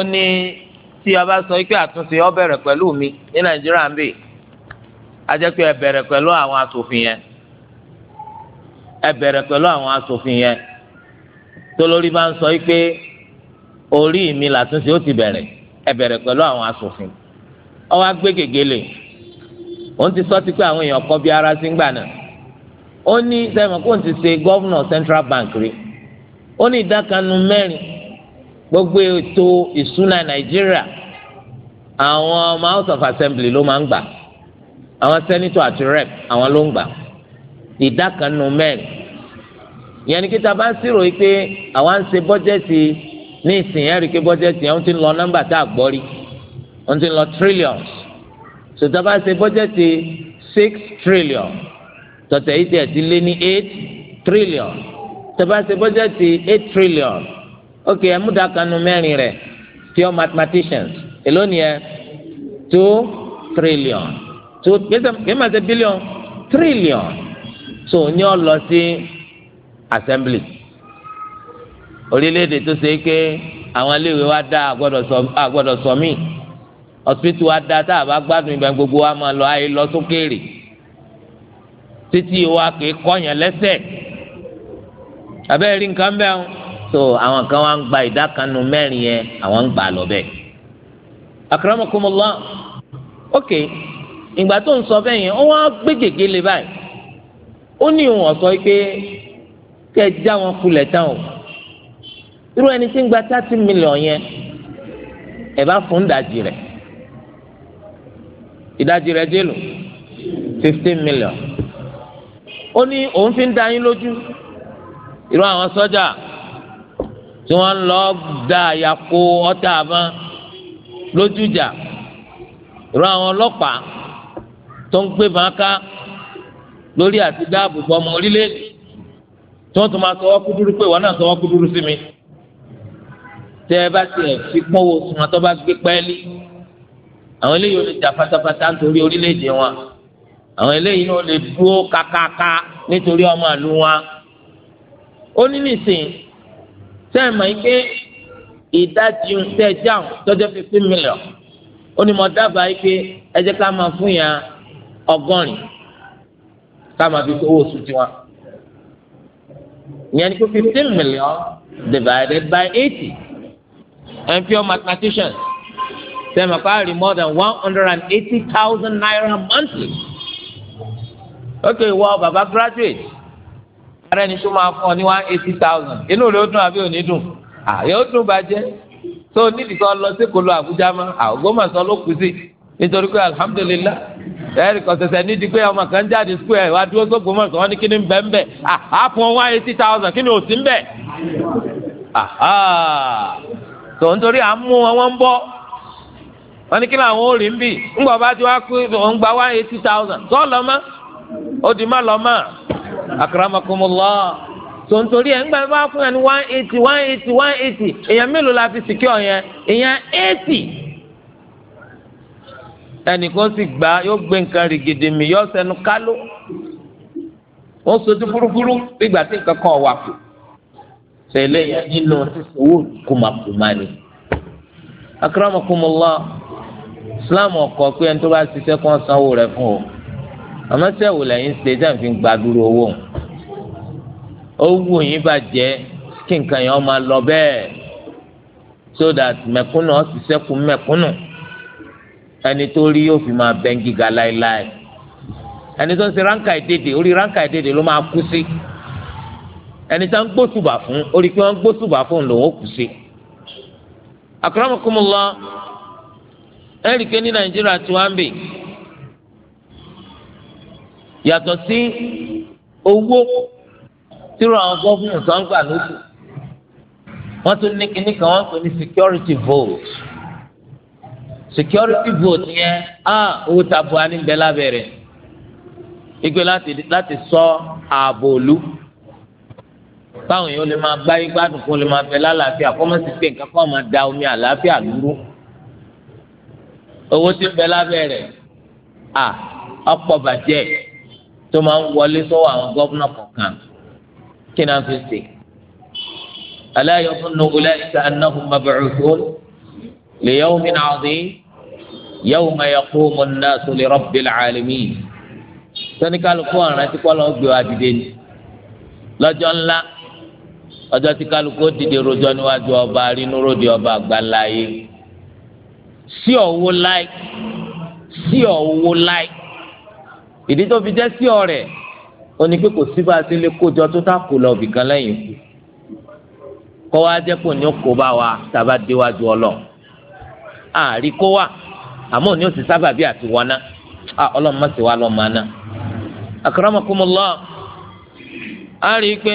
ó ní tí ọba sọ pé àtúnṣe ọ bẹ̀rẹ̀ pẹ̀lú mi ní nàìjíríà ń bì á jẹ́ pé ẹ àwọn asòfin yẹn ẹ bẹ̀rẹ̀ pẹ̀lú àwọn asòfin yẹn tó bá ń sọ pé orí mi làtúnṣe ó ti bẹ̀rẹ̀ ẹ bẹ̀rẹ̀ pẹ̀lú àwọn asòfin ọ wá gbé gègélè òun ti sọ ti pé àwọn èèyàn kọ́ bí ara sí ń gbà náà ó ní kó ti ṣe gọ́vnọ̀ central bank rí ó gbogbo ètò ìṣúná nàìjíríà àwọn ọmọ house of assembly ló máa ń gbà àwọn senator àti rep àwọn ló ń gbà ìdá kan nù mẹ́rin ìyẹn ni kíta bá ń sírò yìí pé àwa ń ṣe bọ́jẹ́tì ní ìsìn ẹ̀rí pé bọ́jẹ́tì yẹn ń ti lọ nọ́mbà tá a gbọ́ rí ń ti lọ trillions sòtá bá ṣe bọ́jẹ́tì six trillion tọ̀tẹ̀ yìí tẹ̀ ti lé ní eight trillion tẹ̀ bá ṣe bọ́jẹ́tì eight trillion ok ẹ mú dakanu mẹ́rin rẹ̀ pure mathematicians èló ni two trillion two kìí ma ṣe billion trillion so ní ọ lọ sí assembly orílẹ̀-èdè tó ṣe é ké àwọn iléèwé wa dá àgbọ̀dọ̀ sọ mí hospital wa dá tá a bá gbádùn ìgbà gbogbo wa máa lọ ayé lọ sókèèrè títí wa kìí kọ́ yẹn lẹ́sẹ̀ abẹ́rẹ́ rí nǹkan bẹ́ẹ̀ so àwọn kan wá ń gba ìdá kan nu mẹ́rin yẹn àwọn ń gbà lọ bẹ́ẹ̀. akramakumullah ok ìgbà tó ń sọ bẹ́ẹ̀ yẹn ó wá gbé gègé lé báyìí ó ní òun ọ̀sọ́ pé kẹ́ ẹ já wọn kulẹ̀ tán o irú ẹni tí ń gba thirty million yẹn ẹ bá fún ìdajì rẹ̀ ìdajì rẹ̀ dé lò fifteen million ó ní òun fi ń da yín lójú irú àwọn sọ́jà. So tí wọ́n lọ da àyàkó ọ̀tá àbọn lójújà ìrọ àwọn ọlọ́pàá tó ń gbé bàákà lórí àti dáàbò bò ọmọ orílẹ̀-èdè tí wọ́n tún máa sọ wọ́n kúdúrú pé wọ́n náà sọ wọ́n kúdúrú sí mi tẹ́ ẹ bá tiẹ̀ fi pọ́wọ́ sùnmọ́ tó bá gbé pẹ́ẹ́lí àwọn eléyìí ò lè jà pátápátá nítorí orílẹ̀-èdè wọn àwọn eléyìí ò lè dúró kákáká nítorí ọmọ àlú wọn ó ní nìsín sẹ́yìn mọ̀ ike ìdájí tẹ́ jáun tọ́jọ́ fifteen million ó ní mo dábàá ike ẹ jẹ́ ká máa fún yàn ọgọ́rin ká máa fi owó oṣù tiwọn ìyẹn ni pé fifteen million divided by eighty and pure mathematicians sẹ́yìn mọ̀ ká rí more than one hundred and eighty thousand naira monthly. ok wọ well, baba graduate ara ẹni tó máa fún ọ ní one eighty thousand inú rẹ ó dùn àbí òní dùn àyè ó dùn bàjẹ́ tó nídìí kan lọ sí kolo Àbújá mọ́ àgọ́mọ̀sán ló kù sí nítorí pé alihamudulilayi ẹ̀rí kan ṣẹ̀ṣẹ̀ nídìí pé ọmọ kan jáde sukuu ẹ̀ wá dúró sóko mọ̀ sọ́wọ́n ní kí ni ń bẹ̀ ń bẹ̀ à fún one eighty thousand kí ni ò sí ń bẹ̀ tó nítorí à ń mú wọn ń bọ́ wọn ní kí làwọn ò rí ń bì ńgbà bá ti wá kú òun gba one eighty thousand tó lọ́ mọ́ ó di má lọ́ mọ́ akramakumullah tontori ẹ̀ ńgbà bá fún yẹn ní one eighty one eighty one eighty èèyàn mélòó la fi secure yẹn èèyàn eighty ẹnìkan sì gbà yóò gbé nǹkan rìgìdì mi yóò sẹnu kálò wọn sojú burúburú nígbà tí nǹkan kan wà fún tẹlẹ yẹn nínú owó kùmàkùmà ni akramakumullah islam ọkọ pé ẹni tó bá ṣiṣẹ́ kan sanwó rẹ̀ fún o àmọ́ sẹ́wò lẹ́yìn ṣe tẹ́ ń fi gba dúró owó ń ó wù yín bàjẹ́ kí nǹkan yẹn máa lọ bẹ́ẹ̀ so that mẹ̀kúnnù ó sì ṣẹ́kù mẹ̀kúnnù ẹni tó rí yóò fi máa bẹ́ẹ̀ gíga láéláé ẹni tó ń ṣe ránkà ìdèdè orí ránkà ìdèdè ló máa kú sí ẹni tó ń gbósùbà fún orí pé wọ́n ń gbósùbà fún lòun ó kú sí. àkàràmọ̀kúmọ̀ lọ ẹ̀ríkẹ́ ní nàìjíríà tí wọ́n ń bè yàtọ̀ sí owó tírò àwọn gọ́fìnà sọ́ngbà lóṣù wọ́n tún ní kinní kan wọ́n pè ní security vote security vote yẹn ah owó tabua níbẹ̀ lábẹ́rẹ́ igbe láti láti sọ ààbò òlu báwọn èèyàn lè máa gbáyé gbádùn kó lè máa bẹ lálàáfíà kó má sì pé nǹkan kó máa da omi àlàáfíà lúrú owó tí ń bẹ lábẹ́rẹ́ à ọ̀pọ̀ bàjẹ́ tó máa ń wọlé sọ́wọ́ àwọn gọ́vnà kọ̀ọ̀kan kí náà fi ṣe. ala yazunnu ulaika annahum mab'uthun li yawmin 'azim yawma yaqumu an-nasu li rabbil 'alamin. sani kálukú ọ̀ràn tí kọ́lọ́ gbé wa dìde ni lọ́jọ́ ńlá ọjọ́ tí kálukú dìde rojọ́ níwájú ọba arínúròdì ọba àgbáláyé sí ọ̀wọ́ láì sí ọ̀wọ́ láì ìdí tó fi jẹ́ sí ọ̀rẹ́ ó ní pé kò sí bá a ti lè kójọ tó tá kò lọ bìkan lẹ́yìn kú kọ́ wa jẹ́ pò ní kó bá wa tàbá déwájú ọlọ àárí kó wa àmọ́ ní o sì sábà bí àti wọná à ọlọ́run má sì wá lọ́ máa ná. akramakumullah á rí i pé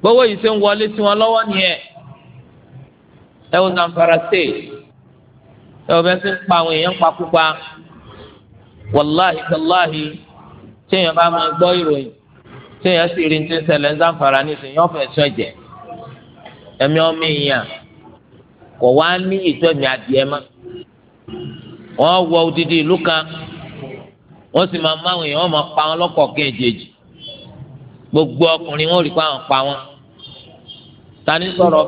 gbowó yìí ṣe ń wọlé sí wọn lọ́wọ́ nìyẹn ẹ wò Zamfara state ẹ wò bẹ́ẹ̀ sì ń pa àwọn èèyàn pa púpa wàláhì tàláhì téèyàn bá máa gbọ́ ìròyìn téèyàn sì rí ti ń ṣẹlẹ̀ ń Zamfara nísìnyí yóò fẹ́ sún ẹ̀jẹ̀ ẹ̀mí ọmọ èèyàn kò wá ní ìtọ́ ẹ̀mí adìẹ mọ́ wọ́n wọ odidi ìlú kan wọ́n sì máa máwọn èèyàn máa pa wọn lọ́kọ̀ọ̀kan èjèèjì gbogbo ọkùnrin wọn ò rí pa wọn pa wọn ta ni sọ̀rọ̀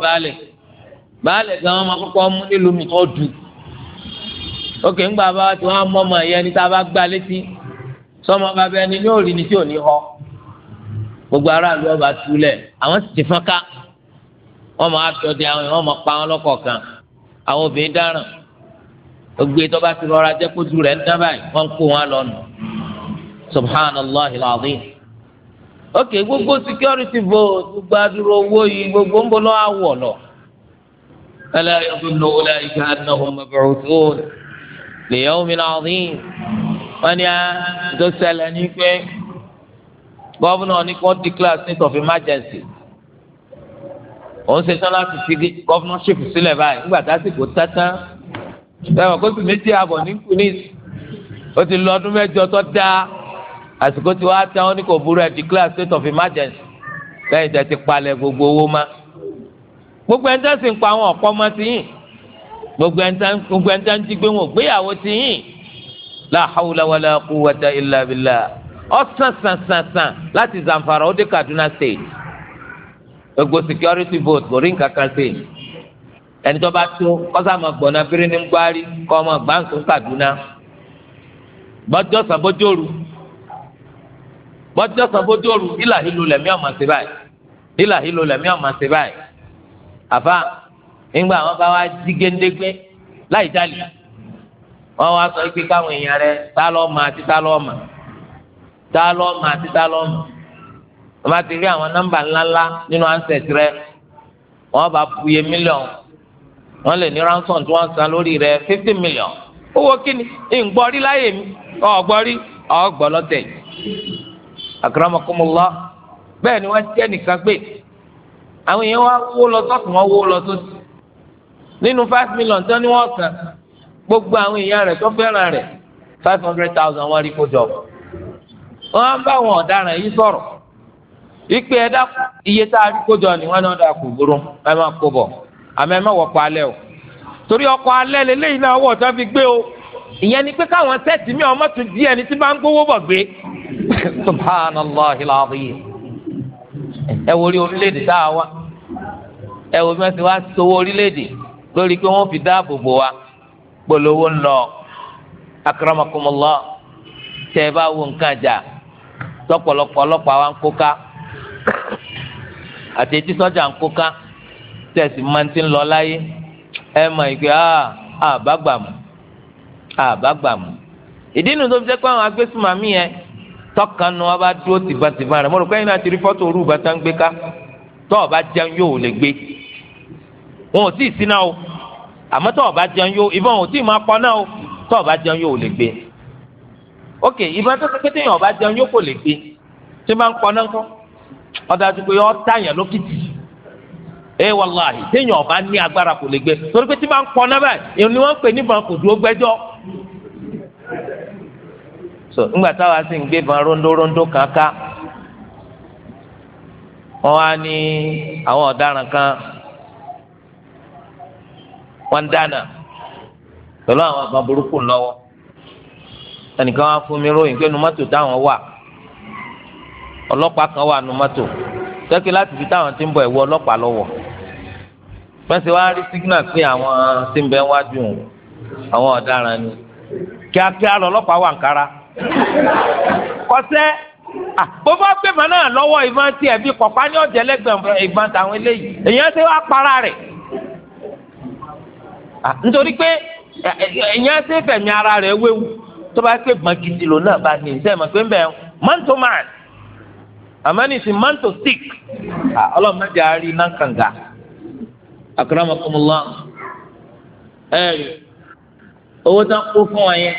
baálẹ̀ gan wọn máa kọ́kọ́ mú nílùú mi tó dùn òkè ńgbà bá tí wọ́n á mọ́ ọmọ ẹ̀yẹ ní tá a bá gbá létí sọmọ bàbá ẹni ní òrì ni tí ò ní họ gbogbo aráàlú ọba túlẹ̀ àwọn sì ti fọ́n ká wọ́n máa tọ́jú àwọn èèyàn wọ́n máa pa wọn lọ́kọ̀ọ̀kan àwọn obìnrin dáràn gbogbo ètò bá ti rọra jẹ́ kójú rẹ̀ ń dán báyìí wọ́n ń kó wọn lọ nù subhanallah alazim ok gbogbo security vote gbogbo adúrò owó yìí gbogbo ń bọ́ lọ́wọ́ àwọ̀ lọ. ẹlẹ́yìn ọdún lọ́wọ́ láyé ká liyawmin azim wọ́n ní ah, tó ṣẹlẹ̀ ní pé gọ́vùnà ní kò declare state of emergency òun ṣetán láti fi gọ́vùnàṣìpù sílẹ̀ báyìí nígbà tásìkò tátán ẹ̀wọ̀n kó sì méjì àbọ̀ ní kùnìs ó ti lọ ọdún mẹ́jọ tó dáa àsìkò tí wàá tán ó ní kò burú ẹ̀ declare state of emergency lẹ́yìn tẹ̀ ti palẹ̀ gbogbo owó má gbogbo ẹ̀ ń tẹ̀sìn pa àwọn ọ̀pọ̀ ọmọ ti yìn gbogbo ẹni tá ń jí gbé wọn gbéyàwó ti yìn la hawla wala quwwata illa billah ọ̀sán sàn sàn sàn láti Zamfara ó dé Kaduna state gbogbo security vote kò rí nǹkan kan sí ẹni tó bá tó kọ́sá máa gbọ̀nà Birnin Gwari kọ́ ọmọ gbàǹsó Kaduna bọ́jọ́ sàbójóoru bọ́jọ́ sàbójóoru ìlà hílò lẹ̀mí ọ̀mà sí báyìí ìlà hílò lẹ̀mí ọ̀mà sí báyìí àfa. nígbà wọn bá wá jí géńdégbé láì jálè wọn wá sọ pé káwọn èèyàn rẹ tá lọ mà àti tá lọ mà tá lọ àti tá lọ wọn bá ti rí àwọn nọ́mbà ńláńlá nínú ansẹt rẹ wọn bá fuyè mílíọ̀nù wọn lè ní ransom tí wọn san lórí rẹ fifty million owó kíni ìgbọ́rí láyè mi ọ̀gbọ́rí ọ̀gbọ́ lọ́tẹ̀ akramakumullah bẹ́ẹ̀ ni wọ́n jẹ́ nìkan pé àwọn èèyàn wó lọ wọn wó lọ nínú five million tán ni kàn gbogbo àwọn èèyàn rẹ̀ tó fẹ́ràn rẹ̀ five hundred thousand jọ wọ́n á bá wọn ọ̀daràn yìí sọ̀rọ̀ ìpè iye tá a rí kó jọ ni wọ́n náà dà kó burú ẹ máa kó ẹ má alẹ́ o torí ọkọ̀ alẹ́ lélẹ́yìn náà fi gbé o ìyẹn ni pé káwọn mi ọmọ lórí pé wọ́n fi dáàbò bò wa polówó ńlọ akramakumullah tẹ ẹ bá wo nǹkan jà lọ́pọ̀lọpọ̀ ọlọ́pàá wa ń kó ká àti etí sọ́jà ń kó ká tẹ̀sí máa ń ti ń lọ láyé ẹ mọ̀ ìgbé àbágbàmù ah, àbágbàmù ìdí inú tó fi jẹ́ pé àwọn agbésùnmọ̀mí yẹn tọkànnù ọba dúró tìbàtìbà rẹ̀ mo rò pé ẹ̀yin náà ti rí fọ́tò orú ń gbé ká tọ́ ọba jẹun yóò lè gbé wọn ò tí ì síná àmọ́ tó o bá jẹun yóò ìbọn ò tí ì máa pọ̀ náà o tó o jẹun yóò lè gbé ok ìbọn tó yẹn o jẹun yóò kò lè gbé tí máa ń pọ̀ náà kọ́ ọ́ táyàn lókìtì ẹ wàláhì téèyàn ọba ní agbára kò lè gbé torí pé tí máa ń pọ̀ náà báyìí èèyàn ni wọ́n ń pè níbọn kò dúró gbẹ́jọ́ so ńgbà táwa sì ń gbé kankan wọ́n ń dáná pẹ̀lú àwọn àgbọn burúkú lọ́wọ́ ẹnìkan wá fún mi ròyìn pé numato táwọn wà ọlọ́pàá kan wà numato tẹ́kí láti fi táwọn ti ń bọ̀ ẹ̀wọ́ ọlọ́pàá lọ́wọ́ pẹ́sẹ́ wá rí sígínà pé àwọn tí ń bẹ wájú àwọn ọ̀daràn ni kíákíá lọ́lọ́pàá wà nkárá kọ́sẹ́ bó bá gbé màá náà lọ́wọ́ ìbọn tiẹ̀ bí kọ̀pá ní ọ̀jẹ̀ lẹ́gbẹ̀ẹ́ ìbọn tàwọn eléyìí èèyàn ti wá para rẹ̀. Ah, nítorí pé eh, eh, ẹ̀yìn ẹsẹ̀ fẹ̀mí ara rẹ̀ wéwu tó bá pé gbọ̀ngìdì lò náà bá ní ìṣe mọ̀ pé ń bẹ̀ man to man àmọ́ ní ìsìn man stick ah, ọlọ́run mẹ́jọ àárín náà kànga akramakumullah ẹ̀rì owó tán kó fún ọ yẹn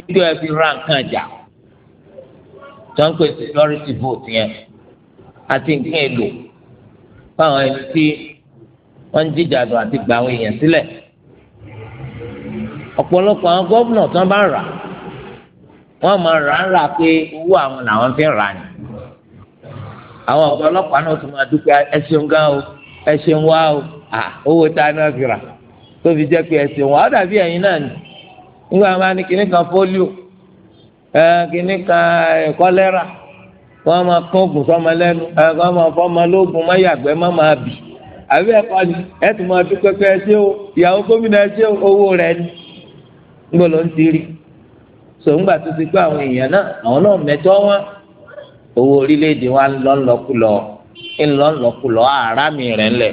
ìdí ẹ fi ra nǹkan ìjà tó ń pè security vote yẹn àti nǹkan èlò fáwọn ẹni tí. wọ́n ń jíjà àti gba àwọn èèyàn sílẹ̀ ọ̀pọ̀lọpọ̀ àwọn gọ́vnọ̀ tí rà wọ́n máa rà pé owó àwọn làwọn fi rà ni àwọn ọ̀pọ̀lọpọ̀ náà tún máa dúpẹ́ ẹ gan o ẹ a fi rà tó fi pé wá dàbí ẹ̀yin náà ni nígbà wọn ní kan fólíò kan kọ́lẹ́rà wọ́n máa àbí ẹ̀kọ́ ni ẹ tún máa dúpẹ́ pé ẹ ṣé o ìyàwó gómìnà ẹ ṣé owó rẹ ni níbo ló ń ti rí so ńgbà tó ti gbọ́ àwọn èèyàn náà àwọn náà mẹ́tọ́ wọn owó orílẹ̀-èdè wa ń lọ ńlọkulọ̀ ń lọ ńlọkulọ̀ ààrá mi rẹ̀ ńlẹ̀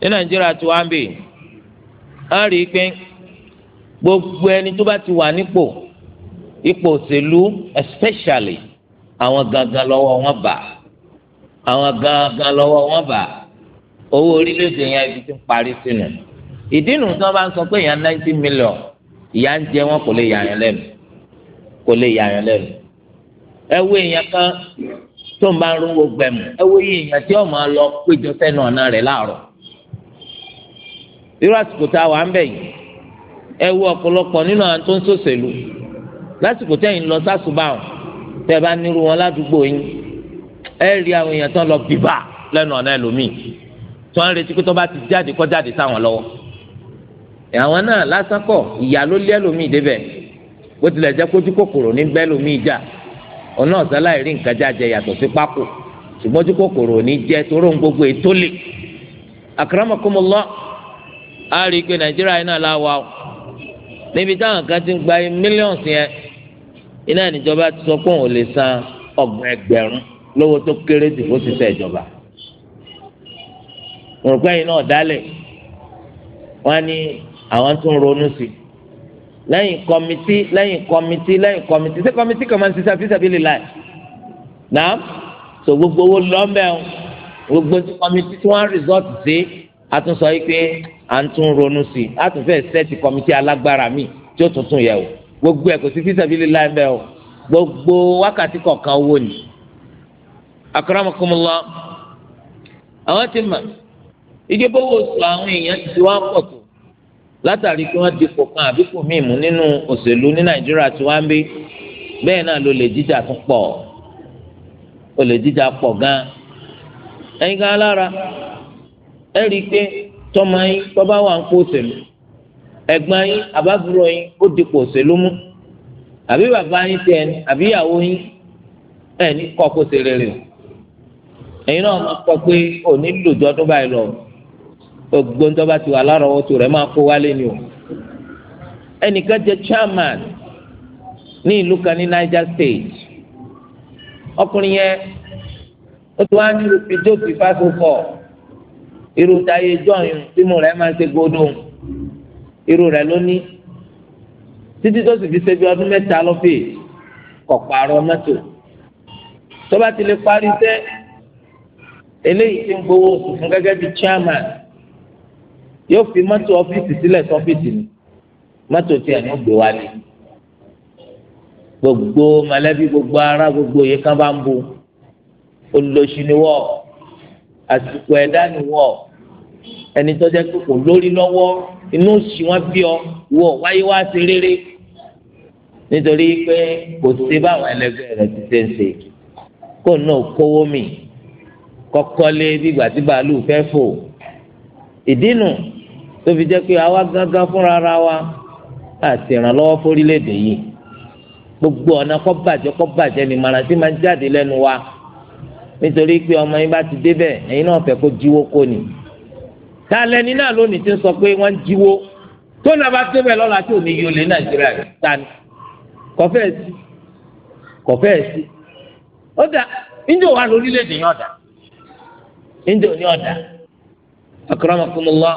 ní nàìjíríà tí wọ́n ń bì á rí i pé gbogbo ẹni tó bá ti wà nípò ipò òṣèlú especially àwọn gangan lọ́wọ́ wọn bà àwọn gangan lọ́wọ́ wọn bà owó orílẹ̀-èdè yẹn ibi tí ń parí sínú ìdí nu tí wọ́n bá ń sọ pé èèyàn ninety million ìyá ń jẹ wọn kò lè yààyàn lẹ́nu kò lè yààyàn lẹ́nu ẹ wo èèyàn kan tó ń bá ń rówó gbẹmù ẹ wo iye èèyàn tí ọmọ lọ péjọ sẹ́nu ọ̀nà rẹ̀ láàárọ̀ irú àsìkò tá a wà ń bẹ̀ yìí ẹ ọ̀pọ̀lọpọ̀ nínú àwọn tó ń ṣòṣèlú lásìkò tẹ́yìn lọ sásùbáwọn tẹ́ ẹ bá nírú wọn ládùúgbò yín ẹ rí àwọn èèyàn tó ń lọ bìbà lẹ́nu ọ̀nà ẹlòmíì tí wọ́n ń retí pé tó bá ti jáde kọ́ jáde sáwọn lọ́wọ́ àwọn náà lásán kọ ìyá ló lé ẹlòmíì débẹ̀ bó tilẹ̀ jẹ́ kójú kòkòrò ní bẹ́ẹ̀ lòmíì jà ọ̀nà ọ̀sán láì rí nǹkan jáde yàtọ̀ sí pákó ṣùgbọ́n ojú kòkòrò ní jẹ́ toró ń gbogbo ètò lè akramakumullah á rí i pé nàìjíríà iná la wà ó níbi táwọn kan ti ń gba mílíọ̀nù yẹn iná ìjọba ti sọ pé òun lè san ọgbọ̀n ẹgbẹ̀rún lówó tó kéré jù ó sì fẹ́ ìjọba òrùka yìí náà dálẹ̀ wọ́n ní àwọn tó ń ronú sí i lẹ́yìn kọ́mítì lẹ́yìn kọ́mítì lẹ́yìn kọ́mítì ṣé kọ́mítì kan máa ń ṣiṣẹ́ fíṣẹ́ bíi láì náà tó gbogbo owó lọ́mẹ́ o gbogbo kọ́mítì tí wọ́n á rìsọ́ọ̀tì sí àtúnṣọ yìí pé à ń tún ronú sí i àtúnfẹ́ sẹ́ẹ̀tì kọ́mítì alágbára mi tí ó tuntun yẹ̀ wò gbogbo ẹ̀ kò sí fíṣẹ́ bíi láì mẹ́ o gbogbo wákàtí kọ̀ọ̀kan owó ni. akramakumullah àwọn ti mọ̀ igi bówó oṣù àwọn èèyàn ti ti wá pọ̀ tó látàrí pé wọ́n ti kan àbíkù míì mú nínú òṣèlú ní nàìjíríà tí wọ́n ń bí bẹ́ẹ̀ náà ló lè jíjà pọ̀ gan-an ẹ̀yin gan ẹ rí i pé tọ́mọ yín tó bá wà ń kó òṣèlú ẹ̀gbọ́n yín àbábúrò yín ó dipò òṣèlú mú àbí bàbá yín tẹ ẹni àbí ìyàwó yín ẹ̀ ní kọ́ kó rere lọ gbogbo ń tọ́ba ti wà lárọ̀ọ́wọ́tò rẹ̀ máa kó ni o ẹnìkan jẹ chairman ní ìlú kan ní Niger State ọkùnrin yẹn ó ti wá ní ìjó ti fásofọ irú táyé jọyún tí rẹ máa ń ṣe irú rẹ lónìí títí tó sì fi ṣe bí ọdún mẹ́ta lọ́fẹ̀ẹ́ kọ̀ pààrọ̀ tó bá ti lè parí sẹ́ eléyìí ti ń gbowó fún chairman yóò fi mọ́tò ọ́fíìsì sílẹ̀ sọ́fíìsì ni mọ́tò tiẹ̀ ní gbé wa ni gbogbo mọ̀lẹ́bí gbogbo ará gbogbo yìí kan bá ń bu olóṣù ni wọ́ àsìkò ẹ̀dá ni wọ́ ẹni tó jẹ́ kókò lórí lọ́wọ́ inú òṣì wọn bí ọ wọ́ wáyé wá sí rere nítorí pé kò sí báwọn ẹlẹgbẹ́ rẹ̀ ti ṣe ń ṣe kó náà kówó mi kọ́kọ́lé bí gbàtí bàálù fẹ́ fò ìdí nù tó fi jẹ́ pé àwa gángan fúnra ara wa àti ìrànlọ́wọ́ fórílẹ̀-èdè yìí gbogbo ọ̀nà kọ́ bàjẹ́ kọ́ bàjẹ́ ni màrà tí máa ń jáde lẹ́nu wa nítorí pé ọmọ yín bá ti débẹ̀ ẹ̀yin náà fẹ́ kó jíwó kó ni tá lẹni náà lónìí ti sọ pé wọ́n jíwó tó náà bá débẹ̀ lọ́la tí ò ní yí olè nàìjíríà ta ni kọfẹ́ sí kọfẹ́ sí ó dà níjẹ́ wà lórílẹ̀‐èdè yín ọ̀dà níjẹ́ òní ọ̀dà akramakumullah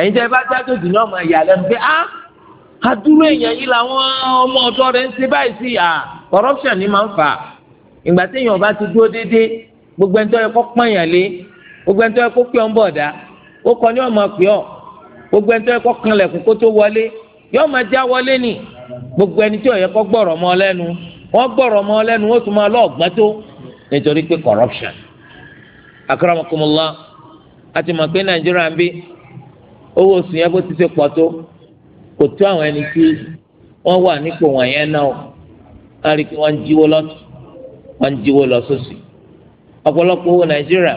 ẹ̀yin tẹ́ bá dájọ́ jù náà máa yà lẹ́nu pé á adúrú èèyàn yìí làwọn ọmọ ọ̀dọ́ rẹ̀ ń ṣe báyìí sí à corruption ni máa ń fà ìgbà bá ti dúró déédéé gbogbo ẹni tó yẹ kó lé gbogbo ẹni tó yẹ kó ọ́n ó gbogbo ẹni tó yẹ kó kó tó wọlé yóò máa gbogbo ẹni tó yẹ kó mọ́ lẹ́nu wọ́n mọ́ lẹ́nu ó tún máa tó nítorí pé corruption àti owó oṣù yẹn bó ti ṣe pọ̀ tó kò tó àwọn ẹni tí wọ́n wà nípò wọ̀nyẹn náà wọ́n rí i wọ́n ń jíwó wọ́n ń jíwó lọ sósì ọ̀pọ̀lọpọ̀ owó nàìjíríà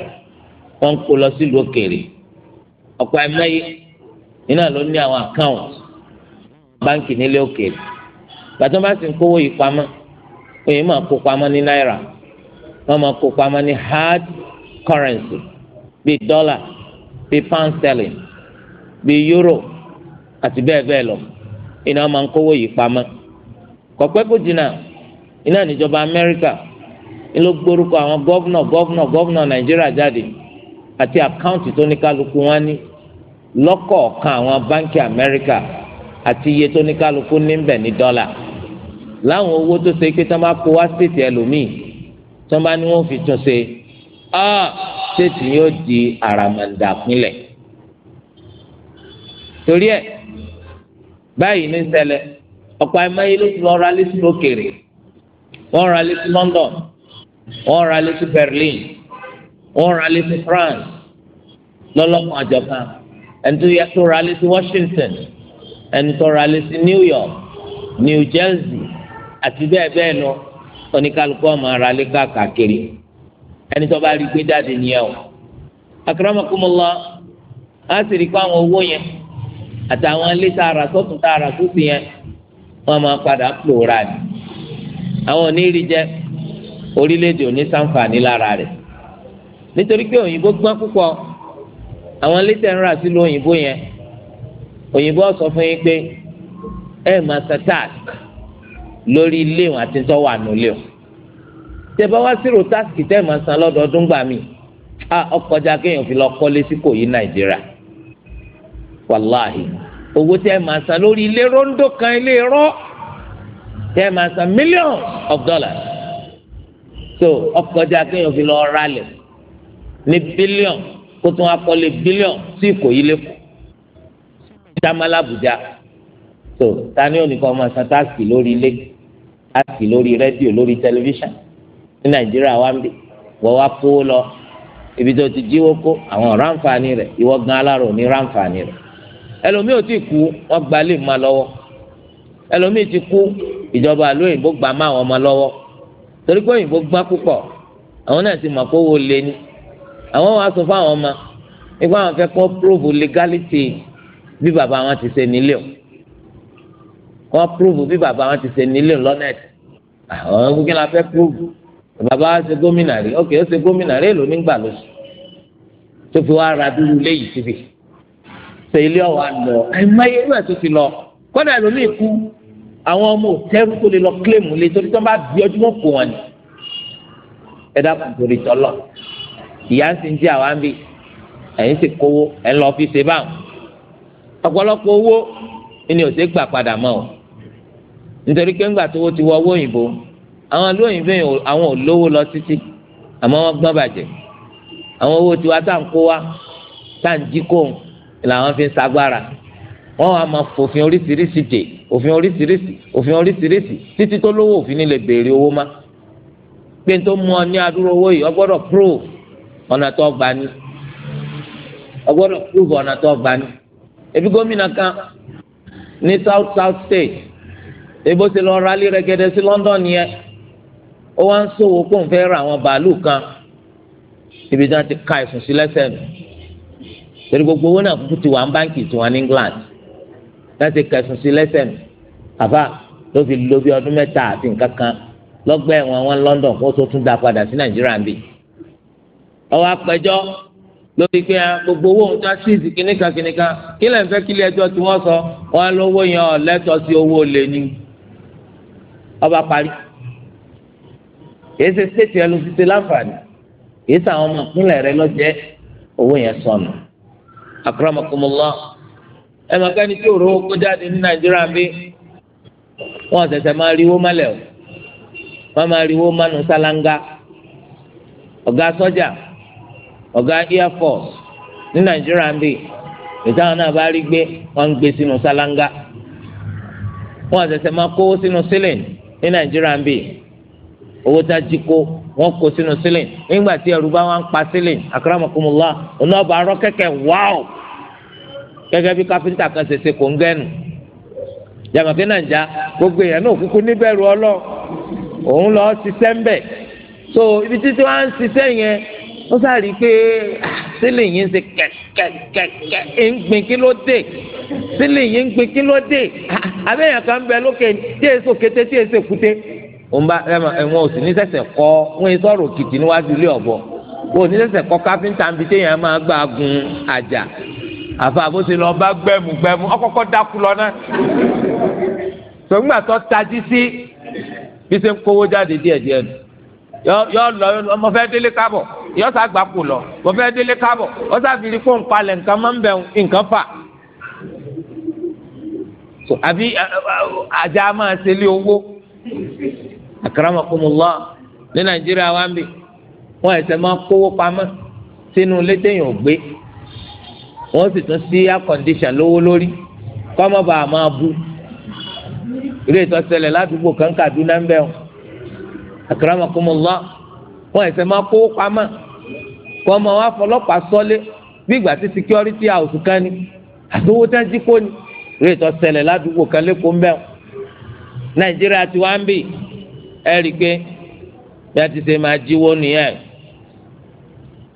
wọ́n ń kó lọ sílùú òkèèrè ọ̀pọ̀ ẹ̀mẹ́yẹ iná ló ní àwọn àkáùntì báńkì nílé òkèèrè gbàtọ́ bá sì ń kówó yìí pamọ́ máa kó pamọ́ ní náírà wọ́n máa kó pamọ́ ní hard currency bíi dọ́là bíi pound sterling bíi euro àti bẹ́ẹ̀ bẹ́ẹ̀ lọ iná máa ń kówó yìí pamọ́ kọ̀pẹ́ kò jìnnà iná níjọba amẹ́ríkà ló gbórúkọ àwọn gọ́vnà gọ́vnà gọ́vnà nàìjíríà jáde àti àkáǹtì tó ní kálukú wọn ní lọ́kọ̀ọ̀kan àwọn báńkì amẹ́ríkà àti iye tó ní kálukú níbẹ̀ ní dọ́là láwọn owó tó ṣe pé tí wọ́n bá kó wá stéètì ẹlòmíì tí wọ́n bá ní wọ́n fi tún ṣe á ah, yóò di àràmàǹdà pínlẹ̀ torí ẹ báyìí ní ṣẹlẹ̀ ọ̀pọ̀ àìmọye ló ti lọ ra létí lókèrè wọ́n ra létí London wọ́n ra létí Berlin wọ́n ra létí France lọ́lọ́kan àjọkan ẹni tó yẹ tó ra létí Washington ẹni tó ra létí New York New Jersey àti bẹ́ẹ̀ bẹ́ẹ̀ lọ oníkálukú ọmọ ara lé káàkiri ẹni tó bá rí gbé jáde nìyẹn o akramakumullah á sì rí i pé àwọn owó yẹn. àtàwọn ilé tá a rà sọ́tún tá a rà sósì yẹn wọ́n máa padà pòórà ni àwọn onírí jẹ orílẹ̀-èdè òní lára rẹ̀ nítorí pé òyìnbó gbọ́n púpọ̀ àwọn ilé tẹ̀ ń rà sílùú òyìnbó yẹn òyìnbó sọ fún yín pé ẹ máa satak lórí ilé àti o tẹ bá wá sírò táàkì tẹ́ máa san lọ́dọọdún gbà mí a kéèyàn fi lọ kọ́lé sí kò yí nàìjíríà owó tẹ́ máa san lórí ilé rondo kan ilé rọ́ tẹ́ máa san millions of dollars so ọkọjá kéèyàn fi lọ ralẹ̀ ní billion kó tún akọ́lé billion sí ìkòyí lẹ́kọ̀ọ́ jamala Abuja so tani onìkan máa san táàsì lórí ilé táàsì lórí rédíò lórí tẹlifíṣàn ní Nàìjíríà wa ń bì wọ́n wá kó lọ ibi tó ti jíwó kó àwọn ránfààní rẹ̀ ìwọ gan alárò ní ránfààní rẹ̀ ẹlòmíì ò tí kú wọn gba lè má lọ́wọ́ ẹlòmíì ti kú ìjọba àlọ òyìnbó gbà má àwọn ọmọ lọ́wọ́ torí pé òyìnbó gbá púpọ̀ àwọn náà ti mọ̀ pé owó lé ní àwọn wàá sọ fáwọn ọmọ nípa àwọn fẹ́ kọ́ prove legality bí bàbá wọn ti ṣe nílé o kọ́ prove bí bàbá wọn ti ṣe nílé o àwọn ọmọ la fẹ́ prove bàbá wa ṣe gómìnà rí ok ó ṣe gómìnà rí èlò nígbà lóṣù tó fi wá ra dúró léyìí síbi sèlé ọwọ àlọ ẹmẹyẹ ìwé tó ti lọ kódà lómi ìkú àwọn ọmọ òtẹ́rù kó lè lọ kílèmù lé torí tí wọ́n bá bí ọdún wọn kó wọn ni ẹ dákun torí tọ́lọ̀ ìyá ń sin jẹ́ àwa ń bì ẹ̀yìn sì kówó ẹ̀ ń lọ fi ṣe báwọn ọ̀pọ̀lọpọ̀ owó ni òsè gbà padà mọ́ o nítorí pé ńgbà tówó ti wọ owó òyìnbó àwọn olóyìnbó yẹn àwọn ò lówó lọ làwọn fi ń sagbára wọn wàá máa fòfin oríṣiríṣi dè òfin oríṣiríṣi òfin oríṣiríṣi títí tó lówó òfin ni lè béèrè owó má pé n tó mú ọ ní adúrò owó yìí ọgbọ́dọ̀ prove ọ̀nà tó gbà ní ọgbọ́dọ̀ prove ọ̀nà tó gbà ní ebi gómìnà kan ní south south state ebo ti lọ rálí rẹgẹdẹ sí London yẹn ó wá ń ṣòwò kó n fẹ́ ra àwọn bàálù kan ibi tí ti ka ẹ̀sùn sí lẹ́sẹ̀ nù torí gbogbo owó náà kúkú ti wà ní báńkì tiwọn ní England láti kẹsùn sí lẹ́sẹ̀ mi àbá ló fi lo bí ọdún mẹ́ta àti nǹkan kan lọ́gbà ẹ̀wọ̀n wọn London kó tó tún dá padà sí Nàìjíríà ń bì ọwọ́ apẹjọ́ lórí pé gbogbo owó òun já sí kìnìkan kìnìkan kí lẹ́yìn fẹ́ kílẹ̀ ẹjọ́ tí wọ́n sọ wọn lówó yẹn ọ̀ lẹ́tọ̀ọ́ sí owó lé ní ọba parí èyí ṣètì ẹ láǹfààní èyí ṣàwọn ọmọ ìpínlẹ̀ rẹ lọ́jẹ́ owó yẹn sọnù. akramakumullah ẹ máa ká ní tí òróró kó jáde ní nàìjíríà bí wọn ṣẹ̀ṣẹ̀ máa riwó mọ́lẹ̀ o Ọga máa riwó mánu sálángá ọ̀gá sọ́jà ọ̀gá air force ní nàìjíríà bí ìtàn náà bá rí gbé wọn ń wọ́n kó sínú sílìn nígbà tí ẹrù bá wọn pa sílìn akramakumullah ọ̀nà ọba arọ kẹ̀kẹ́ wáò gẹ́gẹ́ bí káfíńtà kan ṣe ṣe kò ń gẹ́nu jàmọ̀kí nàìjà gbogbo èèyàn náà kúkú níbẹ̀rù ọlọ́ òun lọ ṣiṣẹ́ ń bẹ̀ so ibi títí wọn ń ṣiṣẹ́ yẹn ó sáré pé sílìn ah, yìí ń ṣe kẹ̀kẹ̀kẹ̀ ń gbin kí ló dé sílìn yìí ń gbin kí ló dé àbẹ̀yàn ah, kan ń bẹ lókè tí èso kété tí èso kúté wọn bá wọn ò sì ní ṣẹ̀ṣẹ̀ kọ́ wọn yìí sọ̀rọ̀ òkìtì níwájú ilé ọ̀bọ wọn ò ní ṣẹ̀ṣẹ̀ kọ́ káfíńtà ń bi téèyàn máa gbà gun àjà àfa bó ṣe lọ bá gbẹmú gbẹmú ọkọkọ dákú lọ náà sọgbà tó tají sí bí ṣe ń kówó jáde díẹ̀díẹ̀ nù yọ lọ ọmọ fẹ́ délé kábọ̀ yọ sá gbà kú lọ ọmọ fẹ́ délé kábọ̀ ọ sá fi kó ń palẹ̀ nǹkan máa ń bẹ̀ nǹkan fà àbí àjà máa ṣe lé owó akramakumullah ní nàìjíríà wa ń bì wọ́n ẹ̀sẹ̀ máa kówó pamọ́ sínú ilé téèyàn ò gbé wọ́n sì tún sí akọ̀ǹdíṣàn lówó lórí kọ́mọ́bà máa bu ilé ìtọ́sẹ̀lẹ̀ ládùúgbò kan Kaduna ń bẹ̀ wọn akramakumullah wọ́n ẹ̀sẹ̀ máa kówó pamọ́ kọ́mọ wa fọlọ́pàá sọ́lé bí ìgbà tí security house kan ni àtúwò tẹ́ ń jí kó ni ilé ìtọ́sẹ̀lẹ̀ ládùúgbò kan lẹ́kọ̀ọ́ ń bẹ̀ wọn nàìjíríà ti wá ń bì ẹ rí i pé bí a ti ṣe máa jíwó nìyẹn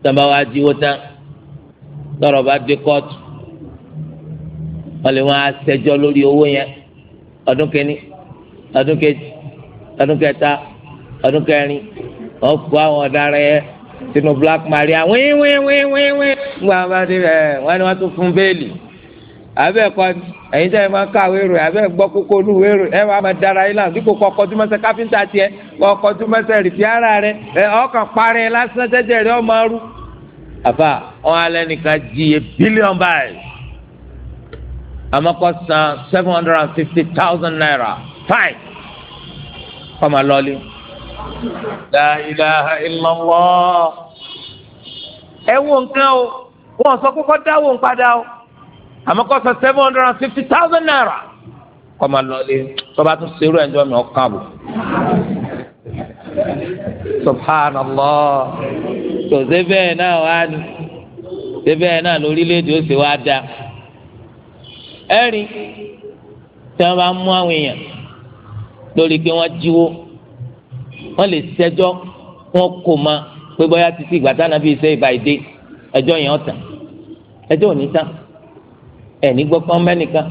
tọ́ba wa jíwó tán lọ́rọ̀ bá dé kóòtù wọ́n lè wọ́n á ṣẹjọ́ lórí owó yẹn ọdún kẹni ọdún kejì ọdún kẹta ọdún kẹrin wọ́n kó àwọn ọ̀daràn yẹn sínú black maria wíwíwíwíwí gbọ́dọ̀ bá dé bẹ́ẹ̀ wọ́n ni wọ́n tún fún bẹ́ẹ̀lì. abẹ́ ẹ̀kọ́ ni ẹ̀yin ẹ máa ká àwọn èrò abẹ́ gbọ́ kókó olú èrò ẹ máa dára káfíńtà ara rẹ ẹ ọkàn parẹ́ lásán tẹ́jẹ́ rẹ ọmọ arú. àbá wọn alẹ́ nìkan jíye báyìí seven hundred and fifty thousand naira fine kọ́mà lọ́lí. la ilaha illallah ẹ wo nǹkan o wọn sọ o. àmọ́ kó san seven hundred and fifty thousand naira kó máa lọ lé tọ́ba tún serú ẹ̀ ń jọ́ mi ọ̀kan àbò subhanallah tó ṣe bẹ́ẹ̀ náà wá ní ṣe bẹ́ẹ̀ náà lórílẹ̀‐èdè ó ṣe wá dáa ẹ̀rí tí wọ́n bá mú àwọn èèyàn lórí pé wọ́n jíwó wọ́n lè ṣẹjọ́ wọ́n kò ma pé bóyá títí ìgbà táwọn àbí iṣẹ́ ìbàdí ẹjọ́ yẹn ọ̀tàn ẹjọ́ ò ní tán ẹni gbọ́ pé wọ́n mẹ́nìkan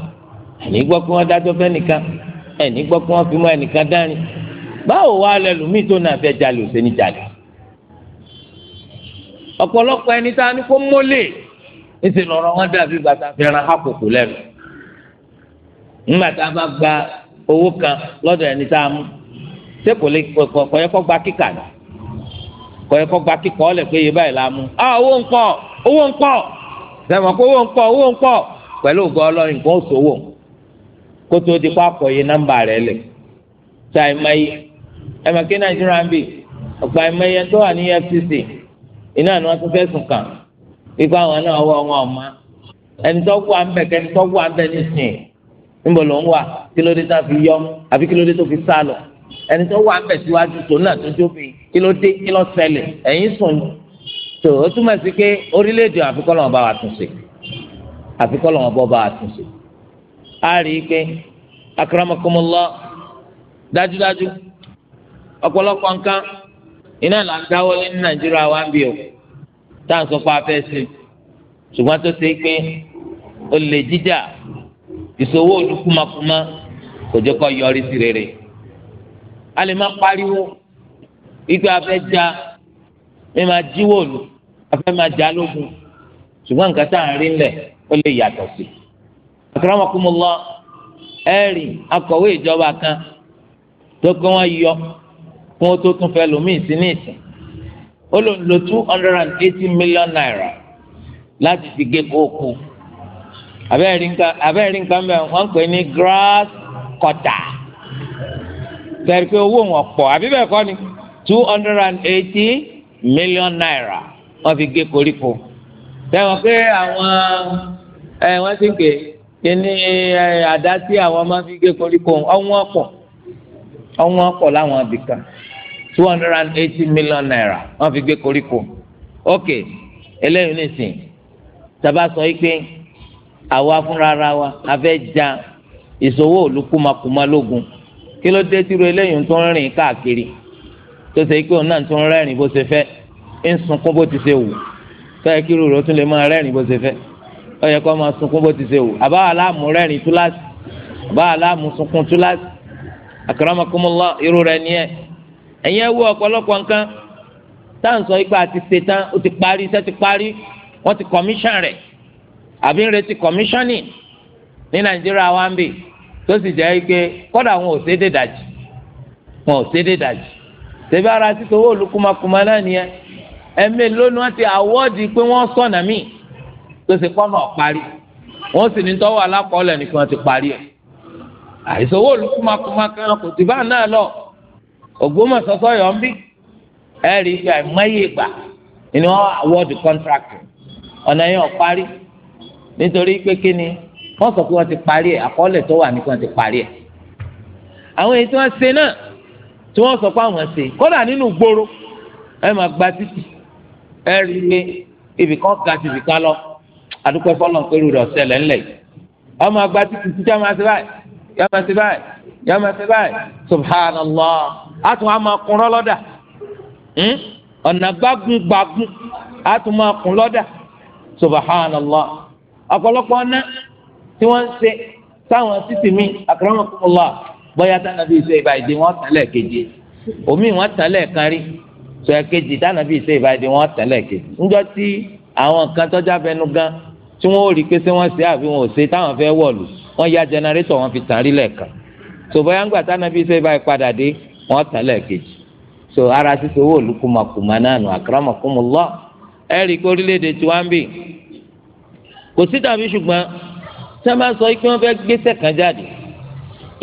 ẹni gbọ́ pé wọ́n dájọ́ fẹ́nìkan ẹni gbọ́ pé wọ́n fi mọ́ ẹnìkan dání báwo wá lẹ́lùmí tó náà fẹ́ jalè ò sẹ́ni jalè ọ̀pọ̀lọpọ̀ ẹni tá a ní kó mólè èsì lọ́rọ̀ wọn dàbí bàtà fẹ́ràn àkókò lẹ́nu nígbà tá a bá gba owó kan lọ́dọ̀ ẹni tá a mú ṣé kò lè kọ̀yẹ́ kọ́ gba kíkà ní kọ̀yẹ́ kọ́ gba kíkà ọ̀lẹ̀ pé iye báyìí la mú. a ah, owó ń pọ̀ owó ń pọ̀ sẹ́wọ̀n pé owó ń pọ̀ owó ń pọ̀ pẹ̀lú ògbọ́ ọlọ́run nǹkan òṣòwò kó tó di pápọ̀ yìí nọ́mbà rẹ̀ lẹ̀ tá ẹ mọ yìí ẹ mọ kí nàìjíríà ń bì ọ̀pọ̀ ẹ mọ iye tó wà ní EFCC iná ni wọ́n tún fẹ̀sùn kàn wípé àwọn náà wọ wọn ọ̀ma ẹni tó wà ń bẹ̀ kẹ́ni tó wà ń bẹ̀ nísìnyí níbo ló ń wà kí ló dé tá a fi yọ àbí kí ló dé tó fi sá ẹni tó wà ń bẹ̀ síwájú tó náà tó jóbi kí ló dé kí ló ṣẹlẹ̀ àfi kọ́ lọ́wọ́ a tún ṣe. a rí i pé akramakumullah dájúdájú ọ̀pọ̀lọpọ̀ nǹkan iná là ń dáwọ́lé ní nàìjíríà wa ń o tá à ń sọ pé a fẹ́ ṣe ṣùgbọ́n tó ṣe pé jíjà ìṣòwò a lè má pariwo ikú afẹ́ já mi máa jíwò afẹ́ máa já lógun ṣùgbọ́n nǹkan tá à ó lè yàtọ̀ sí. àkàràmọ̀kúmọ̀lọ́ ẹ̀rìn akọ̀wé ìjọba kan tó kí wọ́n yọ fún ó tó tún fẹ́ lòmíì sí ní ìsìn ó lò lò two hundred and eighty million naira láti fi gé kókó abẹ́rẹ́ nǹkan mẹ́rin wọ́n ń pè ní grass cutter tẹ̀rí pé owó wọn pọ̀ àbí bẹ́ẹ̀ kọ́ ni two hundred and eighty million naira wọ́n fi gé koríko sẹ́wọ̀n pé àwọn ẹ wọ́n ti gbé kíní ẹ àdá tí àwọn máa fi gé koríko ọ̀wọ́n pọ̀ ọ̀wọ́n pọ̀ láwọn abìkan two hundred and eighty million naira wọ́n fi gé koríko ok eléyìí nìsín tàbá sọ yìí pé àwa fúnra wa a fẹ́ ja ìṣòwò olùkúmakùmá lógun kí ló dé tìrú eléyìí tó ń rìn káàkiri tó ṣe pé òun náà tó ń rẹ́rìn bó ṣe fẹ́ ń sunkún bó ti ṣe wù tọ́yẹ kí irú rẹ̀ ó tún lè máa rẹ́rìn bó ṣe fẹ́ ó yẹ kó máa sunkún bó ti ṣe wù àbáwá láàmú rẹ́rìn túláàsì àbáwá láàmú sunkún túláàsì àkàràmọ́kọ́mọ́lá irú rẹ̀ ni ẹ̀ ẹ̀yin ẹ̀ wú ọ̀pọ̀lọpọ̀ nǹkan táǹsọ ipa àti ṣetán ó ti parí iṣẹ́ ti parí wọ́n ti kọ̀míṣàn rẹ̀ àbí ń retí kọ̀míṣánì ní nàìjíríà wa ń bì tó sì jẹ́ pé kọ́dà wọn ò ṣédè dàjì wọn ò ṣédè dàjì ẹ̀mí lónìí wọ́n ti àwọ́ọ̀dì pé wọ́n sọ̀nà mí tó ṣe pọ́nà parí wọ́n sì ní tọ́wọ́ alákọ̀ọ́lẹ̀ ní kí wọ́n ti parí ẹ̀. àìsówó olùkúmakúmakan kò ti bá náà lọ ògbómọ̀sọ́sọ́ yọ̀ ń bí ẹ rí i pé àìmọye ìgbà ni wọ́n àwọ́ọ̀dì contract ọ̀nà yẹn ò parí nítorí pé kí ni wọ́n sọ pé wọ́n ti parí ẹ̀ àkọọ́lẹ̀ tó wà ní kí ti parí ẹ̀. àwọn èyí tí wọ́n ṣe náà tí wọ́n sọ pé àwọn ṣe kódà nínú gbòòrò ẹ máa gba títì ẹ rí ibi kan ga ti ibìkan lọ adúpẹ́ fọlọ́ pẹ̀lú rẹ̀ ọ̀sẹ̀lẹ̀ ńlẹ̀ ọmọ àgbà títí títí ọmọ àti báyìí yọmọ àti báyìí ọmọ àti báyìí subhanallah àtún àmọ ọkùnrin ọ̀nà gbágun gbágun àtún ọkùnrin ọ̀pọ̀lọpọ̀ ọ̀nà tí wọ́n ń ṣe táwọn títì mi bọ́yá ìbàdí wọ́n tán òmíì wọ́n tán sọ èkejì táwọn bíi ṣe ìbàdí wọn tẹ̀lé kejì ńjọ́ tí àwọn kan tọ́já fẹnu gan tí wọ́n ò rí pé ṣé wọ́n ṣe àbí wọn ò ṣe táwọn fẹ́ wọ̀lù wọ́n ya jẹnẹrétọ̀ wọn fi tàn rí lẹ́ẹ̀kan so bóyá ńgbà táwọn bíi ṣe ìbàdí padà dé wọn tẹ̀lé kejì so ara ṣíṣe owó olùkùmọ̀kùmọ̀ náà nù akramakumullah ẹ rí i pé orílẹ̀-èdè tiwa ń bì kò sí tàbí ṣùgbọ́n tí wọ́n bá sọ pé wọ́n fẹ́ gbéṣẹ́ kan jáde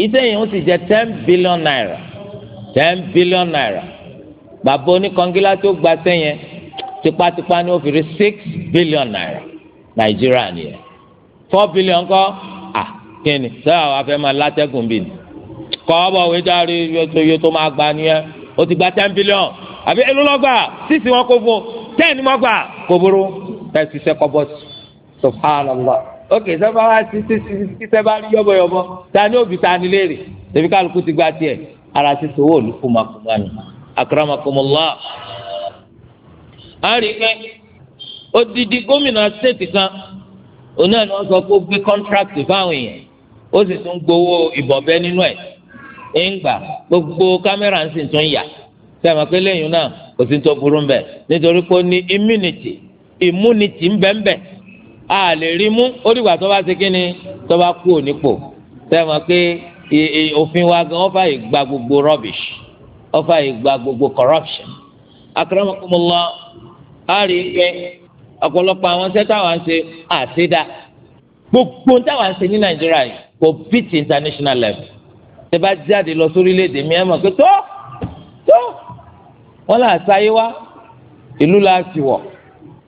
iṣẹ́ yìí ó sì jẹ́ ten billion naira ten billion naira bàbá oníkangilá tó gba sẹ́yìn tipátipá ni ó fi rí six billion naira nàìjíríà nìyẹn four billion kọ́ ah kí ni sọ́yà wà fẹ́ máa látẹ́gùn bì ní kọ́ ọ́ bọ̀ wíjáre iye tó máa gba nìyẹn ó ti gba ten billion àbí èló six gbà sísì wọn kó fún ten ni wọ́n gbà kó burú ẹ̀ ṣiṣẹ́ kọ́ bọ́ọ̀sì subhanallah ok sábà wá sí sí sí sí sábà rí yọ̀bọ̀yọ̀bọ̀ ta ni òbí ta ni léèrè tẹ̀bí kálukú ti gba tiẹ̀ ara ti sọ owó olùkú makùnmánu akramakumullah a odidi gómìnà kan òun náà ni sọ pé ó gbé kọ́ńtrákì fáwọn èèyàn ó sì tún gbowó ìbọ̀bẹ nínú ẹ̀ gbogbo kámẹ́rà ń sì tún yà sẹ́wọ̀n pé lẹ́yìn náà kò sí tó burú nítorí pé a lè rí mú ó tó bá ṣe kí ni tó bá kú ònípò sẹ́wọ̀n pé òfin wa gbogbo rubbish ọfà ìgbà gbogbo corruption akramakumullah á rí i pé ọ̀pọ̀lọpọ̀ àwọn iṣẹ́ táwọn ṣe àṣìdá gbogbo táwọn ṣe ní nàìjíríà kò beat international level ṣe bá jáde lọ sórílẹ̀-èdè mi ẹ̀ mọ̀ pé tó tó wọn là sáyé wá ìlú la ti wọ̀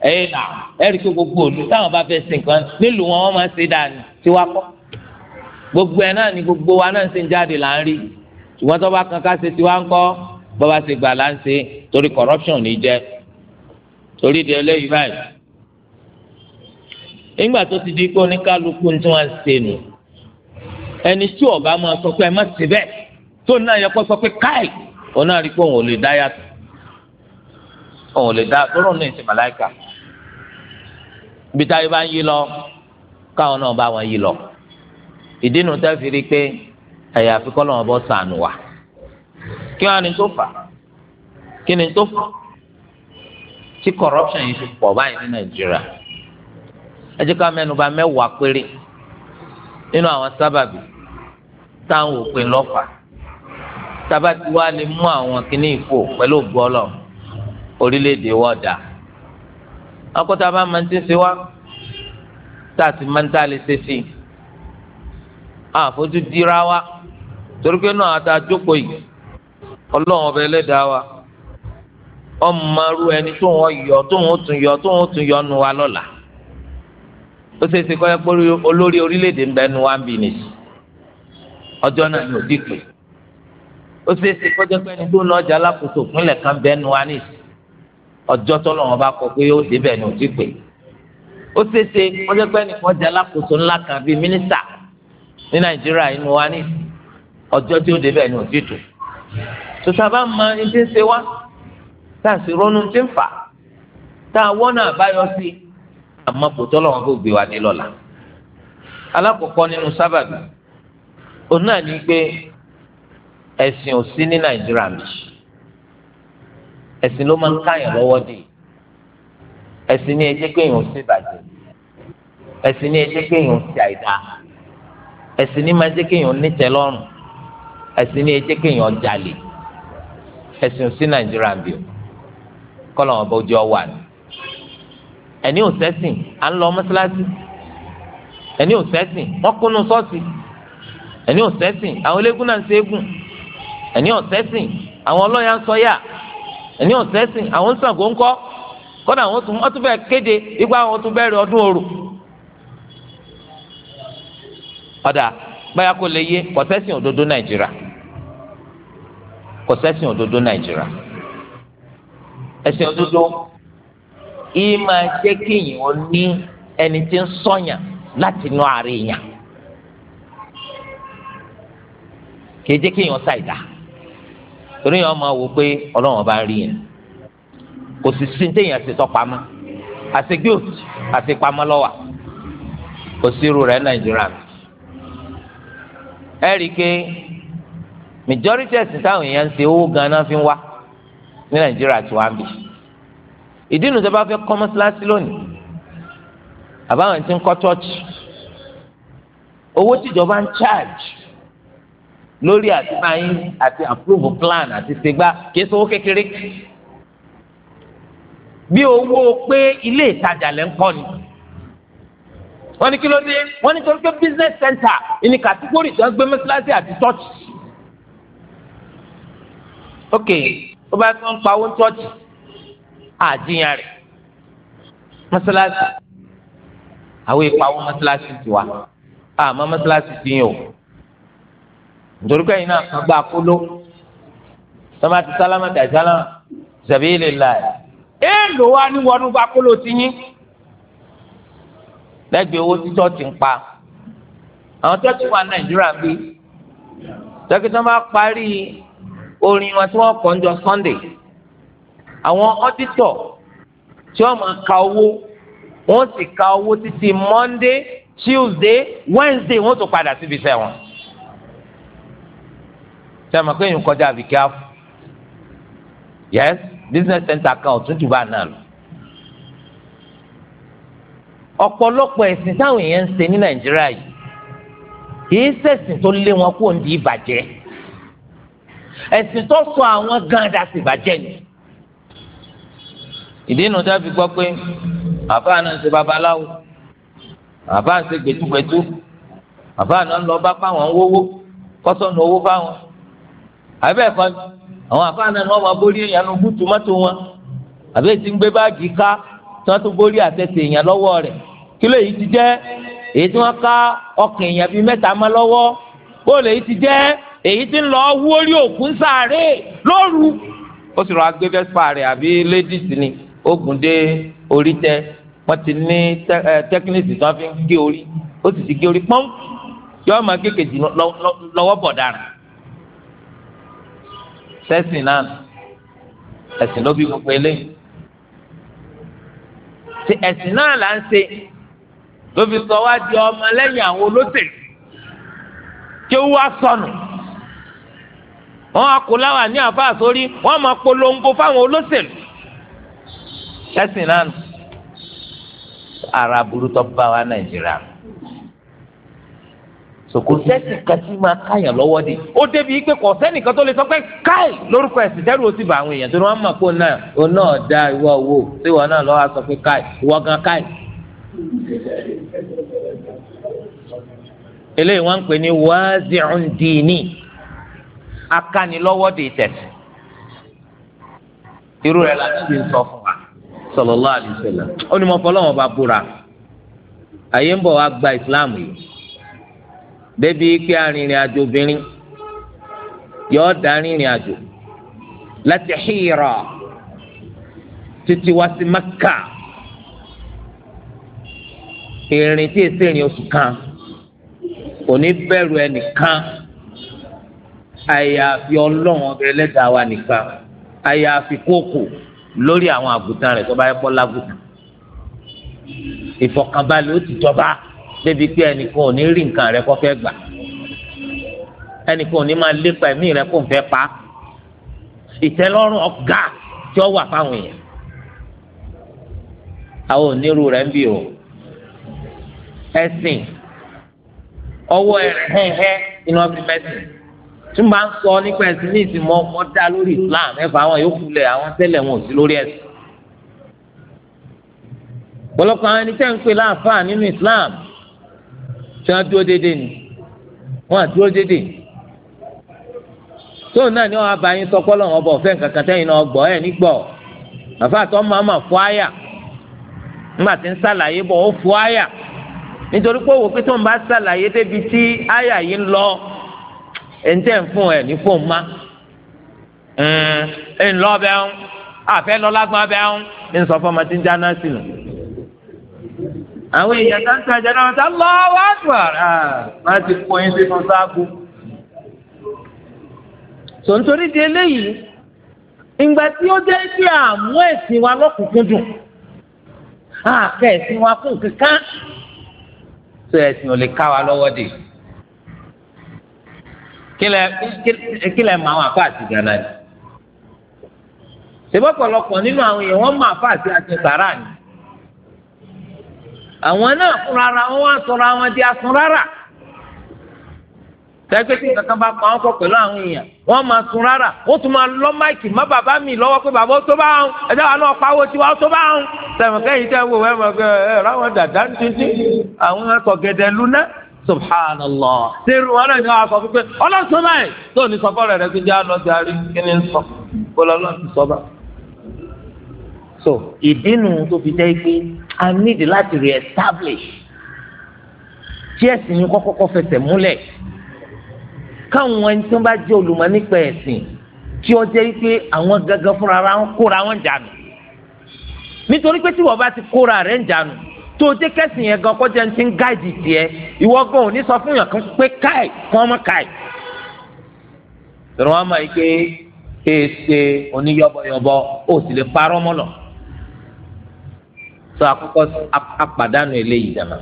ẹ̀yìn náà ẹ̀rí tó gbogbo òlu táwọn bá fẹ́ sin kan nílùú wọn wọ́n máa ṣe dáa tiwakọ́ gbogbo ẹ̀ náà ni gbogbo wa náà ṣe ń jáde là ń rí i ṣùgbọ́n tó bá kan ká ṣe tiwa ń kọ́ bó bá ṣe gbà là torí corruption ní jẹ́ torí di eléyìí báyìí. nígbà tó ti di pé oníkálukú tí wọ́n ń ṣe nù ẹni tí ọba máa sọ pé ẹ má ṣe bẹ́ẹ̀ tó náà yẹ kó sọ pé káì òun náà rí pé òun ò lè dá yàtọ̀ òun ò lè dá tó lóun náà ṣe màláìkà ibi táyé bá ń yí lọ káwọn náà bá wọn yí lọ ìdí nu tẹ́ fi rí pé àyàfi kọ́ lọ́wọ́ bọ́ sànù wà kí wọ́n á ní tó fà kí ni tó fà tí corruption yìí fi pọ̀ báyìí ní nàìjíríà ẹ jẹ́ ká mẹ́nuba mẹ́wàá péré nínú àwọn sábàbí táwọn òpin lọ́fà tába tí wàá lè mú àwọn kíní ìfò pẹ̀lú gbọ́lọ̀ orílẹ̀-èdè wọ́ọ̀dà akọ́tà bá máa ń tẹ̀síwá tá a ti máa ń tà lè ṣe sí i àfojú dira wa torí pé náà àti àjókòó yìí ọlọ́run ọba ẹlẹ́dàá wa ọmọọrú ẹni tó wọn yọ tó wọn tún yọ tó wọn tún yọ nu wa lọ́la ó ṣe é ṣe kọ́ ẹ pé olórí orílẹ̀-èdè ń bẹ nu wa ń bì nìyí ọjọ́ náà ní òdì pé ó ṣe é ṣe kọjá pé ẹni tó ń lọ́jà alákòóso ìpínlẹ̀ kan bẹ́ẹ̀ nu wa ní ọjọ́ tó lọ́wọ́ bá kọ pé ó débẹ̀ ní òdì pé ó ṣe é ṣe kọjá pé ẹni kọjá alákòóso ńlá kan bíi mínísítà ní nàìjíríà inú wa ní ọjọ́ tí ó débẹ̀ ní òtítù tòṣà bá ma ní ti ń ṣe wá tá a sì ronú ti ń fà tá a wọ́n náà bá yọ sí àmọ́ kò tọ́lọ̀ wọn kò gbé wa dé lọ́la alákọ̀ọ́kọ́ nínú sábàbí òun náà ní pé ẹ̀sìn ò sí ní nàìjíríà mi ẹ̀sìn ló máa ń káyàn lọ́wọ́ dé ẹ̀sìn ní ẹ jẹ́ kéèyàn ó ṣèbàjẹ́ ẹ̀sìn ní ẹ jẹ́ kéèyàn ó ṣe àìdáa ẹ̀sìn ní máa jẹ́ kéèyàn nítẹ́ lọ́rùn ẹ̀sìn ní jẹ́ kéèyàn jalè sí nàìjíríà ń bì ó wọn wà ò à ń lọ mọ́ṣáláṣí Eni ò sẹ́sìn wọ́n kúnnú ṣọ́ọ̀ṣì Eni ò sẹ́sìn àwọn eléégún náà ń ṣẹ́gun ẹ̀ní ò sẹ́sìn àwọn ọlọ́yà ń sọyà ò àwọn ọ̀dà báyà kò lè yé naijiria òdodo nàìjíríà kọ̀sẹ́sìn òdodo nàìjíríà ẹ̀sìn òdodo yìí máa jẹ́ kéèyàn ó ní ẹni tí ń sọ̀yàn láti nú àárẹ̀ yàn kìí jẹ́ kéèyàn ṣàìdá torí yàn máa wò pé ọlọ́run ọba ń rí yẹn kò sì sí téèyàn ti tọ́ pamọ́ àti gbé òtù àti pamọ́ lọ́wọ́ kò sí irú rẹ̀ nàìjíríà mi. ẹ rí i pé majority ẹ̀sìn táwọn èèyàn ń ṣe owó ganan fi ń wá ní nàìjíríà tí wọ́n á bì ìdí nu tó bá fẹ́ kọ́ mọ́sálásí lónìí àbáwọn ti ń kọ́ chọ́ọ̀chì owó tìjọba ń charge lórí àti báyìí àti approve plan àti ṣègbà kìí sọ owó kékeré bí owó pé ilé ìtajà lẹ́ ń kọ́ ni wọ́n ní kí ló dé wọ́n ní torí business center ìní kàtígórì tó ń gbé mọ́sálásí àti tọ́ọ̀tì. ok ó bá tó ń pa owó tọ́ọ̀tì àjíyàn rẹ̀ mọ́sálásí àwọn ìpawó mọ́sálásí ti wá àmọ́ mọ́sálásí ti yàn o nítorí pé ẹ̀yin náà kan gbá kóló tọ́ba ti sálámà dàjálà zàbí ilé la ẹ̀ ẹ́ lò wá ní wọnú gbá kóló ti yín lẹ́gbẹ̀ẹ́ owó tí chọ́ọ̀tì ń pa àwọn chọ́ọ̀tì wà nàìjíríà bí dókítà máa parí orin wọn tí wọ́n kọ́ ń jọ sunday àwọn ọ́dítọ̀ tí wọ́n máa ka owó wọ́n sì ka owó títí monday tuesday wednesday wọ́n tó padà síbi iṣẹ́ wọn sẹ́mi pé èèyàn kọjá àbíkẹ́ àfọ̀ yes business center kan ò tún jù bá náà lọ ọ̀pọ̀lọpọ̀ ẹ̀sìn táwọn èèyàn ń ṣe ní nàìjíríà yìí kìí ṣẹ̀sìn tó lé wọn kó ń di ìbàjẹ́ ẹ̀sìn tó sọ àwọn gan da sí ìbàjẹ́ ni. ìdí inú dábì gbọ́ pé bàbá náà ń ṣe babaláwo bàbá ń ṣe gbẹtugbẹtu bàbá náà ń lọ bá fáwọn owó kọ́sọ́nù owó fáwọn àbẹ́ẹ̀kọ́ àwọn àbá náà ni wọ́n máa bórí èèyàn lọ bú wọn àbẹ́ẹ̀ ti ń gbé báàgì ká tí ase tún borí àtẹ̀tẹ̀ èèyàn lọ́wọ́ rẹ̀ jẹ yìí ti jẹ́ èyí tí wọ́n ká ọkàn èèyàn bíi mẹ́ta ti jẹ èyí tí ń lọ òkun sáré lóru ó sì rọ àbí ladies ni ogun dé orí tẹ wọ́n ti ní fi ń gé orí ó sì yọọ máa kékeré bọ̀ dára sẹ́sìn náà ẹ̀sìn ló ti ẹ̀sìn náà là ń ṣe ló fi sọ wá di ọmọ lẹ́yìn àwọn olóṣèlú tí ó wá sọnù wọn á kó láwà ní àbá sórí wọn máa polongo fáwọn olóṣèlú ẹ̀sìn náà ara burú tó bá wa Nàìjíríà kò sẹ́sìn kan tí máa káyàn lọ́wọ́ de ó débi pé kò sẹ́nìkan tó lè sọ pé káì lórúkọ ẹ̀sìn tẹ́rù ó sì bá àwọn èèyàn tó ní wọ́n mọ̀ pé náà ó náà da ìwọ owó tí ìwọ náà lọ́wọ́ sọ pé káì ìwọ gan káì. eléyìí wọ́n ń pè ní wáàzìrún dìní akánilọ́wọ́ de tẹ̀sí irú rẹ̀ la ti sọ fún wa sallallahu alaihi wasallam ó ní mo fọlọ́wọ́n bá búra àyè ń bọ̀ wá gba ìsìláàmù yìí débi pé arìnrìn àjò obìnrin yóò dá arìnrìn àjò láti Hira títí wá sí Mẹ́kà ìrìn tí èsì ìrìn oṣù kan kò ní bẹ̀rù ẹnìkan àyàfi ọlọ́run ọbẹ̀ ẹlẹ́dàá wa nìkan àyàfi kókò lórí àwọn àgùntàn rẹ̀ tó bá yẹ kọ́ lágùntàn ìfọ̀kànbalẹ̀ ó ti jọba débi pé ẹnìkan ò ní rí nǹkan rẹ kó fẹ́ gbà ẹnìkan ò ní máa lépa ẹ̀mí rẹ kó fẹ́ pa ìtẹ́lọ́rùn ọ̀gá tí ó wà fáwọn èèyàn àwọn onírú rẹ ń bì o ẹ̀sìn ọwọ́ ẹ̀hẹ́hẹ́ inú ọ̀fi mẹ́sìn tí mo bá ń sọ nípa ẹ̀sìn ní ìsìnmọ́ ọmọ dá lórí Islam ẹ̀fọ́ àwọn yòókù lẹ̀ àwọn tẹ́lẹ̀ wọn ò sí lórí ẹ̀sìn pọ̀lọpọ̀ àwọn ẹni tẹ́ ń pè láàfáà nínú Islam tí wọ́n dúró déédéé ni wọ́n àdúró déédéé tóun náà ni wọ́n abà yín sọ pọ́lọ́ wọn bọ̀ fẹ́ nǹkan kan náà máa ma àyà nígbà tí ń sàlàyé bọ ó fọ àyà nítorí pé òwò pé tóun bá sàlàyé débi tí àyà yìí ń lọ ń fún ní ń lọ bẹ́ẹ̀ àfẹ́ àwọn èèyàn tá ń tajà náà tá lọ wá gbà á wọn ti kó yín sínú sáàbù. sòǹtorí di eléyìí ìgbà tí ó jẹ́ kí àmú ẹ̀sìn wa lọ́kùnkúndùn àkẹ́ ẹ̀sìn wa fún kankan tó ẹ̀sìn ò lè ká wa lọ́wọ́ dè kí lẹ mọ àwọn àpá gánà ni ṣèbọ̀pọ̀lọpọ̀ nínú àwọn èèyàn wọ́n mọ àpá àti sàrà ni àwọn náà fúnra ra wọn wá sọ̀rọ̀ àwọn di asun rárá tẹ́gbẹ́ tí kankan bá pa wọn pọ̀ pẹ̀lú àwọn èèyàn wọ́n máa sun rárá wọ́n tún máa lọ máìkì má bàbá mi lọ́wọ́ pé bàbá ó tó bá wọn ẹ̀jẹ̀ wa náà pawó tiwa ó tó bá wọn tẹ̀wọ̀n kẹ́yìn tẹ́ wò wẹ́n mọ̀gẹ́ ẹ̀ ráwọn dàda ń tuntun àwọn ẹ̀kọ́ gẹ̀dẹ̀ lúná subhanallah ṣerú wọn náà ní wọn sọ fún pé ọlọ́sọ báyìí tó ní sọ fọ́ọ̀rẹ́ rẹ kí n jẹ́ àlọ́ so ìdínú tó fi jẹ́ pé I need láti re-establish tí ẹ̀sìn yín kọ́kọ́kọ́ fẹsẹ̀ múlẹ̀ káwọn ẹni tó bá jẹ́ olùmọ̀ nípa ẹ̀sìn tí ó jẹ́ pé àwọn gangan fúnra ara ń kóra wọn jànù nítorí pé tí wọ́n bá ti kóra rẹ̀ ń jànù tó jẹ́ kẹ́sìn yẹn gan kọjá ti ń gáàdì tiẹ̀ ìwọ gan ò ní sọ fún yàn kan pé káì fún ọmọ káì tẹ̀rọ wọn máa yí pé èsè oníyọ̀bọ̀yọ̀bọ̀ ó sì lè parọ́ mọ́ lọ sọ àkọ́kọ́ apàdánù eléyìí dàmà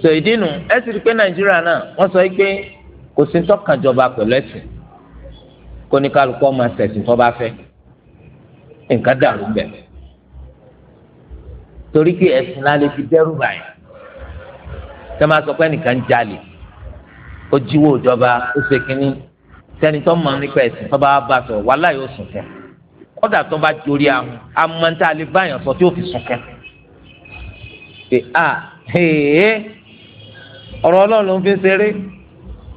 sọ ìdí nu ẹ sì rí pé nàìjíríà náà wọ́n sọ pé kò sí tọkànjọba pẹ̀lú ẹ̀sìn kó ní kálukú ọmọ ẹsẹsìn tó bá fẹ́ nǹkan dàrú bẹ́ẹ̀ torí pé ẹ̀sìn lálẹ́ fi dẹ́rù báyìí tẹ máa sọ pé nìkan jalè ó jíwó ìjọba ó ṣe kínní sẹni tó mọ̀ nípa ẹ̀sìn tó bá bá sọ wàhálà yóò sùn fún un kódà tó bá torí ahùn amọ̀ntà lè báyàn sọ tí ó fi sunkún. pé a hèé ọ̀rọ̀ ọlọ́run ló ń fi ṣeré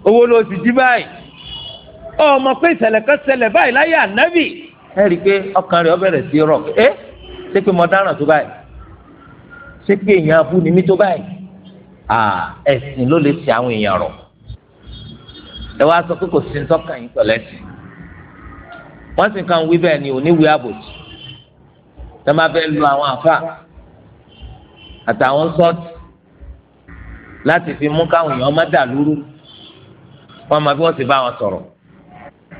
owó ló ti jí báyìí ọmọ pé ìṣẹ̀lẹ̀ kan ṣẹlẹ̀ báyìí láyé ànábì ẹ rí i pé ọkàn rẹ̀ ó bẹ̀rẹ̀ sí rọ̀ ẹ́ ṣé pé mo dáràn tó báyìí ṣé pé èèyàn abú ni mí tó báyìí ẹ̀sìn ló lè ti àwọn èèyàn rọ̀ ẹ wá sọ pé kò sí ní tọ́kàn yín pẹ̀lẹ́sìn wọ́n sì kàn wí bẹ́ẹ̀ ni oníwèé àbòjì tẹ́ máa fẹ́ lu àwọn àfa àtàwọn sọ́ọ̀tì láti fi mú káwọn èèyàn má dà lúrú wọ́n máa fi wọ́n sì bá wọn sọ̀rọ̀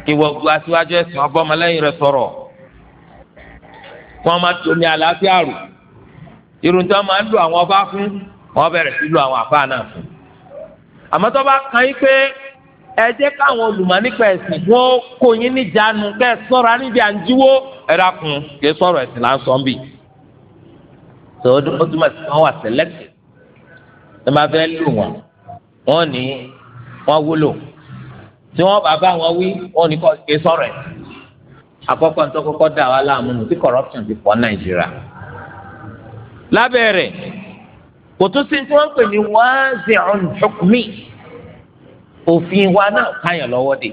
kí wọ́n gba aṣíwájú ẹ̀sìn ọgbọ́n ọmọlẹ́yìn rẹ̀ sọ̀rọ̀ wọ́n máa tó ní àlàáfíà rù irun tí wọ́n máa ń lu àwọn ọba fún wọ́n bẹ̀rẹ̀ sí lu àwọn àfa náà fún àmọ́ tó bá kàn yín pé ẹ jẹ́ káwọn olùmọ̀ nípa ẹ̀sìn wọ́n kó yín níjànú kẹ́ ẹ sọ̀rọ̀ níbi à ń jíwó ẹ dákun kì í sọ̀rọ̀ ẹ̀sìn là ń sọ bì. tó o túmọ̀ sí wọn wà sẹ́lẹ̀kì ẹ máa fẹ́ lù wọn wọn ní wọn wúlò tí wọn bá bá wọn wí wọn ní kì í sọ̀rọ̀ ẹ̀. àkọ́kọ́ ní tó dà wá láàmú nù tí corruption ti pọ̀ nàìjíríà. lábẹ́ rẹ̀ kò tún sí tí wọ́n pè ní wáńsì òfin wa náà káyàn lọ́wọ́ dè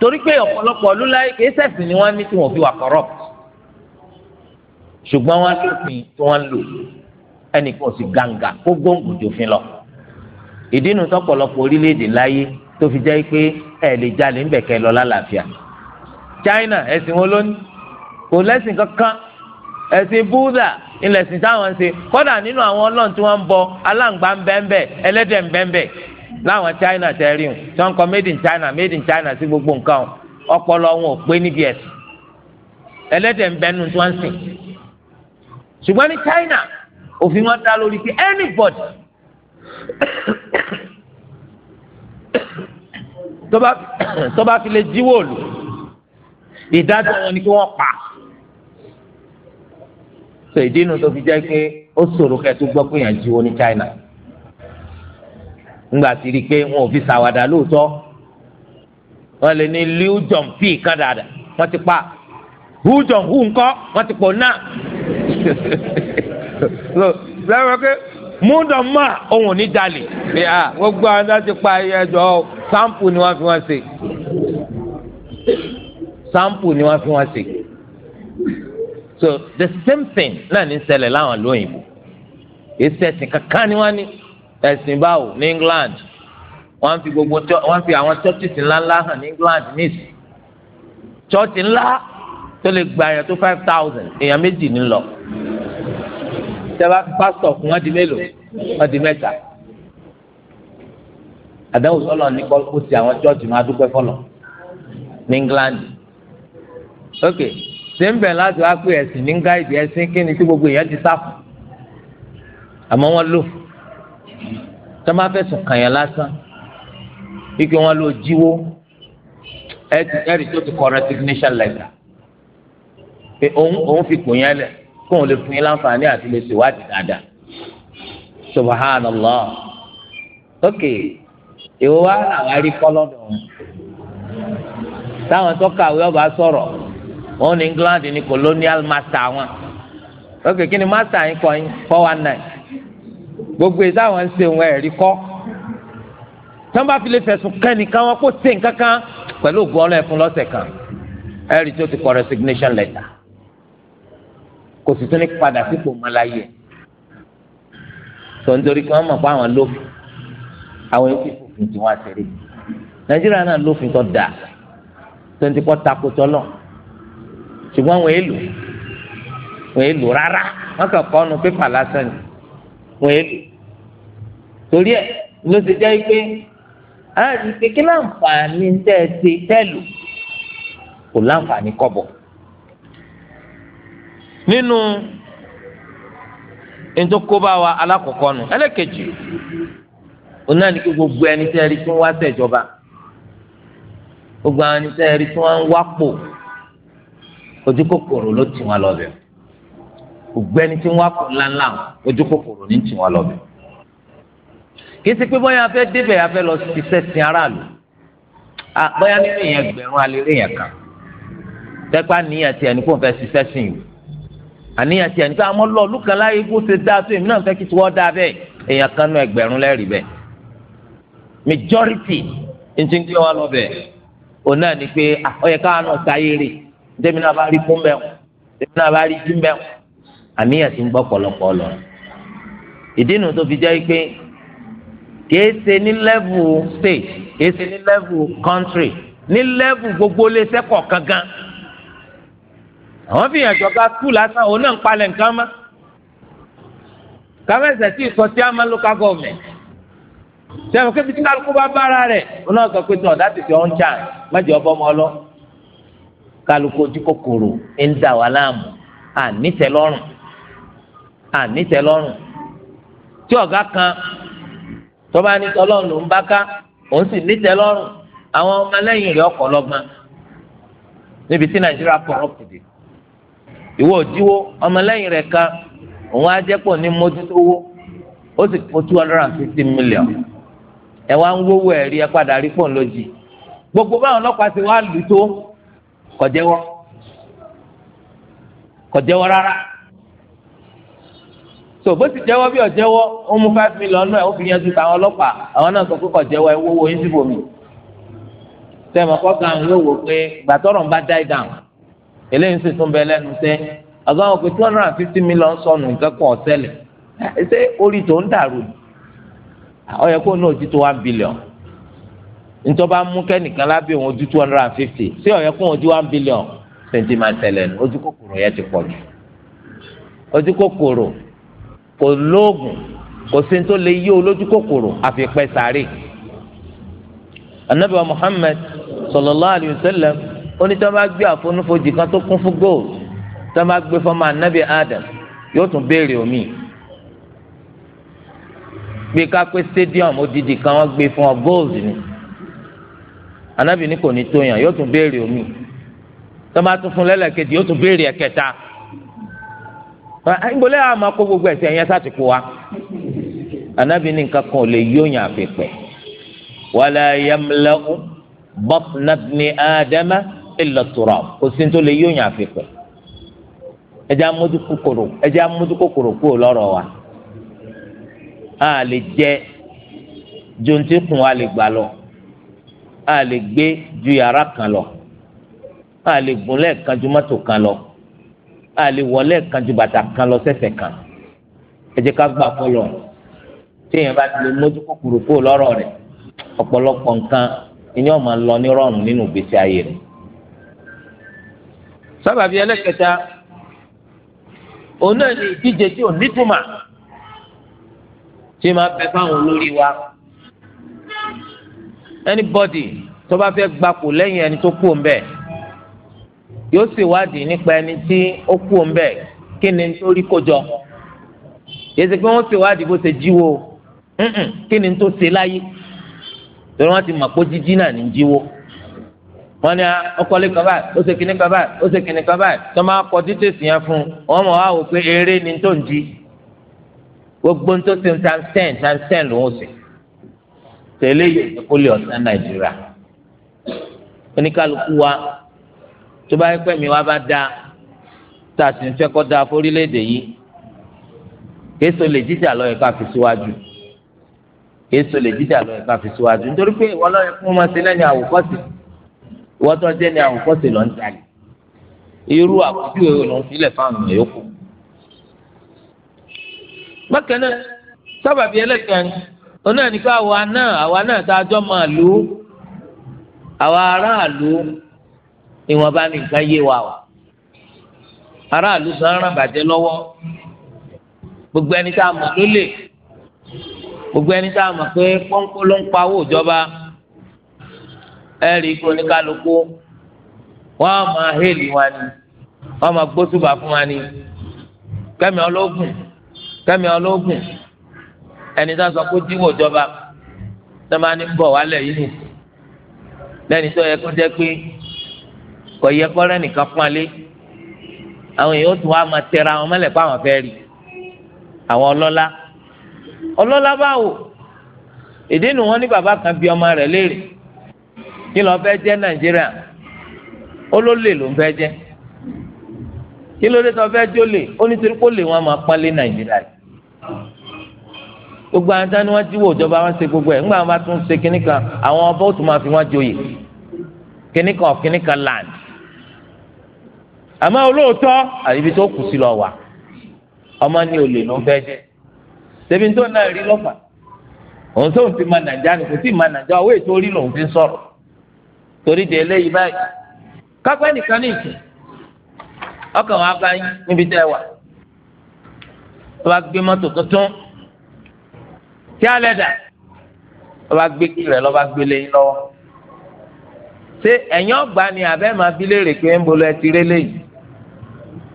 torí pé ọ̀pọ̀lọpọ̀ lúláyé kìí ni wọ́n ní tí wọ́n fi wà corrupt ṣùgbọ́n wọ́n lófin tí wọ́n lò ẹnìkan sì gàǹgà kó gbóǹgò jòfin lọ ìdí nu tọ́pọ̀lọpọ̀ orílẹ̀-èdè láyé tó fi jẹ́ pé ẹ lè jalè ń bẹ̀kẹ́ lọ lálàáfíà China ẹ̀sìn wọn ló ní kò lẹ́sìn kankan ẹ̀sìn Buddha ilẹ̀ sìn táwọn ń ṣe kọ́dà nínú àwọn ọlọ́run tí wọ́n ń bọ aláǹgbá ń bẹ́ẹ̀ bẹ́ẹ̀ ẹlẹ́dẹ̀ ń bẹ́ẹ̀ bẹ́ẹ̀ láwọn China tẹ rí wọn tí wọn kọ made in China made in China sí gbogbo nǹkan ọpọlọ wọn ò pé níbi ẹsìn ẹlẹ́dẹ̀ ń bẹ nu tí wọ́n ń sìn ṣùgbọ́n ní China òfin wọn dá lórí pé anybody tó bá fi lè jíwò lò ìdájọ́ wọn ni kí wọ́n pa so ìdí inú tó fi jẹ́ pé ó ṣòro kẹ́ẹ̀ tó gbọ́ pé yàn jíwò ní China ńgbà tí rí i pé wọn ò fi ṣàwàdà lóòótọ́ wọn lè ní liu john p kan dada wọn ti pa hu john hu ńkọ́ wọn ti pọ̀ náà lọ́wọ́ pé múndọ̀ mọ́ òun ò ní jalè gbogbo àwọn tó ti pa ẹjọ́ sáǹpù ni wọ́n fi wọ́n ṣe sáǹpù ni wọ́n fi wọ́n ṣe so the same thing náà ní ṣẹlẹ̀ láwọn lóyìnbó èsì ẹ̀sìn kankan ni wọ́n ní ẹ̀sìn báwo ní England wọ́n fi gbogbo wọ́n fi àwọn churches ńláńlá hàn ní England níìsì church ńlá tó lè gba èèyàn tó five thousand èèyàn méjì ní lọ tẹ́lá pásítọ̀ fún wọn di mélòó wọn di mẹ́ta àdáwò sọlọ ní kó ti àwọn chọ́ọ̀tì máa dúpẹ́ fọlọ̀ ní England ok ṣé ń bẹ̀ láti wá pé ẹ̀sìn ní gáìdì ẹ̀sìn kí ni tí gbogbo èèyàn ti sáfù àmọ́ wọ́n lò fún tá a máa fẹ̀sùn kàn yẹn lásán wípé wọn lọ jíwó ẹ̀rí tó ti kọ resignation letter pé òun òun fi kò yẹn lẹ kóun lè fún yín láǹfààní àti lè ṣèwádìí dáadáa subhanallah ok èwo wa làwọn arí kọ́ lọ́dọ̀ wọn táwọn tó kàwé ọba sọ̀rọ̀ wọn ní England ní colonial master wọn ok kí ni master yín kọ́ yín four one nine gbogbo èyí táwọn ń ṣe òun ẹ̀rí kọ́ tí wọ́n bá fi lè fẹ̀sùn kẹ́nìkan wọn kó ṣe nǹkan kan ògùn ọlọ́ọ̀ fún lọ́sẹ̀ kan ẹ̀rí tó ti kọ resignation letter kò sì tún ní padà sípò mọ́láyé tó ń torí kí wọ́n mọ̀ pé àwọn lófin àwọn yóò fi fòfin tí wọ́n á ṣeré nàìjíríà náà lófin tó dáa tó ń ti kọ́ takò tọ́lọ̀ ṣùgbọ́n wọ́n èlò wọ́n èlò rárá wọ́n kàn kọ́ nu pépà lásán ni wọn yé lò torí ẹ ló ti jẹ́ pé àárín kékeré láǹfààní tẹ́ ẹ ṣe tẹ́lù kò láǹfààní kọ́bọ̀ nínú ntòkóbá wa alákọ̀ọ́kọ́ nù ẹlẹ́kẹ̀jì òun náà ní kí gbogbo ẹni tẹ́ ẹ rí tí wọ́n wá ṣèjọba gbogbo àwọn ẹni tẹ́ ẹ tí wọ́n wá pò ojú kòkòrò ló tì wọ́n lọ bẹ̀rẹ̀ gbogbo ẹni tí wọ́n á kó ńláńlá ojú kòkòrò ní tiwọn lọ bẹ̀. kì í ti pé bóyá afẹ́ débẹ̀ afẹ́ lọ ṣiṣẹ́ sin aráàlú bóyá nínú ìyẹn gbẹ̀rún alẹ́rẹ́ yẹn kan tẹ́pá níyàn tiẹ̀ ní kò fẹ́ ṣiṣẹ́ sìn yìí àníyàn tiẹ̀ ní pé àmọ́ lọ lùkàláyé kó ṣe dáa tó èmi náà fẹ́ kí tiwọ́ dáa bẹ́ẹ̀ èèyàn kan náà ẹgbẹ̀rún lẹ́rìí bẹ́ẹ̀ majority ntí nkí wa lọ bẹ òun náà ni pé ọyẹ ah, káwa náà sáyé rè ntẹ́mi náà bá rí fún bẹ́ẹ̀ ntẹ́mi náà bá rí fún bẹ́ẹ̀ àníyàn ti ń gbọ́ pọ̀lọpọ̀ lọ. ìdínú tó fi jẹ́ pé kìí ṣe ní lẹ́vù state kìí ṣe ní lẹ́vù country ní lẹ́vù gbogbo iléeṣẹ́ kọ̀ọ̀kan gan. àwọn fìyàn jọba kú lásán òun náà ń palẹ̀ nǹkan mọ́. kàmẹ́sẹ̀ tí ìkọ́ sí àmà local government. sẹ́wọ̀n kébi tí kálukú bá bára rẹ̀ òun náà sọ pé tí ọ̀dà ti fi ọ̀hún chàn mẹ́jọ ọbọ̀ ọmọ ọlọ́ kálukú ojú kòkòrò ń dà wà láàmú à nítẹ̀lọ́rùn. nitelorun tí ọ̀gá kan tọ́ba ní tọ́lọ́run ló ń bá ká òun sì nítẹ́lọ́rùn àwọn ọmọlẹ́yìn níbi tí nàìjíríà corrupt dé ìwọ òdiwọ ọmọlẹ́yìn rẹ̀ kan òun á ní mójútówó ó sì kó two hundred and fifty gbogbo báwọn ọlọ́pàá ti wá tó bó ti jẹ́wọ́ bí ọ̀jẹ́wọ́ ó mú five million náà ó fi yanjú táwọn ọlọ́pàá àwọn náà sọ pé kò jẹ́wọ́ ẹ wọ́wọ́ yín síbò mi. sẹ́mi kọ́ ga àwọn yóò wò pé gbàtọ́rọ̀ ń bá dá ìdá àwọn eléyìí sì tún bẹ lẹ́nu sẹ́ àgbọn òkè two hundred and fifty million sọnù nǹkan kan ọ̀sẹ̀lẹ̀ ṣé orí tó ń dàrú ni ó yẹ kó náà ti tó one billion ntọ́ba mú kẹ́nìkan lábẹ́ òun ojú two hundred and fifty ṣé ó yẹ kò lóògùn kò sí tó lè yí olójú kòkòrò àfi sáré anabi muhammed sallallahu alayhi wa sallam onítọ́ bá gbé àfonúfojì kan tó kún fún gold tó gbé fọmọ anabi adam yóò tún béèrè omi gbé kápé stadium odidi kan wọ́n gbé fún ọ gold ni anabi ní kò ní tó yàn yóò tún béèrè omi tó tún fún lẹ́lẹ́kejì yóò tún béèrè ẹ̀kẹta ìgbòlẹ́ àmọ́ kó gbogbo ẹ̀sìn ẹ̀yẹn sá ti kó wa anabi ní nǹkan kan ò lè yóyàn àfipẹ́ wàlá yamlẹ́hu bọ́tnàbìnrin àdẹ́mẹ́ ìlọ̀tùrọ̀ kò sí tó lè yóyàn àfipẹ́ ẹjẹ́ amójúkòkòrò ẹjẹ́ amójúkòkòrò kúrò lọ́rọ̀ wa a lè jẹ jontikun a lè gbà lọ a lè gbé ju yàrá kan lọ a lè gùn lẹ́ẹ̀kan ju kan lọ a lè wọlé kan ju bàtà kan lọ sẹsẹ kan ẹ jẹ́ ká gbà fọlọ téèyàn bá ti lè mójú kúkúrú kó lọ́rọ̀ rẹ̀ ọ̀pọ̀lọpọ̀ nǹkan ìní ọmọ lọ ní rọrùn nínú ìgbésí ayé rẹ̀. sábàbí ẹlẹ́kẹta òun náà ni ìdíje tí ò nítumà tí máa bẹ fáwọn olórí wa anybody tó bá fẹ́ gbapò lẹ́yìn ẹni tó kú ń bẹ́ẹ̀ yóò sì wádìí nípa ẹni tí ó kú ń bẹ kí ni tó rí kó jọ yẹsẹ pé wọ́n sì wádìí bó ṣe jíwó kí ni tó ṣe láyé torí wọ́n ti mọ̀ pé jíjí náà ní jíwó wọ́n ní ọkọlẹ ah, kan báyìí ó ṣe kíní kan báyìí ó ṣe kíní kan báyìí tó máa kọ títí sí yẹn fún wọn mọ̀ wá wò pé eré ni tó ń jí gbogbo tó ṣe ń times ten times ten ló ń ṣe tẹ́lẹ̀ yìí kó lè ọ̀sán nàìjíríà oníkálukú wa tó bá yẹ pé mi wá bá dáa tá a sì ń fẹ́ kọ́ dáa fórílẹ̀-èdè yìí kéésò lè jíjà lọ́yẹ ká fi síwájú kéésò lè jíjà lọ́yẹ ká fi síwájú nítorí pé ìwọ lọ́yẹ fún ọmọ sílẹ̀ ní àwòkọ́sì ìwọ jẹ́ ní àwòkọ́sì lọ́n jalè irú àkójúwe ló ń filẹ̀ fáwọn èèyàn yòókù. bákan náà sábàbí ẹlẹ́kàn onáà ní ká àwa náà àwa náà tá a jọ máa lù ú àwa aráàlú ìwọ̀n bá ní nǹkan yé wa o aráàlú san ràn bàjẹ́ lọ́wọ́ gbogbo ẹni tá a mọ̀ ló lè gbogbo ẹni tá a mọ̀ pé pọ́ńpọ́ ló ń pawó ìjọba ẹ rí i kó oníkálukú wọ́n á máa hélì wọn ni wọ́n á máa gbósùbà fún wọn ni kẹ́mi ológun kẹ́mi ológun ẹni tá a sọ kó díwò ìjọba tẹ́ máa ní bọ̀ wálẹ̀ yìí lẹ́ni tó yẹ kó jẹ́ pé kò yẹ kọ́rẹ́ nìkan pọ́nlé àwọn èèyàn tó wá máa tẹra àwọn mẹ́lẹ̀ pa àwọn fẹ́ rí àwọn ọlọ́lá ọlọ́lá báwo èdè nu wọn ní bàbá kan bí ọmọ rẹ̀ léèrè kí ló fẹ́ jẹ́ nàìjíríà ó ló lè ló ń fẹ́ jẹ́ kí ló dé tó fẹ́ jó lè ó nítorí kó lè wọn máa pọ́nlé nàìjíríà yìí gbogbo àwọn tani wọn jíwò ìjọba wọn ṣe gbogbo ẹ̀ ńgbà wọn bá tún ṣe kíníkan àwọn ọba ó máa fi wọn joyè kíníkan kíníkan land àmọ́ olóòótọ́ àyíbi tó kù sí lọ wà ọmọ ní olè ló ń fẹ́ jẹ́ ṣebí tó náà rí lọ́fà òun tó ń fi máa nàjà ni kò sí máa nàjà owó ètò orí lòun fi ń sọ̀rọ̀ torí de eléyìí báyìí kápẹ́ nìkan ní ìsìn ọkàn wa bá yín níbi tẹ́ wà wọ́n bá gbé mọ́tò tuntun tí a lẹ̀ dà wọ́n bá gbé kílẹ̀ lọ́ba gbé léyìn lọ́wọ́ ṣé ẹ̀yìn ọgbà ni àbẹ́ máa bí léèrè pé ń bolo ẹ ti rélé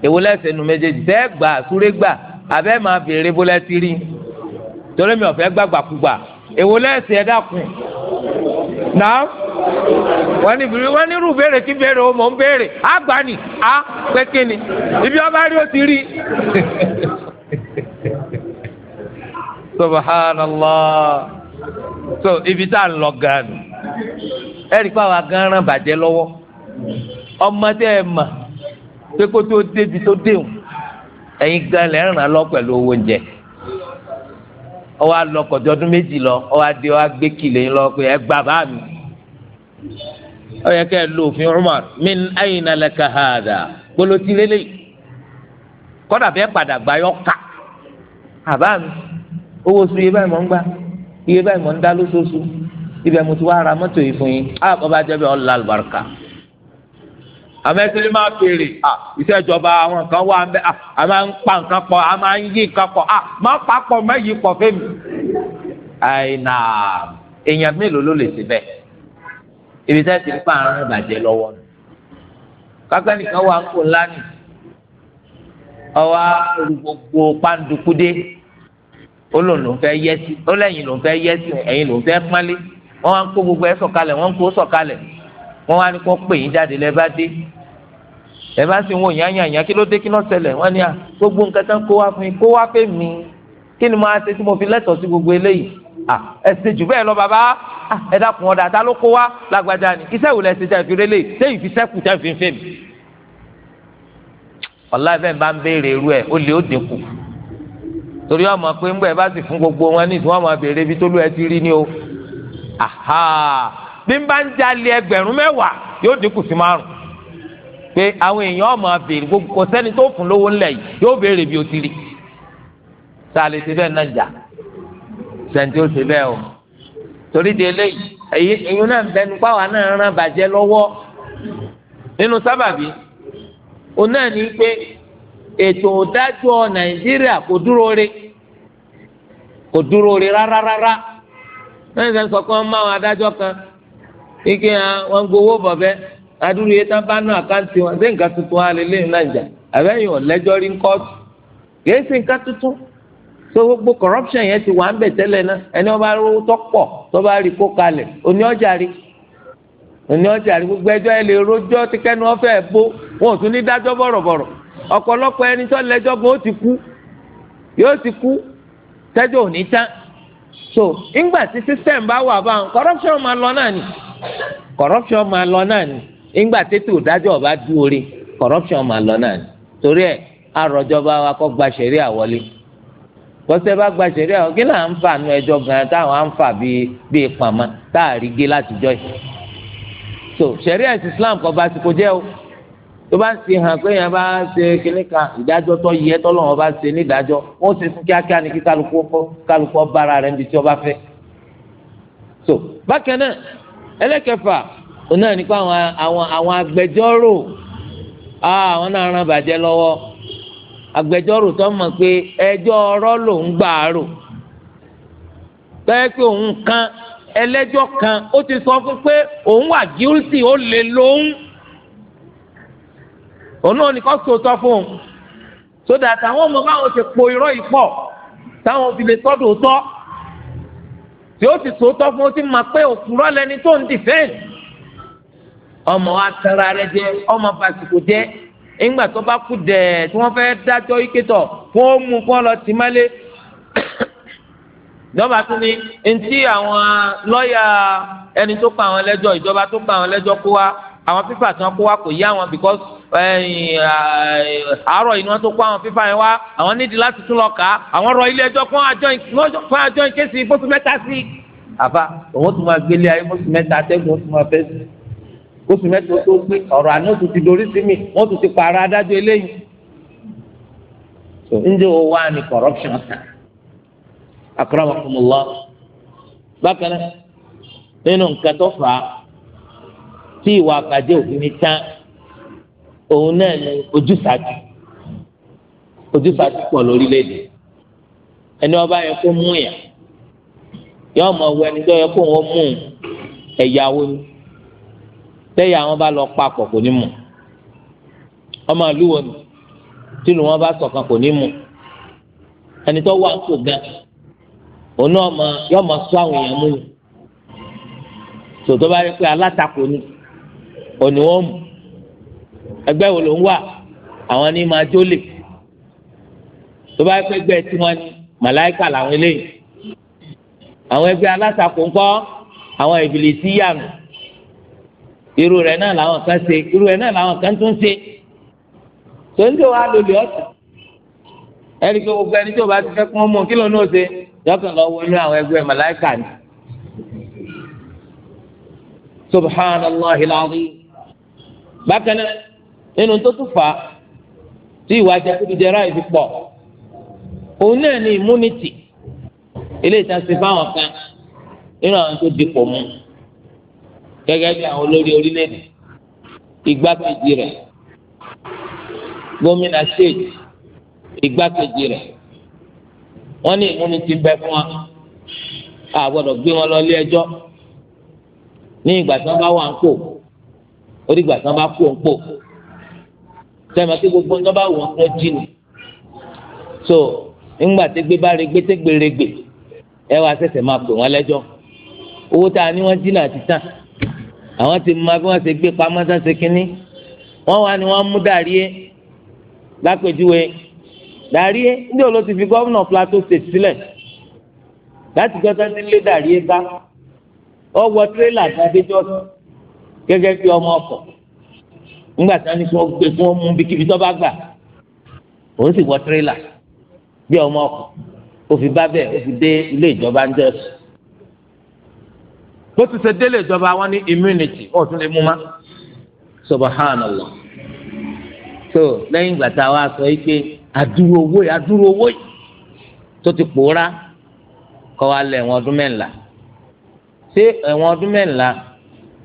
èwo lẹ́sẹ̀ nu méjèèjì tẹ́ gbà súré gbà abẹ́ máa béèrè bó lẹ́tí rí torí mi ò fẹ́ gbàgbàkúgbà èwo lẹ́sẹ̀ ẹ dákun náà wọ́n ní ìbírí wọ́n ní irú béèrè kí béèrè o mọ̀ ń béèrè á gbà ní á pé kí ni ibi ọba rí o ti rí subhanallah so ibi tá à ń lọ gan ẹ rí i pé àwa gan ran bàjẹ́ lọ́wọ́ ọmọdé ẹ mà pé kó tó débi tó déhùn ẹ̀yin gan lẹ́ ràn lọ pẹ̀lú owó oúnjẹ ọwọ́ alọ́kọ̀jọ́ ọdún méjì lọ ọwọ́ adé ọwọ́ agbé kìlẹ̀ lọ pé ẹ gbà bá mi ọ yẹ kẹ́ ẹ lo òfin Umar min ayna laka hada gbolotí lélẹ̀ kọ́dà bẹ́ẹ̀ padà gbà yọ ká àbá mi owó sùn iye báyìí mọ̀ ń gbà iye báyìí mọ̀ ń dá lóṣooṣù ibẹ̀ mo ti wá ara mọ́tò yìí fún yín á bọ́ jẹ́ bẹ́ẹ̀ ọ̀ lálùbáríkà. àmẹ́sílẹ̀ máa fèrè à ìṣèjọba àwọn kan wà ńbẹ a máa ń pa nǹkan pọ̀ a máa ń yí nǹkan pọ̀ à máa pa pọ̀ mẹ́yìí pọ̀ èèyàn mélòó ló lè ibi tẹ́ ti pa àrùn ìbàjẹ́ lọ́wọ́ nù. nìkan wà ń kó ńlá nì ọwọ́ gbogbo pàǹdùkúdé ó fẹ́ yẹ́sí fẹ́ yẹ́sí wọ́n wá ní kó pè yín jáde lẹ́ bá dé ẹ bá sì ń wò yán yán yán kí ló dé kí ló ṣẹlẹ̀ wọ́n ní à gbogbo nǹkan tán kó wá fún yín kó wá fẹ́ mi kí ni mo á ṣe tí mo fi lẹ́tọ̀ọ́ sí gbogbo eléyìí à ẹ ṣe jù bẹ́ẹ̀ lọ bàbá ẹ dákun ọ̀dà ta ló kó wá lágbájá ni iṣẹ́ ìwòlẹ̀ ṣe jẹ́ ìfirélé téyì fi sẹ́kù tẹ́ fi ń fẹ́ mi ọ̀la ẹ̀fẹ̀ bá ń béèrè irú ẹ̀ ó lè ó dínkù torí ọmọ pé ńgbẹ́ bá sì fún gbogbo wọn ní ìsìn wọn máa béèrè ibi tó lù ẹ ti rí ni o aha tí ń bá ń jalè ẹgbẹ̀rún mẹ́wàá yóò dínkù sí márùn pé àwọn èèyàn ọmọ abèrè gbogbo kò sẹ́ni tó fún lówó ńlẹ̀ yìí yóò béèrè bí o ti rí tá a lè ṣe bẹ́ẹ̀ náà jà sẹ́ni tó ṣe bẹ́ẹ̀ o torí de eléyìí èyí náà bẹnu páwa náà rán bàjẹ́ lọ́wọ́ nínú sábàbí o náà ní pé ètò ìdájọ́ nàìjíríà kò dúró re kò dúró re rárá rárá náà máa wọn adájọ́ kan ike ya wọn gbowó bọbẹ adúlù yẹn tán bá ná àkáǹtì wọn ṣé nǹkan tuntun wa lè náà jà àbẹ́yìn ọ̀lẹ́jọ́ rí kóòtù kìí ṣe gbogbo corruption yẹn ti wà ń bẹ tẹ́lẹ̀ náà ẹni wọn bá rówó tó pọ̀ tó bá rí kó kalẹ̀ òní ọjà rí òní ọjà rí gbogbo ẹjọ́ ẹ lè rojọ́ wọn ò tún ní dájọ́ bọ̀rọ̀bọ̀rọ̀ ọ̀pọ̀lọpọ̀ ẹni tó lẹ́jọ́ gan ó ti kú yóò ti kú so wà corruption máa lọ náà ni ìgbà tètè òdájọ́ ọba dúore corruption máa lọ náà ni torí ẹ̀ àròjọba wa kọ́ gba ṣẹ̀rí àwọlé tọ́sẹ̀ bá gba ṣẹ̀rí àwọlé kí náà ń fà nu ẹjọ́ gan-an táwọn á ń fà bíi pàmò táàrí gé látijọ́ yìí so ṣẹ̀rí ẹ̀sìn Islam kọ́ bá ti kò jẹ́ o tó bá ń ṣe hàn pé yẹn bá ṣe kínní kan ìdájọ́ tó yẹ tọ́lọ́wọ́n bá ṣe nídàájọ́ ó ṣe fún kíákíá ni kí kálukú bára rẹ̀ níbi tí ó bá fẹ́ so bákan náà Elekefa, òun náà ní pé àwọn àwọn àwọn agbẹjọ́rò àwọn náà ràn bàjẹ́ lọ́wọ́ agbẹjọ́rò tó mọ̀ pé ẹjọ́ ọ̀rọ̀ lòún gbà á rò kan ẹlẹ́jọ́ kan ó ti sọ fún pé òun wà gíúsì ó lè lóhùn òun náà nìkan sòótọ́ fún un sódà táwọn ọmọ báwọn ti po irọ́ yìí pọ̀ tí ó sì sòótọ́ fún ó ti máa pé òfurọ́ lẹni tó ń dìfẹ́ǹsì ọmọ wa tẹ̀ra rẹ jẹ ọmọ bàtìkù jẹ ìgbà tó bá kú dẹ̀ tí wọ́n fẹ́ dájọ́ ike tọ̀ fún ó mú kó lọ tì mọ́lé ìjọba tún ní ntí àwọn lọ́ọ̀yà ẹni tó pa àwọn lẹ́jọ́ ìjọba tó pa àwọn lẹ́jọ́ kó wa àwọn pípà tí wọ́n kó wa kò yé àwọn because àárọ̀ yìí ni wọ́n tó kó àwọn fífa yẹn wá àwọn nídìí láti tún lọ kà á àwọn rọ ilé ẹjọ́ fún àjọ ìkẹ́sì fóṣù mẹ́ta sí i. àfa òun tún máa gbélé ayé fóṣù mẹ́ta atẹ́gùn tún máa fẹ́ sí fóṣù mẹ́ta tó pé ọ̀rọ̀ àná tún ti dorí sí mi wọ́n tún ti pààrọ̀ adájọ́ eléyìí. ǹjẹ́ o wá ní corruption kan akramakumullah bákan náà nínú nǹkan tó fà á tí ìwà àkàjẹ́ òfin ní tán òun náà ni ojúsàájú ojúsàájú pọ̀ lórílẹ̀‐èdè ẹni ọba yẹ kó mú yàn yọ ọmọ ọwọ ẹni tó yẹ kó wọn mú ẹ̀yàwó ni tẹ́yà wọn bá lọ papọ̀ kò ní mú ọmọ àlúwo ni tí lù wọn bá ṣọ̀kan kò ní mú ẹni tó wà ń kó gan òun náà mọ yọ ọmọ sọ àwọn èèyàn mú ni tòótọ́ bá rí pé alátakò ni òní wọn mú ẹgbẹ́ wo ló ń wà àwọn ní máa jólè tó bá pẹ́ gbẹ́ tí wọ́n ní màláìkà làwọn eléyìí àwọn ẹgbẹ́ alátakò ńkọ́ àwọn ìbìlìsì yànù irú rẹ̀ náà làwọn kan ṣe irú rẹ̀ náà làwọn kan tún ṣe tó ń tẹ wá lòlì ọ̀sán ẹni pé gbogbo ẹni bá ti fẹ́ kún ọmọ kí ló ni subhanallah bákan nínú tó tún fà á tí ìwà jẹkúdújẹrá yìí fi pọ̀ òun náà ní immunity eléyìí tá a ṣe fáwọn kan nínú àwọn tó dipò mú gẹ́gẹ́ bí àwọn olórí orílẹ̀-èdè igbákejì rẹ̀ gómìnà state igbákejì rẹ̀ wọ́n ní immunity bẹ fún wa a gbọ́dọ̀ gbé wọn lọ ilé ẹjọ́ ní ìgbà tí wọ́n bá wà ń pò ó dìgbà tí wọ́n bá kú ń pò sẹ́mi àti gbogbo ń dọ́bà wọ̀ ọ́ jí ni so ńgbà tẹ́gbẹ́ bá regbé tẹ́gbẹ́ regbè ẹ wá sẹ̀sẹ̀ máa pè wọ́n lẹ́jọ́ owó tá a ní wọ́n jí náà ti tán àwọn ti máa bí wọ́n ṣe gbé pamọ́ tán ṣe kínní wọ́n wá ni wọ́n mú dàrí ẹ́ lápèjúwe dàrí ẹ́ ndé olóò ti fi gọ́vùnà Plateau State sílẹ̀ láti gbọ́dọ̀ ti lé dàrí ẹ́ bá ọwọ́ tírélà gbàdéjọ́ gẹ́gẹ́ bí ọmọ ọkọ̀ nígbà tí wọ́n ní kí wọ́n gbé kí wọ́n mú bí kíbi tó bá gbà òun sì wọ tírélà bí ọmọ ọkọ bá bẹ́ẹ̀ ó dé ilé ìjọba ń jẹ́sù bó ti ṣe délé ìjọba wọn ní immunity wọn ò tún lè mú ma subhanallah so lẹ́yìn ìgbà tá a wá sọ yìí pé àdúró owó yìí àdúró owó yìí tó ti pòórá kọ́ wa lẹ̀ ẹ̀wọ̀n ọdún mẹ́ńlá ṣé ẹ̀wọ̀n ọdún mẹ́ńlá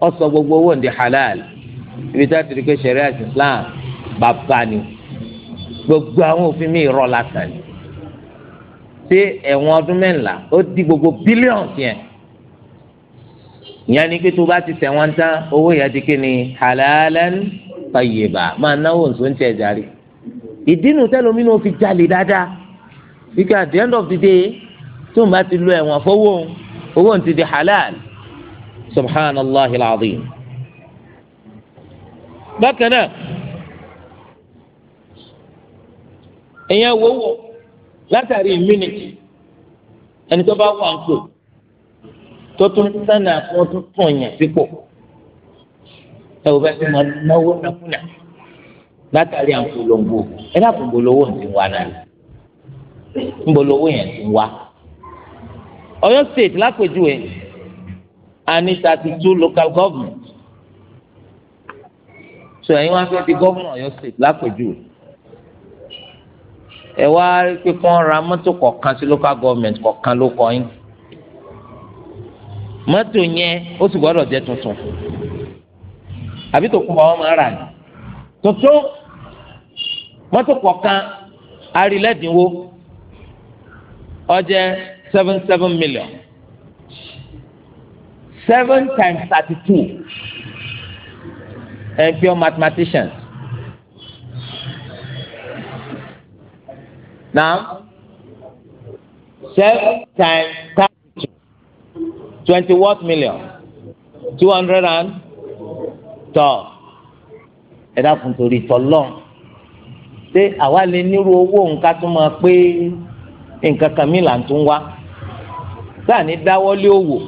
ó sọ gbogbo owó ǹdí halal ibi tá a ti rí pé sẹ̀ríà Islam bàbá ni gbogbo àwọn òfin mi rọ lásán ni ṣé ẹ̀wọ̀n ọdún mẹ́ńlá ó di gbogbo bílíọ̀nù yẹn ìyẹn ni pé tó bá ti tẹ̀wọ́n tán owó yẹn ti kí ni halalan tayyiba máa náwó nsọ ń tẹ̀ járe ìdínú tẹ́lómi ni ó fi jalè dáadáa wípé at the end of the day tó ń bá ti lo ẹ̀wọ̀n fowó owó ń ti di halal subhanallahil azim bákan náà èèyàn wọ́wọ́ látàrí immunity ẹni tó bá wà ń pè tó tún sánà fún ọdún tún yàn sípò ẹ ò bá ti máa náwó nàkúnà látàrí àǹfọlọ́ngbò ẹ dákun bolówó ń ti wá náà ń bolówó yẹn ti wá Ọ̀yọ́ state lápèjúwe a ní thirty local government so ẹ̀yin wá fẹ́ di gómìnà Ọ̀yọ́ state lápèjú ẹ wá rí pé kí wọ́n ra mọ́tò kọ̀ọ̀kan sí local government kọ̀ọ̀kan ló kọ́ yín mọ́tò yẹn ó sì gbọ́dọ̀ jẹ́ tuntun àbí tó kún bọ́ wọn máa rà ní tuntun mọ́tò kọ̀ọ̀kan arílẹ̀dínwó ó seven seven million seven times thirty two and pure mathematicians. Now, seven times thirty twenty what million? two hundred and twelve. ẹ dákun torí tọlọ́n ṣé àwa lè nírú owó nǹkan tó máa pé nǹkan kan mi là ń tún wá sáà ní dáwọ́lé òwò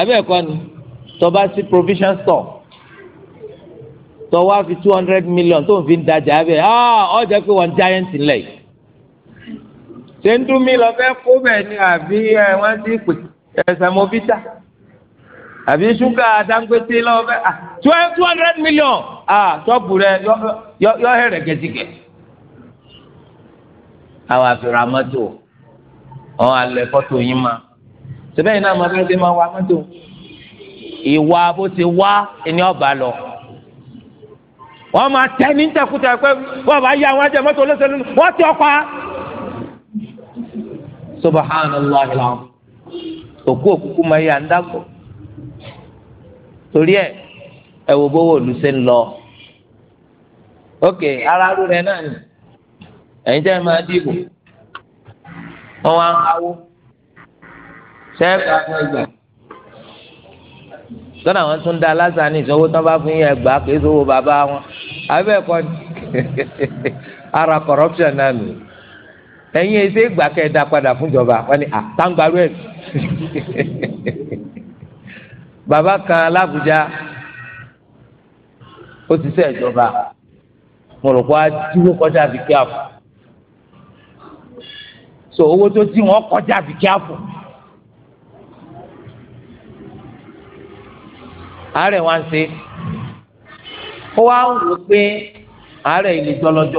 abẹ́ẹ̀kọ́ ni tọba sí provision store tó wá fi two hundred million tó ń fi ń dajà bẹ́ẹ̀ ọ ah, jẹ́ pé wọ́n giant ńlẹ̀ yìí. ṣé ń dún mi lọ fẹ́ kó bẹ́ẹ̀ ni àbí wọ́n ti pè ẹ̀sẹ̀ mo fi tà àbí ṣúgà dangote lọ́wọ́ fẹ́ ah, two hundred million ah, ṣọ́ọ̀bù rẹ yọ hẹ̀rẹ̀ gẹ̀dìgẹ̀. àwọn àfihàn mọ́tò ọ̀hún alẹ́ fọ́tò yín ma ṣẹ́bẹ́yìn náà máa fẹ́ ṣe máa wá mọ́tò ìwà bó ti wá ẹni ọba lọ wọ́n máa tẹ́ ní tẹkùtẹ̀ pé wọ́n bá yá àwọn ajẹmọ́tò olóṣèlú wọ́n ti ọ̀pá. subhanallah ilaahu òkú òkúkú máa yà ń dàgbò torí ẹ ẹ wò bówó olùsẹ ń lọ ok aráàlú rẹ náà ni ẹ̀yin tẹ́ ẹ máa dìbò wọ́n wá ń hawó sẹ́ẹ̀kì àgbà ìgbà sọ́nà àwọn tún da aláṣà ní ìsanwó tán bá fún yẹn gbà kì í bàbá wọn abẹ́ ẹ̀kọ́ ara corruption náà nù ẹ̀yin ẹ̀ ṣe gbà kẹ́ ẹ̀ dá padà fúnjọba wọ́n ní àtàǹgbàrú ẹ̀ bàbá kan l'Àbújá ó ti sẹ́ ìjọba mo rò pé a dúró kọjá fi kí a fò so owó tó ti wọn kọjá fi kí a fò. àárẹ̀ wa ń wa ó wá ń wò pé àárẹ̀ ilé aka,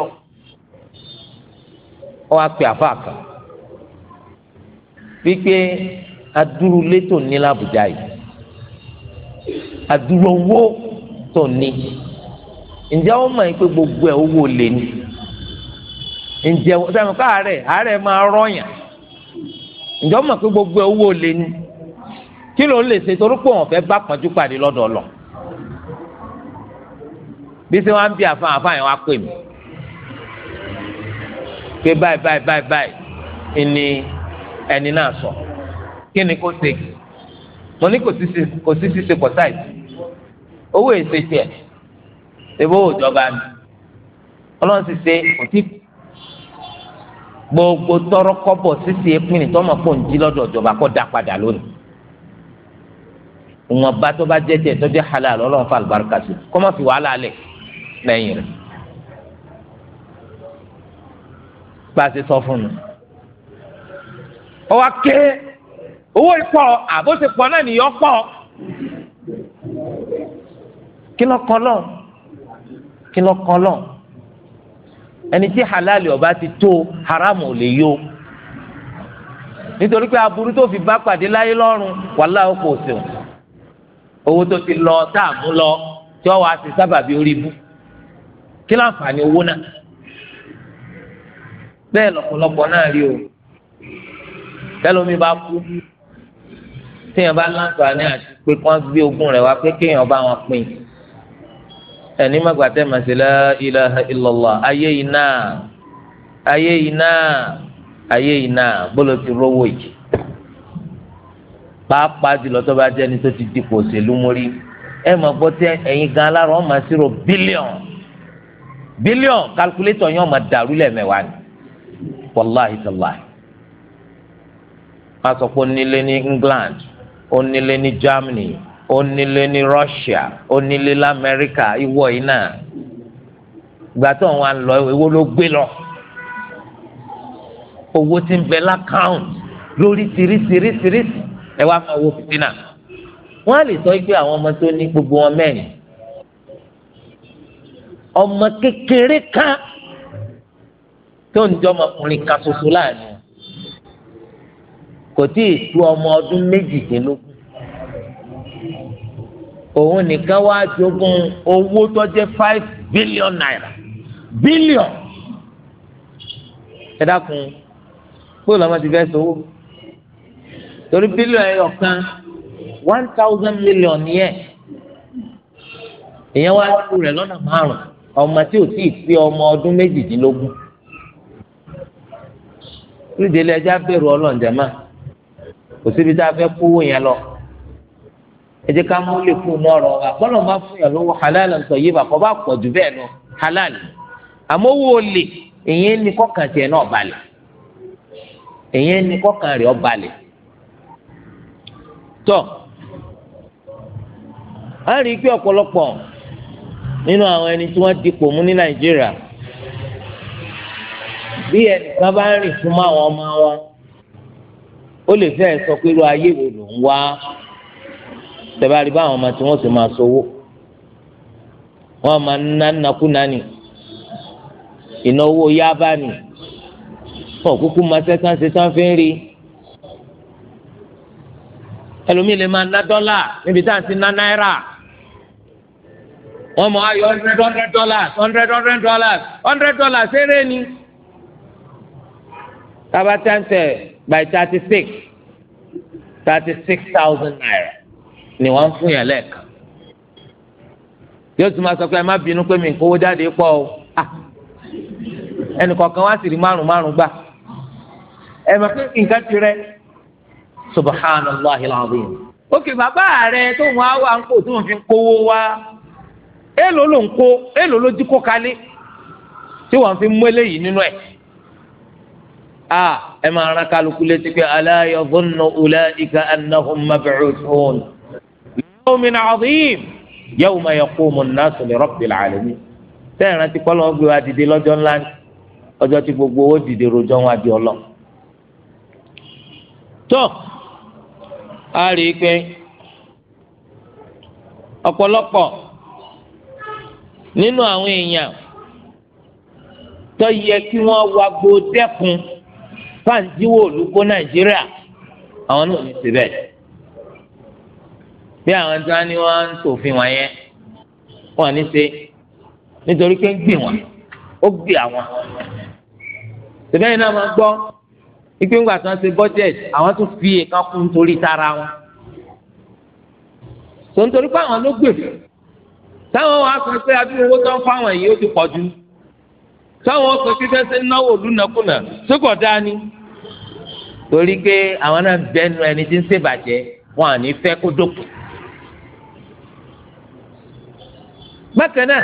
ó wá pe àfa kan wípé adúrú létò ní làbújá yìí adúrú owó tó ní ǹjẹ́ wọ́n mọ̀ pé gbogbo ẹ̀ owó lè ní ǹjẹ́ sẹ́mi ká àárẹ̀ àárẹ̀ máa rọ̀yàn ǹjẹ́ wọ́n mọ̀ pé gbogbo ẹ̀ owó lè ní kí ló ń lè ṣe torí pé òun fẹ́ bá pọ́njú pàdé lọ́dọ̀ lọ. bí ṣe wá ń bí àfáà àfáà yẹn wá pè mí pé báyìí báyìí báyìí báyìí ni ẹni náà sọ kí ni kò ṣe mo ní kò sí ṣíṣe pọ̀ sáìsì owó èsè tiẹ̀ ṣebó òjọba mi ọlọ́run sì ṣe kò tí gbogbo tọrọ kọ́bọ̀ sísè é pinni tọ́mọ̀ pọ̀ ń jí lọ́dọ̀ ìjọba kó dá padà lónìí wọn bá tó bá jẹ tiẹ̀ tó jẹ halal Ọlọ́run fa àlùbáríkà sí kó má fi wàhálà lẹ lẹ́yìn rẹ̀ gbaasi sọ fún mi ọwọ ké owó ìpọ àbóse pọ náà nìyọ pọ kí ló kọ lọ kí ló kọ lọ ẹni tí halal ọba ti tó haramu ò lè yó nítorí pé aburú tó fi bá pàdé láyé lọ́rùn wàhálà ó kò sí owó tó ti lọ tá a mú lọ tí wọn wàá ti sábàbí orí bú kí láǹfààní owó náà bẹ́ẹ̀ lọ́pọ̀lọpọ̀ náà rí o tẹlomi bá kú téèyàn bá láǹfààní àti pé kí wọn gbé ogún rẹ̀ wá pé kéèyàn bá wọn pín ẹni mọgbàtẹ màsílẹ ilaha illallah ayé iná ayé iná ayé iná bọlọ ti rówó yìí pàápàá jùlọ tó bá jẹ́ ni tó ti dipò òṣèlú mórí ẹ mọ̀ gbọ́ tẹ ẹ̀yin gan alárò ọmọ sírò bílíọ̀n bílíọ̀n kálkulétọ̀ yẹn ọmọ dàrú lẹ́mẹ̀wá ni wàláhi tàláhi má sọ pé ó nílé ní England ó nílé ní Germany ó nílé ní Russia ó nílé lamẹ́ríkà ìwọ yìí náà ìgbà tó ń wá lọ èwo ló gbé lọ owó tí ń bẹ lákàùnt lórí tìrísìírísìírísìí ẹ wá máa wo fìtínà wọn á lè sọ pé àwọn ọmọ tó ní gbogbo wọn mẹ́rin ọmọ kékeré kan tó ń jọ ọmọkùnrin kan ṣoṣo láàrin kò tí ì tú ọmọ ọdún méjìdínlógún òun nìkan wá jogún owó tó jẹ́ five billion naira billion ẹ dákun pé ọlọmọ ti fẹ́ sọ owó torí bílíọ̀nù ẹyọ kan one thousand million yẹn èèyàn wá lù rẹ̀ lọ́nà márùn ọmọ tí ò tíì pé ọmọ ọdún méjìdínlógún olùdílé ẹjẹ abẹ́rù ọlọ́ọ̀dẹ́mà kò síbi tá a fẹ́ kówó yẹn lọ ẹ jẹ́ ká mú lè fún un ọ̀rọ̀ wa bọ́lọ̀ máa fún yàn lówó halal ntọ̀ yìí bàbá bá pọ̀ jù bẹ́ẹ̀ lọ halal àmọ́ owó olè èyí ni kọ́kàn tiẹ̀ náà balẹ̀ èyí ni kọ́kàn rẹ̀ ọ́ balẹ̀ tọ́ a rí i pé ọ̀pọ̀lọpọ̀ nínú àwọn ẹni tí wọ́n dipò mú ní nàìjíríà bí ẹnìkan bá ń rìn fún àwọn ọmọ wọn ó lè fẹ́ sọ pé irú ayé wo ló ń wá tẹ̀bárí báwọn ọmọ tí wọ́n sì máa sowó wọ́n máa ń ná nakúnà ìnáwó yábà ni wọn kúkú máa ṣẹ́tàn ṣe tán rí ẹlòmíì lè máa ná dọ́là níbi tá à ń ti ná náírà wọ́n mọ̀ ayọ̀ hundred hundred dollars hundred hundred dollars hundred dollars ṣeré ni tabatẹ́ntẹ́ by thirty six thirty six thousand naira ni wọ́n ń fún yẹn lẹ́ẹ̀kan yóò tún máa sọ pé ẹ má bínú pé mi ń kówó jáde pọ̀ o ah. ẹnì kọ̀ọ̀kan wá sì rí márùn-ún márùn-ún gbà ẹ mọ̀ pé nǹkan ti rẹ̀ subhanallahi alazim. òkè bàbá rẹ tó ń wá wà ń kó tó ń fi kówó wá èèlò ló ń kó èèlò ló jí kó kalẹ̀ tí wọ́n fi mú eléyìí nínú ẹ̀. a ẹ máa ran kálukú létí pé ala yadhunnu ulaika annahum mab'uthun yawmin azim yawma yaqumu an-nasu li rabbil alamin sẹ́yìn rántí kọ́lọ́ gbé wa dìde lọ́jọ́ ńlá ọjọ́ tí gbogbo owó dìde rojọ́ wá di ọlọ́. a rí i pé ọ̀pọ̀lọpọ̀ nínú àwọn èèyàn tó yẹ kí wọ́n wagbo dẹ́kun fáǹdíwò olùkó nàìjíríà àwọn náà ní síbẹ̀ bí àwọn tí ní wọ́n ń wọn yẹn nise ní ṣe nítorí pé ń gbìn wọn ó gbìn àwọn síbẹ̀ ìpín ńgbà tí wọ́n ṣe budget àwọn tún fi èèkan kún torí tara wọn tó ń torí pé àwọn ló gbè táwọn wàá sọ pé abíyẹn owó tó ń fáwọn èyí ó ti pọ̀ jù táwọn sọ pé fẹsẹ̀ náwó lúnàkúnà tó kọ̀ dání torí pé àwọn náà bẹnu ẹni tí ń ṣèbàjẹ́ wọn à ní fẹ́ kó dókun. bákan náà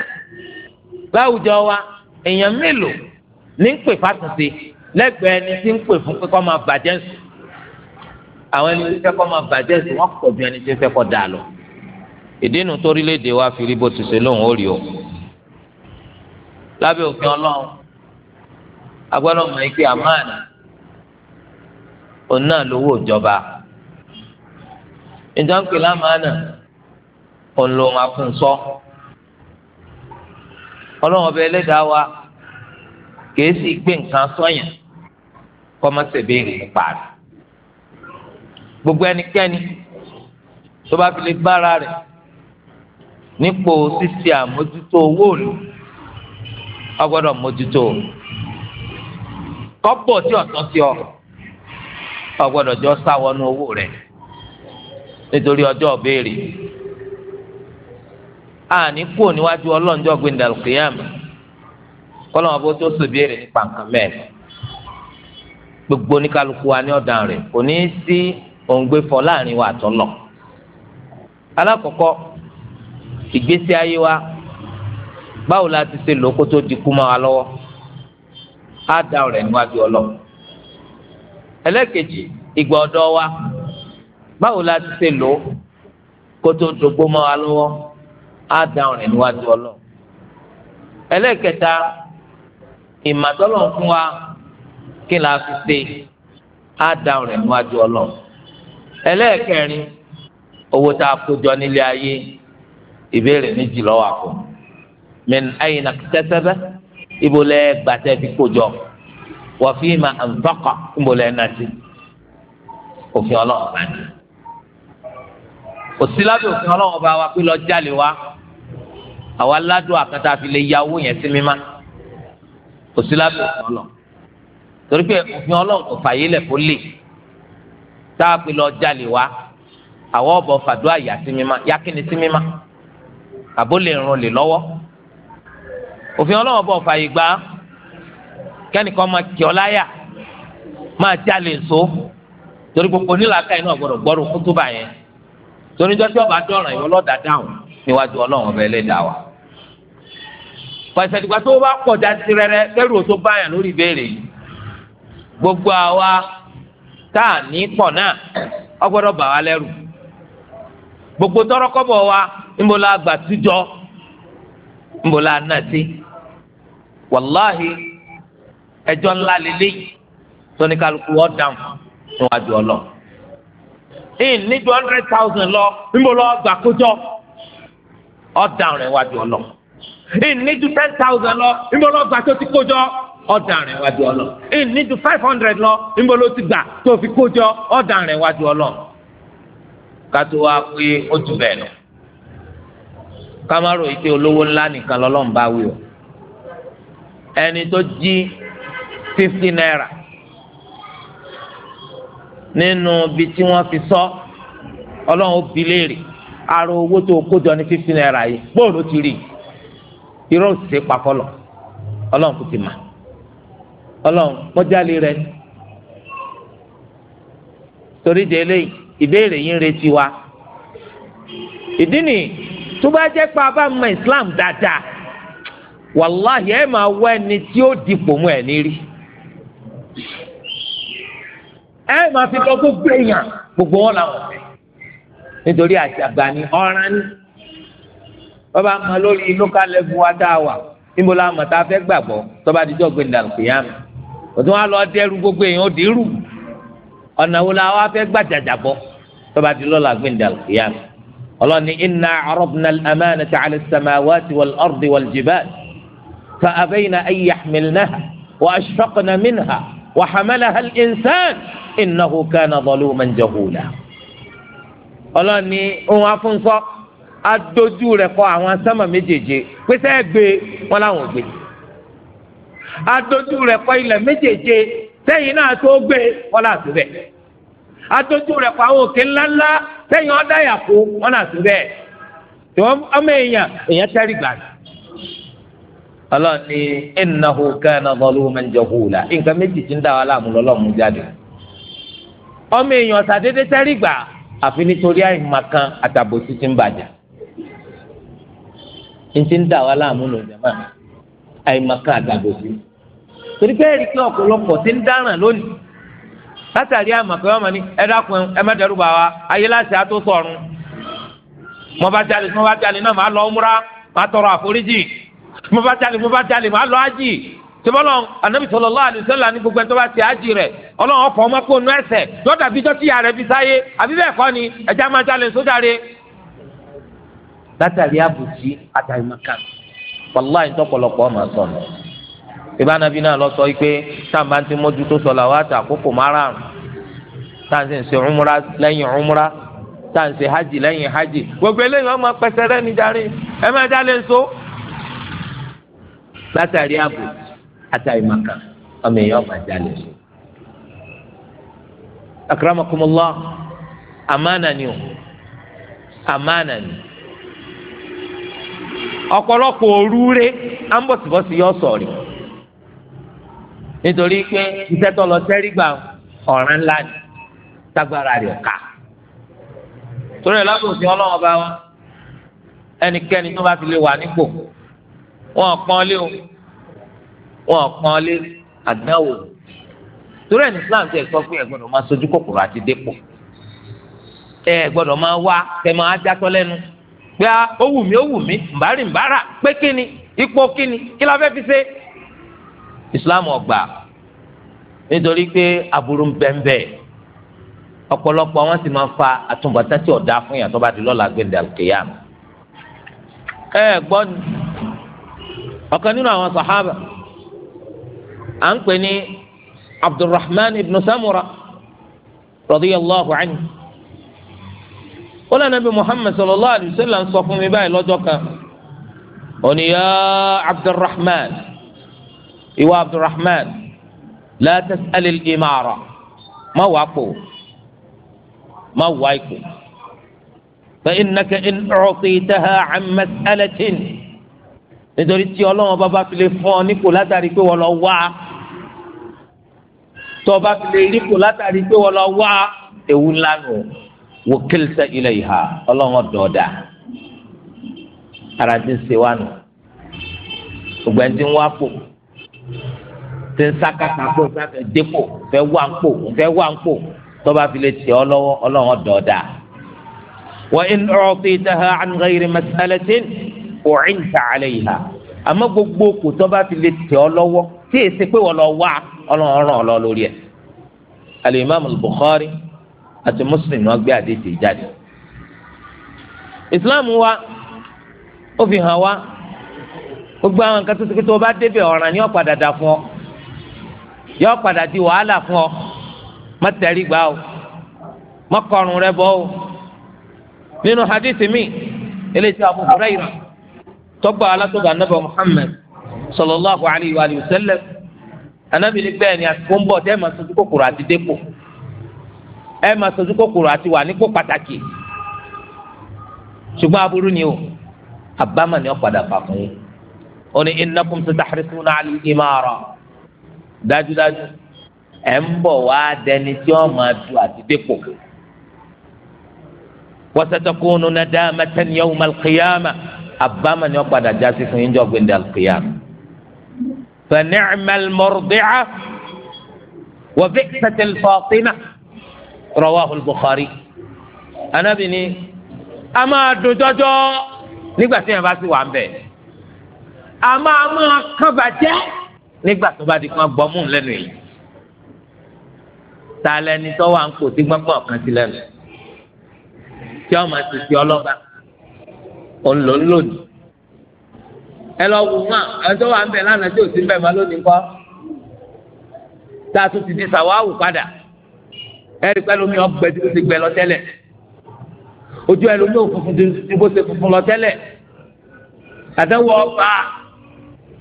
láwùjọ wa èèyàn mélòó ní ń pè fásitì lẹ́gbẹ̀ẹ́ ẹni tí ń pè fún pé kọ́ máa bàjẹ́ sùn àwọn ẹni tí fẹ́ kọ́ máa bàjẹ́ sùn wọ́n pọ̀ ju ẹni tí fẹ́ kọ́ dà lọ. ìdínú torílẹ̀-èdè wa fi rí bó ti ṣe lóhùn ó rí o. lábẹ́ òfin ọlọ́run agbọ́dọ̀ mọ̀ ike àmàna òun náà lówó ìjọba. ìjọ́npè lámàánà òun ló máa ọlọ́run ọba ẹlẹ́dàá wa kèé gbé nǹkan sọ́yìn kọ́mọ́sẹ̀ béèrè nípa rẹ̀ gbogbo ẹnikẹ́ni tó bá fi lè bára rẹ̀ nípò ṣíṣe àmójútó owó òòlù ó gbọ́dọ̀ mójútó kọ́bọ̀ tí ọ̀tọ̀ sí ọ ó gbọ́dọ̀ jọ sáwọnú owó rẹ̀ nítorí ọjọ́ béèrè àní kú níwájú ọlọ́njọ́ gbẹ̀ndàlùkìyàmù kọ́lọ́mọbó tó sì béèrè nípa nǹkan mẹ́rin gbogbo oníkálukú wa ní ọ̀dàn rẹ̀ kò ní í sí òǹgbẹ́fọ́ láàrin wa àtọ́lọ̀ alákọ̀ọ́kọ́ ìgbésí ayé wa báwo la ti ṣe lò kó tó di kú mọ́ wa lọ́wọ́ á dá ọ̀rẹ́ níwájú ọlọ́ ẹlẹ́kejì ìgbà ọ̀dọ́ wa báwo la ti ṣe lò kó tó dogbó mọ́ wa lọ́wọ́ á dá ọ̀rẹ́ níwájú ọlọ́ ẹlẹ́kẹta ìmàtọ́lọ̀ fún wa. kí la fi se á dáhùn rẹ̀ níwájú ọlọ́run ẹlẹ́ẹ̀kẹrin owó tá a kójọ nílé ayé ìbéèrè méjì lọ́wọ́ àpò min ayna ktasaba fi kójọ wa fima anfaqa ibo lẹ nàti òfin ọlọ́run bá ní òsì lábẹ́ òfin ọlọ́run bá wa pé lọ jálè wa àwa ládùn àkàtà fi lè yẹn sí mímá òsì lábẹ́ òfin torí pé òfin ọlọ́run kò fàyè lẹ̀ kó lè tá a pè lọ jalè wá àwọn ọ̀bọ̀ fàdúrà yà sí mímá yá kíni sí mímá àbó lè rún lè lọ́wọ́ òfin ọlọ́run ọ̀bọ̀ fàyè gbà kẹ́nìkan máa kì ọ́ láyà máa jalè so torí gbogbo onílàákà iná gbọdọ̀ gbọ́dọ̀ fún tó bá yẹn torí jọ́jọ́ bá dọ̀ràn ìwọ lọ́dà dáhùn níwájú ọlọ́run ọ̀bẹ ẹlẹ́dàá wa pàṣẹ ìgbà tó bá pọ̀ já sí rẹ́rẹ́ kẹ́rù tó báyàn lórí ìbéèrè yìí gbogbo àwa tá a ní pọ̀ náà ọgbọ́dọ̀ gbogbo tọrọkọ́bọ̀ wa ńbọ la gbà síjọ ńbọ la nà sí wàláhì ẹjọ́ ńlá lélẹ́yìí tóníkàlùkù wọ́n ọlọ. in ní two hundred thousand lọ ńbọ lọ gbà kójọ ọ̀ dáhùn níwájú ọlọ. in ní two ten lọ gbà ọ̀dà rẹ̀ wájú ọlọ. in ní ju five hundred lọ níbo ló ti gbà tó fi kójọ ọ̀dà rẹ̀ wájú ọlọ. kátó wá pé ó jù bẹ́ẹ̀ lọ. kámárò ìṣe olówó ńlá nìkan lọ́lọ́run bá wí o. ẹni tó jí fifty naira nínú ibi tí wọ́n fi sọ ọlọ́run ó bi léèrè ara owó tó kójọ ní fifty naira yìí bóòlù ti rí irọ́ òṣìṣẹ́ pa fọlọ́ ọlọ́run kò ti mà. ọlọ́run mọ́jálè rẹ torí de ìbéèrè yín retí wa ìdí ni tó bá bá mọ Islam dáadáa wàláhì ẹ máa wọ ẹni tí ó dipò mọ ẹ ní ẹ máa fi gbogbo gbogbo wọn làwọn nítorí àṣàgbà ni ni wọ́n bá mọ lórí local level wa níbo òtún wa lọ dẹrù gbogbo èèyàn ó dẹrù ọ̀nà wo la wa fẹ́ gbàjàjà bọ́ tọ́ba ti lọ́la gbẹ̀ndà kìyàm ọlọ́ni inna arọ́bìnà amáàna tàcálí sàmáwáàtì wàl ọ̀rdì wàl jìbàl fa abẹ́yìnà ayé xamilnaha wa ashfaqna minha wa xamalaha al-insaan innahu kana zaluman jahula ọlọ́ni òun afúnṣọ́ adójú rẹ̀ kọ́ àwọn sámà méjèèjì pé sẹ́ẹ̀ gbé wọn láwọn gbé. adójú rẹ̀ kọ́ ilẹ̀ méjèèje sẹ́yìn náà tó gbé wọn là sí bẹ́ẹ̀ adójú rẹ̀ kọ́ àwọn òkè ńláńlá sẹ́yìn ọ̀dà yàkó wọn là sí ọmọ èèyàn èèyàn tẹ́rì gbà ọlọ́ọ̀ni innahu kana zaluman jahula nǹkan méjì ti ń dá wa láàmú lọ́lọ́mú jáde ọmọ èèyàn ṣàdédé gbà àfi nítorí àìmọ̀kan àtàbòsí ti ń bàjẹ́ ń dá wa láàmú lọ́jọ́ àìmọ̀kan àtàbòsí torí pé ẹ̀rí pé ọ̀pọ̀lọpọ̀ ti ń dáràn lónìí látàrí àmọ̀kan ọmọ ni ẹ dákun ẹ má dẹrù bà wá ayé láti àtó sọ̀run mo bá jalè mo bá jalè náà màá lọ múra màá tọrọ àforíjì mo bá jalè mo bá jalè màá lọ ájì tibọlọ anabi sallallahu alaihi wasallam ní gbogbo ẹni tó bá ti ájì rẹ Ọlọ́run ọfọ ọmọ kó nu ẹsẹ lọdà bíjọ tíya rẹ bí sáyé àbí bẹ́ẹ̀ kọ́ ni ẹjẹ máa jalè sójà rẹ látàrí àbùjí wàláì tọpọlọpọ ọmọ sọnù ìbánabi náà lọ sọ pé táwọn bá ti mójútó sọlá wa ta àkókò márààrún táwọn sì ń ṣe umra lẹ́yìn umra táwọn sì hajj lẹ́yìn hajj gbogbo eléyìí ọmọ pẹsẹ rẹ níjàre ẹ má dálé nso látàrí ààbò àtàrí màkà ọmọ èèyàn má dálé nso. akramakumullah amánani o amánani ọ̀pọ̀lọpọ̀ òrùre á ń bọ̀sibọ́sì yọ sọ̀rì nítorí pé iṣẹ́ tó lọ sẹ́rí gbà ọ̀ràn ńlá ni tágbára rẹ̀ ká torí ẹ̀ lábòsí ọlọ́wọ́n bá wa ẹnikẹ́ni tó bá fi lè wà nípò wọn pọ́n lé o wọn pọ́n lé àdánwò torí ẹ̀ ní Islam tẹ̀ sọ pé ẹ gbọ́dọ̀ máa sojú kòkòrò àti dépò ẹ gbọ́dọ̀ máa wá tẹ̀ máa dákọ́ lẹ́nu. pé a ó wù mí ó wù mí mbàárì mbàárà pé kíni ipò kíni kí la fẹ́ fi ṣe. Islam ọgbà nítorí pé aburú ń ọ̀pọ̀lọpọ̀ wọn sì máa fa àtúbọ̀tán tí ọ̀dà fún yàtọ̀ bá di lọ́la gbẹ̀ndẹ̀ àlùkìyàm. ẹ gbọ́ ọ̀kan nínú àwọn sàhábà à ń pè ní Abdulrahman ibn Samura ó lẹ́nu bí muhammed sallallahu alayhi wa sallam sọ fún mi báyìí lọ́jọ́ kan oníyà abdulrahman ìwà abdulrahman la tas'al al-imara má wàá kó má wàá kó fa innaka in u'titaha 'an mas'alatin nítorí tí ọlọ́wọ́n bá bá fi lè fún ọ nípò látàrí pé wọ́n lọ wá tọ́ bá fi lè rípò látàrí pé wọ́n lọ wá ewu ńlá nù wòkìlìtà ilẹ̀ ìhà ọlọ́run dọ̀ọ̀dà ara ti ń ṣe wá nù ògbẹ́ ti ń wá pò ti ń sákàtà pò sáfẹ́ dépò fẹ́ wá ń pò fẹ́ wá ń pò tọ́ba fi lè tẹ̀ ọ́ lọ́wọ́ ọlọ́run dọ̀ọ̀dà. wà á ń rọ́ọ̀tì ìtàhà àǹgáyìrì mẹ́sàlẹ́tì òrìn tà gbogbo kò tọ́ba fi lè tẹ̀ tí èsì pé wọ́n wá ọlọ́run ràn lórí ẹ̀. alimami Bukhari àti muslim náà gbé àdéhìí jáde islam wa ó fi hàn wá gbogbo àwọn nǹkan tó ti kí tó bá débẹ̀ ọ̀ràn ni ó padà dà fún ọ yó padà di wàhálà fún ọ má tẹ̀rí gbà o má kọrùn rẹ bọ́ o nínú hadith mi eléyìí Abu Hurairah tọgbà alátọgbà anabi Muhammad sallallahu alayhi wa sallam anabi ní bẹ́ẹ̀ ni àti kó ń bọ̀ tẹ́ẹ̀ máa sojú kòkòrò àti dépò ẹ máa sojú kòkòrò àti wà nípò pàtàkì ṣùgbọ́n aburú ni o àbámọ̀ ni ó padà fà fún yín ó ní innakum satahrisuna ala al-imara dájúdájú ẹ̀ ń bọ̀ wá dẹni tí ó máa du àti dépò wa satakunu nadamatan yawma al-qiyamah àbámọ̀ ni ó padà já sí fún yín jọ́ gbẹ̀ndẹ̀ al-qiyamah fa ni'mal murdi'ah wa bi'sat rawahul bukhari anabi ni a máa dùn jọjọ nígbà tí yẹn bá ti wà ń bẹ a máa máa kán bàjẹ́ nígbà tó bá di kan gbọ́mú lẹ́nu yìí ta lẹni tó wà ń kò sí gbọ́ngbọ́n kan sí lẹ́nu tí ọmọ ti fi ọlọ́ba òun ló ẹ lọ wù wọn àwọn wà ń bẹ lánàá tí ò sí bẹ mọ́ lónìí kọ́ tá a tún ti di sàwáwù padà ẹ̀rí pẹ́ lómi ọgbẹ tí ó ti gbẹ lọ tẹ́lẹ̀ ojú ẹ lómi òfunfun tí ó ti funfun lọ tẹ́lẹ̀ àtẹwọ́ ọba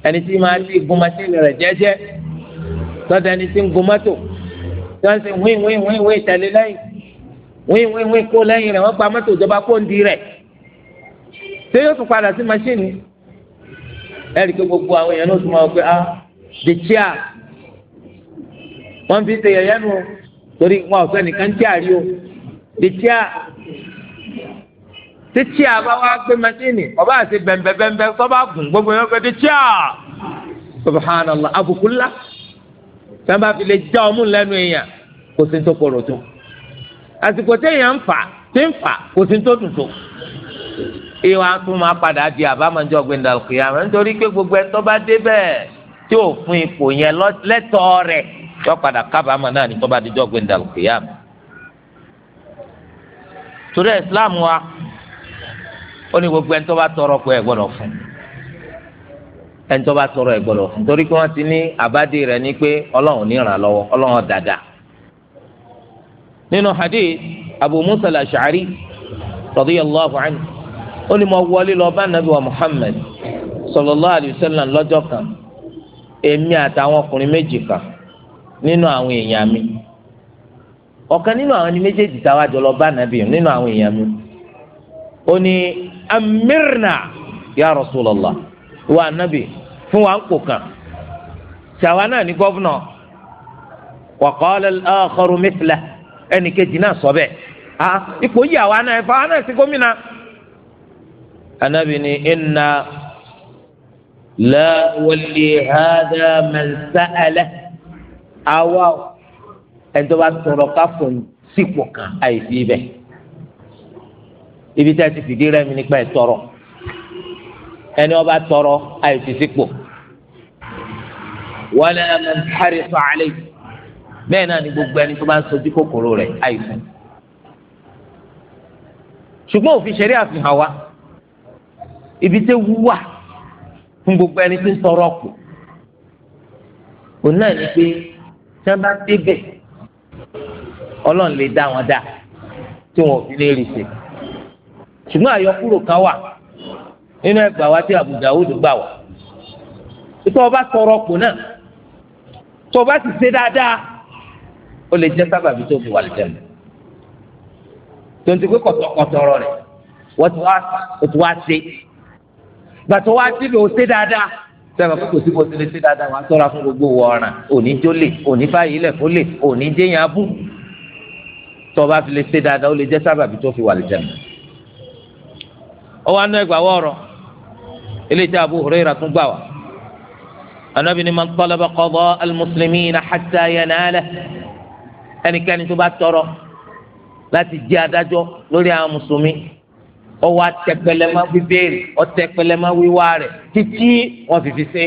ẹni tí máa ti gun machine rẹ̀ jẹ́jẹ́ tọ́da ẹni tí ń gun mọ́tò tí wọ́n ti wín wín wín wín tẹ̀lé lẹ́yìn wín wín wín kó lẹ́yìn rẹ̀ wọ́n gba mọ́tò ìjọba kó rẹ̀ ṣé yóò tún padà sí machine ẹ̀rí pé gbogbo àwọn èèyàn ló tún máa wọ pé ah the chair wọ́n fi ṣe yẹ̀yẹ́ nù torí wọn ọ̀fẹ́ nìkan tí a rí o títí a títí a bá wá gbé mẹsìnì ọba àti bẹ̀m̀bẹ̀bẹ̀m̀bẹ̀ sọ́ba gùn gbogbo yẹn fẹ́ títí a subhanallah àbùkù ńlá sábà fi lè já ọmú lẹ́nu èèyàn kò sí tó korò tó àsìkò téèyàn ń fà tí ń fà kò sí tó dùn tó ìwà tó máa padà di àbámanjọ gbẹndàlùkìyà nítorí pé gbogbo ẹ̀ tó bá dé bẹ́ẹ̀ tí ò fún ipò yẹn lẹ́tọ̀ọ́ rẹ̀ yọ padà kábàámà náà ní tó bá dijọ́ gbé ndàlùkìyàm torí islam wa ó ní gbogbo ẹni tó bá tọrọ kó ẹ gbọ́dọ̀ fún ẹni tó bá tọrọ ẹ gbọ́dọ̀ fún torí pé wọn ti ní àbádé rẹ ní pé Ọlọ́run ní lọ́wọ́ Ọlọ́run dáadáa nínú hadith abu musa al-ash'ari radiyallahu anhu ó ní mo wọlé lọ bá nàbí wa muhammad sallallahu alayhi wa sallam lọ́jọ́ kan èmi àtàwọn ọkùnrin méjì kan nínú àwọn èèyàn mi ọ̀kan nínú àwọn ni méjèèjì táwa jọ lọ bá nàbì nínú àwọn èèyàn mi ó ní amirna ya Rasulullah wa nàbì fún wa ń kò kàn ṣàwa náà ní gọ́vnà wa qala al-akharu mithla ẹnì kejì náà sọ bẹ́ẹ̀ a ipò yìí àwa náà ẹ̀fọ́ àwa náà sí gómìnà anabi ni inna la wali hada man sa'ala àwa ẹ̀dọ́ bá tọrọ ká fún sípò kan àìsí ibẹ̀ ibi tí a ti fìdí rẹmi nípa ẹ̀ tọrọ ẹni ọba tọrọ àìsí sípò wala man harisa alayhi bẹ́ẹ̀ náà ni gbogbo ẹni tó bá ń sojú kòkòrò rẹ̀ àìsàn ṣùgbọ́n òfin ṣẹ̀rí àfihàn wa ibi tẹ́ wúwà fún gbogbo ẹni tó ń tọrọ ọ̀pọ̀ òun náà ni pé tí wọ́n bá débẹ̀ ọlọ́run lè dá wọn dá tí wọn ò fi lè rí ṣe ṣùgbọ́n àyọkúrò kan wà nínú ẹgbà wa tí Abu Dawud gbà wá tó o bá tọrọ ọ̀pọ̀ náà tó o bá sì ṣe dáadáa o lè jẹ́ sábàbí tó fi wà lè jẹun tonti pé kọ̀tọ̀kọ̀tọ̀rọ̀ rẹ̀ wọ́n ti wá ṣe gbàtọ́ wá síbi ó ṣe dáadáa sẹ́wọ̀n pé kò sí bó tilẹ̀ sí dáadáa wàá sọ́ra fún gbogbo wọ ọ̀ràn òní jólè òní báyìí lẹ̀ fólè òní jẹ́yìn abú tọ́ba fi lè ṣe dáadáa ó lè jẹ́ sábàbí tó fi wà lè jẹun. ọwọ́ anú ẹgbàá wọ̀ọ̀rọ̀ eléyìí tí Abu Hurairah tún gbà wá. Ànábì ní man talaba qada al-muslimina hatta yanalah ẹnikẹ́ni tó bá tọrọ láti jẹ́ adájọ́ lórí àwọn mùsùlùmí ọwọ́ atẹ́pẹlẹmá bíbéèrè ọtẹ́pẹlẹmá wíwá rẹ̀ títí wọ́n fi fi ṣe.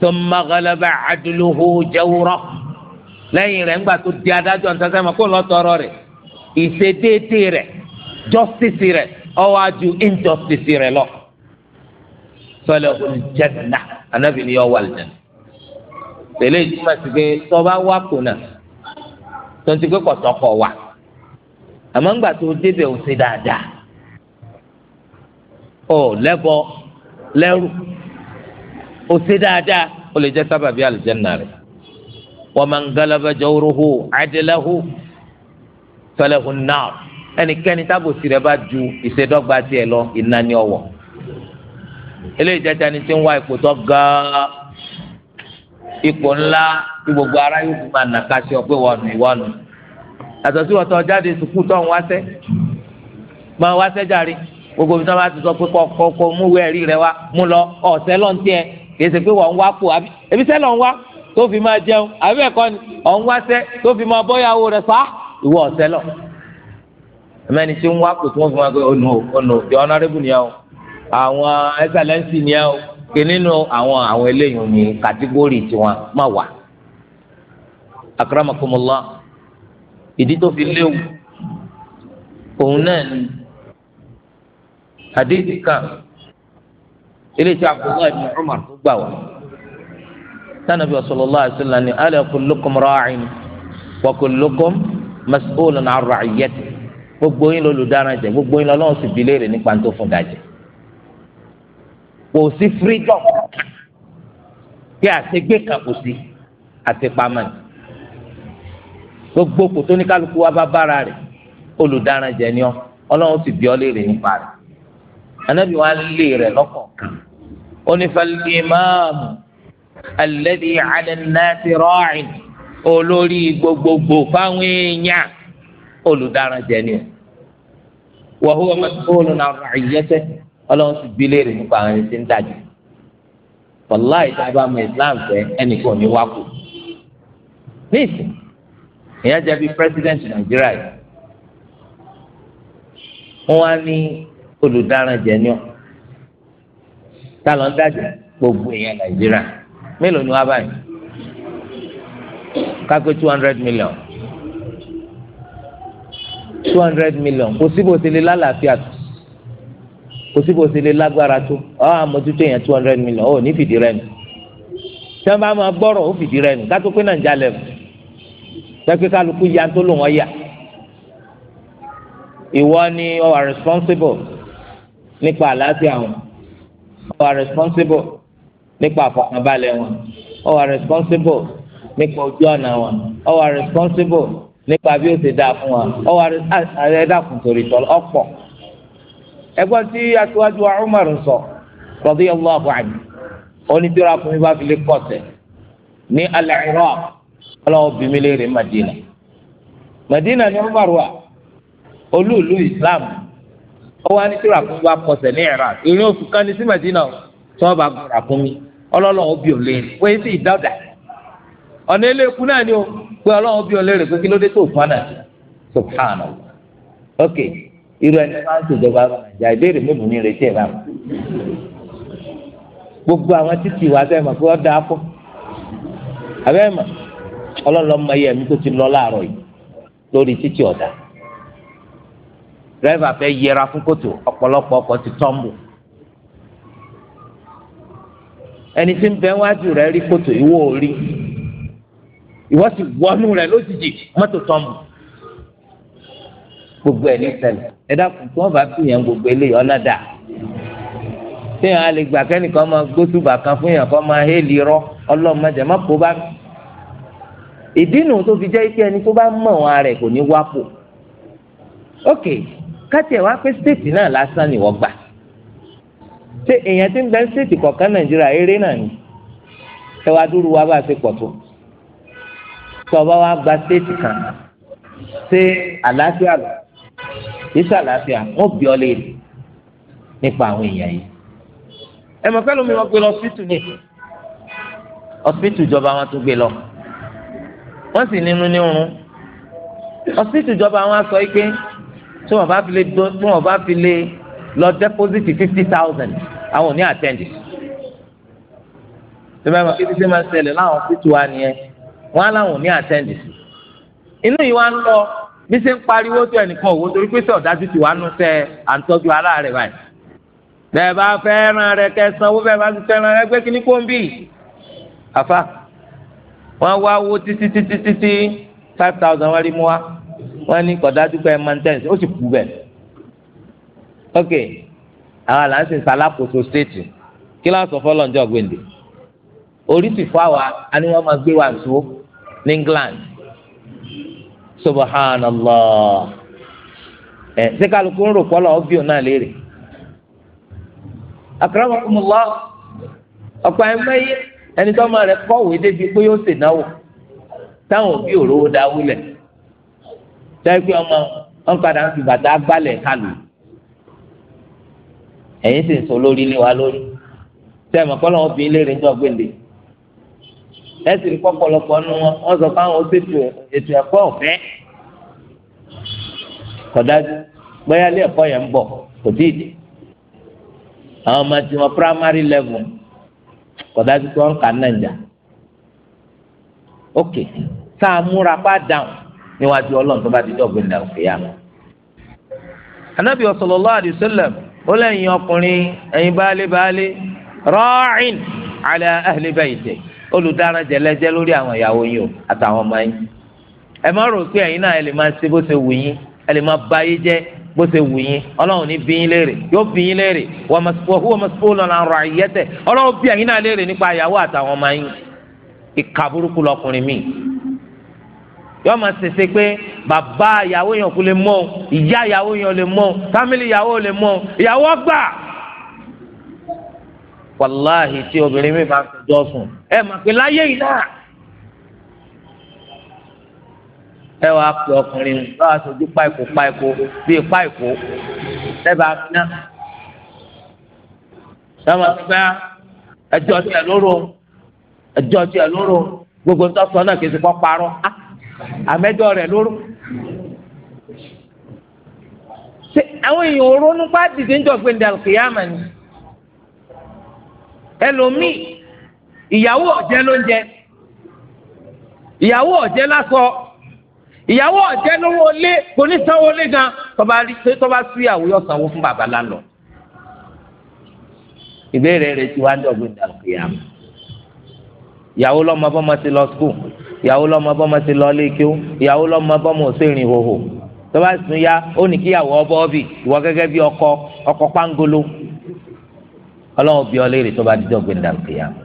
thumma ghalaba adluhu jawra lẹ́yìn rẹ̀ ńgbà tó di adájọ́ ntẹ́sẹ́ mọ́ kó lọ tọrọ rẹ̀ ìṣedéédé rẹ̀ justice rẹ̀ ọwọ́ adu injustice rẹ̀ lọ. falahu aljanna anabi ni yọ wà aljanna. tẹ̀lé ìtumọ̀ sí pé tọ́ba wà kùnà tó ń wà àmọ́ ńgbà tó o débẹ̀ ò ṣe dáadáa ọ lẹ́bọ lẹ́rù ò ṣe dáadáa ó lè jẹ́ sábàbí àlùjánnà rẹ̀ wa man galaba jawruhu adlahu falahu an-nar ẹnikẹ́ni tábòsí rẹ̀ bá ju ìṣèdọ́gba tiẹ̀ lọ iná ní eléyìí jẹ́jà ni tí ń wá ipò tó gáà ipò ńlá tí gbogbo ará yóò fi máa nàka sí ọ pé wọ́n nù ìwọ́n yàtọ̀ sí wọ́tọ̀ jáde sùkúù tó ń wáṣẹ́ máa wáṣẹ́ jàre gbogbo ibi tí wọ́n bá ti sọ pé kọ́ kọ́ mú wẹ́ẹ̀rí rẹ wá mú lọ ọ̀sẹ́ lọ́n tiẹ̀ kì í ṣe pé wọ́n ń wá kó àbí ebi sẹ́ lọ́n wá tó fi máa jẹun àbí ẹ̀kọ́ ni ọ̀ ń wáṣẹ́ tó fi máa bọ́yàwó rẹ fa ìwọ ọ̀sẹ́ lọ. ẹ̀mẹ́ni tí ń wá kó tí wọ́n fi máa gbé ọ̀nà ọ̀nà the honourable ni ẹ àwọn excellence ni ẹ kì nínú àwọn àwọn eléyìí ni kàtígórì tiwọn má wà. akramakumullah ìdí tó fi léwu òun náà ni àdéhìí kan eléyìí tí abdullahi ibn umar tó gbà wá sanabi sallallahu alaihi wasallam ni ala kullukum ra'in wa kullukum mas'ulun 'an ra'iyyati gbogbo yín lolùdaràn jẹ gbogbo yín lọ́lọ́run sì bi léèrè nípa tó fún dajẹ kò sí freedom kí àtẹgbẹ kan kò sí àtẹpamọ ni. gbogbo kò tó ní kálukú wa bá bára rẹ̀ jẹ ọ ọlọ́run sì bí ọ léèrè nípa rẹ̀ anabi wa lè rẹ̀ lọ́kọ̀ọ̀kan ó ìmáàmù olórí gbogbogbò ni ọ wọ́n hùwà mọ́tòlù náà rà ìyẹ́sẹ̀ ọlọ́run sì bí léèrè nípa àwọn ń wàláì tá a bá mọ islam ò ní wá ìyẹn jẹ́ bí pírẹsidẹ́ǹtì nàìjíríà yìí wọ́n á ní olùdaràn jẹ̀niọ́ tálọ́ ń dájọ́ gbogbo èèyàn nàìjíríà mélòó ni wọ́n bá yìí ká two hundred million two hundred million kò síbò sí lè lálàáfíà tó kò síbò sí lè lágbára tó ọ àmójútó èèyàn two hundred million ó ní fìdí rẹ̀ nù tí wọ́n bá máa gbọ́rọ̀ ó fìdí rẹ̀ nù ká tó pé nàìjíríà lẹ́nu tẹ́kí kálukú ya tó lò wọ́n yà ìwọ ni ọ wà responsible nípa àlàáfíà wọn ọ wà responsible nípa àfọkànbalẹ̀ wọn ọ wà responsible nípa ojú ọ̀nà wọn ọ wà responsible nípa bí ó ṣe dáa fún wa ọ wà ẹ̀dàkùn torí tọ́lọ́ ọ̀pọ̀ ẹgbọ́n tí aṣíwájú wa Umar sọ radiyallahu anhu onídìrí akùnrin bá fi lè kọ̀ọ̀tẹ̀ ní al-Iraq. ọlọ́wọ́ bí mi léèrè Madina Madina ni Umar Islam ó ní tíra kún bá kan ní sí Madina tí wọ́n bá gbọ́ra fún mi ọlọ́wọ́ bí ò naanị o pé ọlọ́wọ́ bí ò pé kí ok irú ẹni máa ń ṣèjọba ìbéèrè ní ìrètí ẹ̀ gbogbo àwọn títí wa bẹ́ẹ̀ mọ̀ pé dáa ọlọ́lọ́ mọ iye ẹ̀mí tó ti lọ láàárọ̀ yìí lórí títí ọ̀dà dírẹ́fà fẹ́ yẹra fún kòtò ọ̀pọ̀lọpọ̀ ọkọ̀ ti tọ́ǹbù ẹni tí ń bẹ wájú rẹ rí kòtò ìwọ ò rí ìwọ sì wọnú rẹ lójijì mọ́tò tọ́ǹbù gbogbo ẹ̀ ní ṣẹlẹ̀ ẹ dákun tí wọ́n bá fi yẹn gbogbo eléyìí ọlọ́dà téèyàn á lè gbà kẹ́nìkan máa gbósùbà kan fún yàn kó máa hélì rọ ọlọ́mọdé má kó bá mi ìdínú tó fi jẹ́ ike ẹni tó bá mọ̀ wọn rẹ̀ kò ní wápò ok káti ẹ̀ wá pé stéètì náà lásán ni wọ́n gbà ṣé èèyàn ti ń bẹ stéètì kọ̀ọ̀kan nàìjíríà eré náà ni ẹ wá dúró wa bá ṣe pọ̀ tó tó ọba wa gba stéètì kan ṣé àlàáfíà lọ ìṣe àlàáfíà wọn bí ọ léèrè nípa àwọn èèyàn yìí ẹ mọ̀ fẹ́ lómi wọn gbé lọ hospital ní hospital ìjọba wọn tó gbé lọ wọ́n sì nínú ní oorun ọsibítù ìjọba wọn sọ pé tí wọ́n bá fi lè dọ tí wọ́n bá fi lè lọ dẹ́pọ́sìtì fifty thousand àwọn ò ní àtẹ́ǹdì tí wọ́n bá fi ṣe máa ń ṣẹlẹ̀ láwọn ọsibítù wa nìyẹn wọ́n á láwọn ò ní àtẹ́ǹdì inú yìí wá ń lọ bí ṣe ń pariwo tó ẹnìkan òwò torí pé sọ dájú ti wà nù sẹ à ń tọ́jú aláàrẹ̀ báyìí bẹ́ẹ̀ bá fẹ́ràn rẹ kẹsàn-án owó bẹ́ẹ̀ bá ti fẹ́ràn rẹ gbé kíní kó ń bì àfa wọ́n wá wó títí títí títí five thousand wọ́n rí mú wa wọ́n ní kọ̀dájú pé maintenance ó sì kú bẹ́ẹ̀. ok àwọn aláǹsìn sàlákòóso stéètì kí ló ń sọ fọlọ́ ǹjọ́ gbèǹde orí sì fọ́ àwa a ní wọ́n máa gbé wa nsúwó ní England subhanallah ẹ ṣé kálukú ń rò pọ́lọ́ ọ́bíò náà léèrè. àkàrà wà fún lọ ọ̀pọ̀ ẹ̀ mẹ́yẹ ẹni tó máa rẹ kọ̀wé débi pé yóò ṣe náwó táwọn òbí òróró dáwó lẹ̀ dáwọ́ ọmọ wọn padà ń fi bàtà gbálẹ̀ kálù ẹ̀yin sì ń sọ lórí lé wa lórí tẹ́ẹ̀mọ̀ kọ́ lọ́wọ́ bí léèrè ńjọ́ gbélé ẹ sì ń kọ́ pọ̀lọpọ̀ nu wọn wọ́n sọ fáwọn ó ṣètò ètò ẹ̀kọ́ ọ̀fẹ́ kọ̀dájú bóyá ilé ẹ̀kọ́ yẹn ń bọ̀ kò tí ì dé àwọn ọmọ tiwọn primary level kọ̀dá sí pé wọ́n ń kà náà jà ok tá a múra pa dáhùn níwájú ọlọ́run tó bá ti dọ̀gbìn náà fìyà. anábì sallallahu alaihi wasallam ó lẹ́yìn ọkùnrin ẹ̀yin baálé baálé ra'in ala ahli olùdáran jẹlẹ́jẹ́ lórí àwọn ìyàwó yìí o àtàwọn ọmọ yìí ẹ má rò pé ẹ̀yin náà ẹ lè máa ṣe bó ṣe wù yín ẹ lè máa ba ayé jẹ́ bó ṣe wù yín ọlọ́run ní bí yín léèrè yóò bí yín léèrè wa huwa mas'ulun an ra'iyyatihi ọlọ́run bí ẹ̀yin náà léèrè nípa ìyàwó àtàwọn ọmọ yín ìka burúkú lọkùnrin mi yóò máa ṣèṣe pé bàbá ìyàwó yẹn kò lè mọ ìyá ìyàwó yẹn lè mọ fámìlì ìyàwó lè mọ ìyàwó gbà wàláhì tí obìnrin mi bá ń jọ sùn ẹ mà pé láyé yìí náà ẹ wàá pè ọkùnrin lọ́wọ́ aṣojú páìkó páìkó bíi páìkó lẹ́bàá fúnná. sábà gbá ẹjọ́ tiẹ̀ lóró ẹjọ́ tiẹ̀ lóró gbogbo ń tọ́sọ náà kì í ti kọ́ parọ́ àmẹ́jọ́ rẹ̀ lóró. ṣé àwọn èèyàn ronú pa dìde ń jọ pé ndàlù kìyàmà ni ẹlòmíì ìyàwó ọ̀jẹ́ ló ń jẹ ìyàwó ọ̀jẹ́ lásọ ìyàwó ọ̀jẹ́ lówó lé kò ní sanwó lé gan tọba rí tọba sí ìyàwó yọ sanwó fún bàbá lánàá ìbéèrè rẹ ti wá ń dọ̀gbìn dàgbé yà mọ́ ìyàwó lọ́mọ bọ́mọ ti lọ skul ìyàwó lọ́mọ bọ́mọ ti lọ lékiú ìyàwó lọ́mọ bọ́mọ ò sèrìn hòhò tọba sùn ya ó ní kíyàwó ọbọ ọbì ìwọ gẹ́gẹ́ bí ọkọ ọkọ pangolo ọlọ́run bí ọlẹ́rìí tọba dídọ̀gbìn dàgbé yà mọ́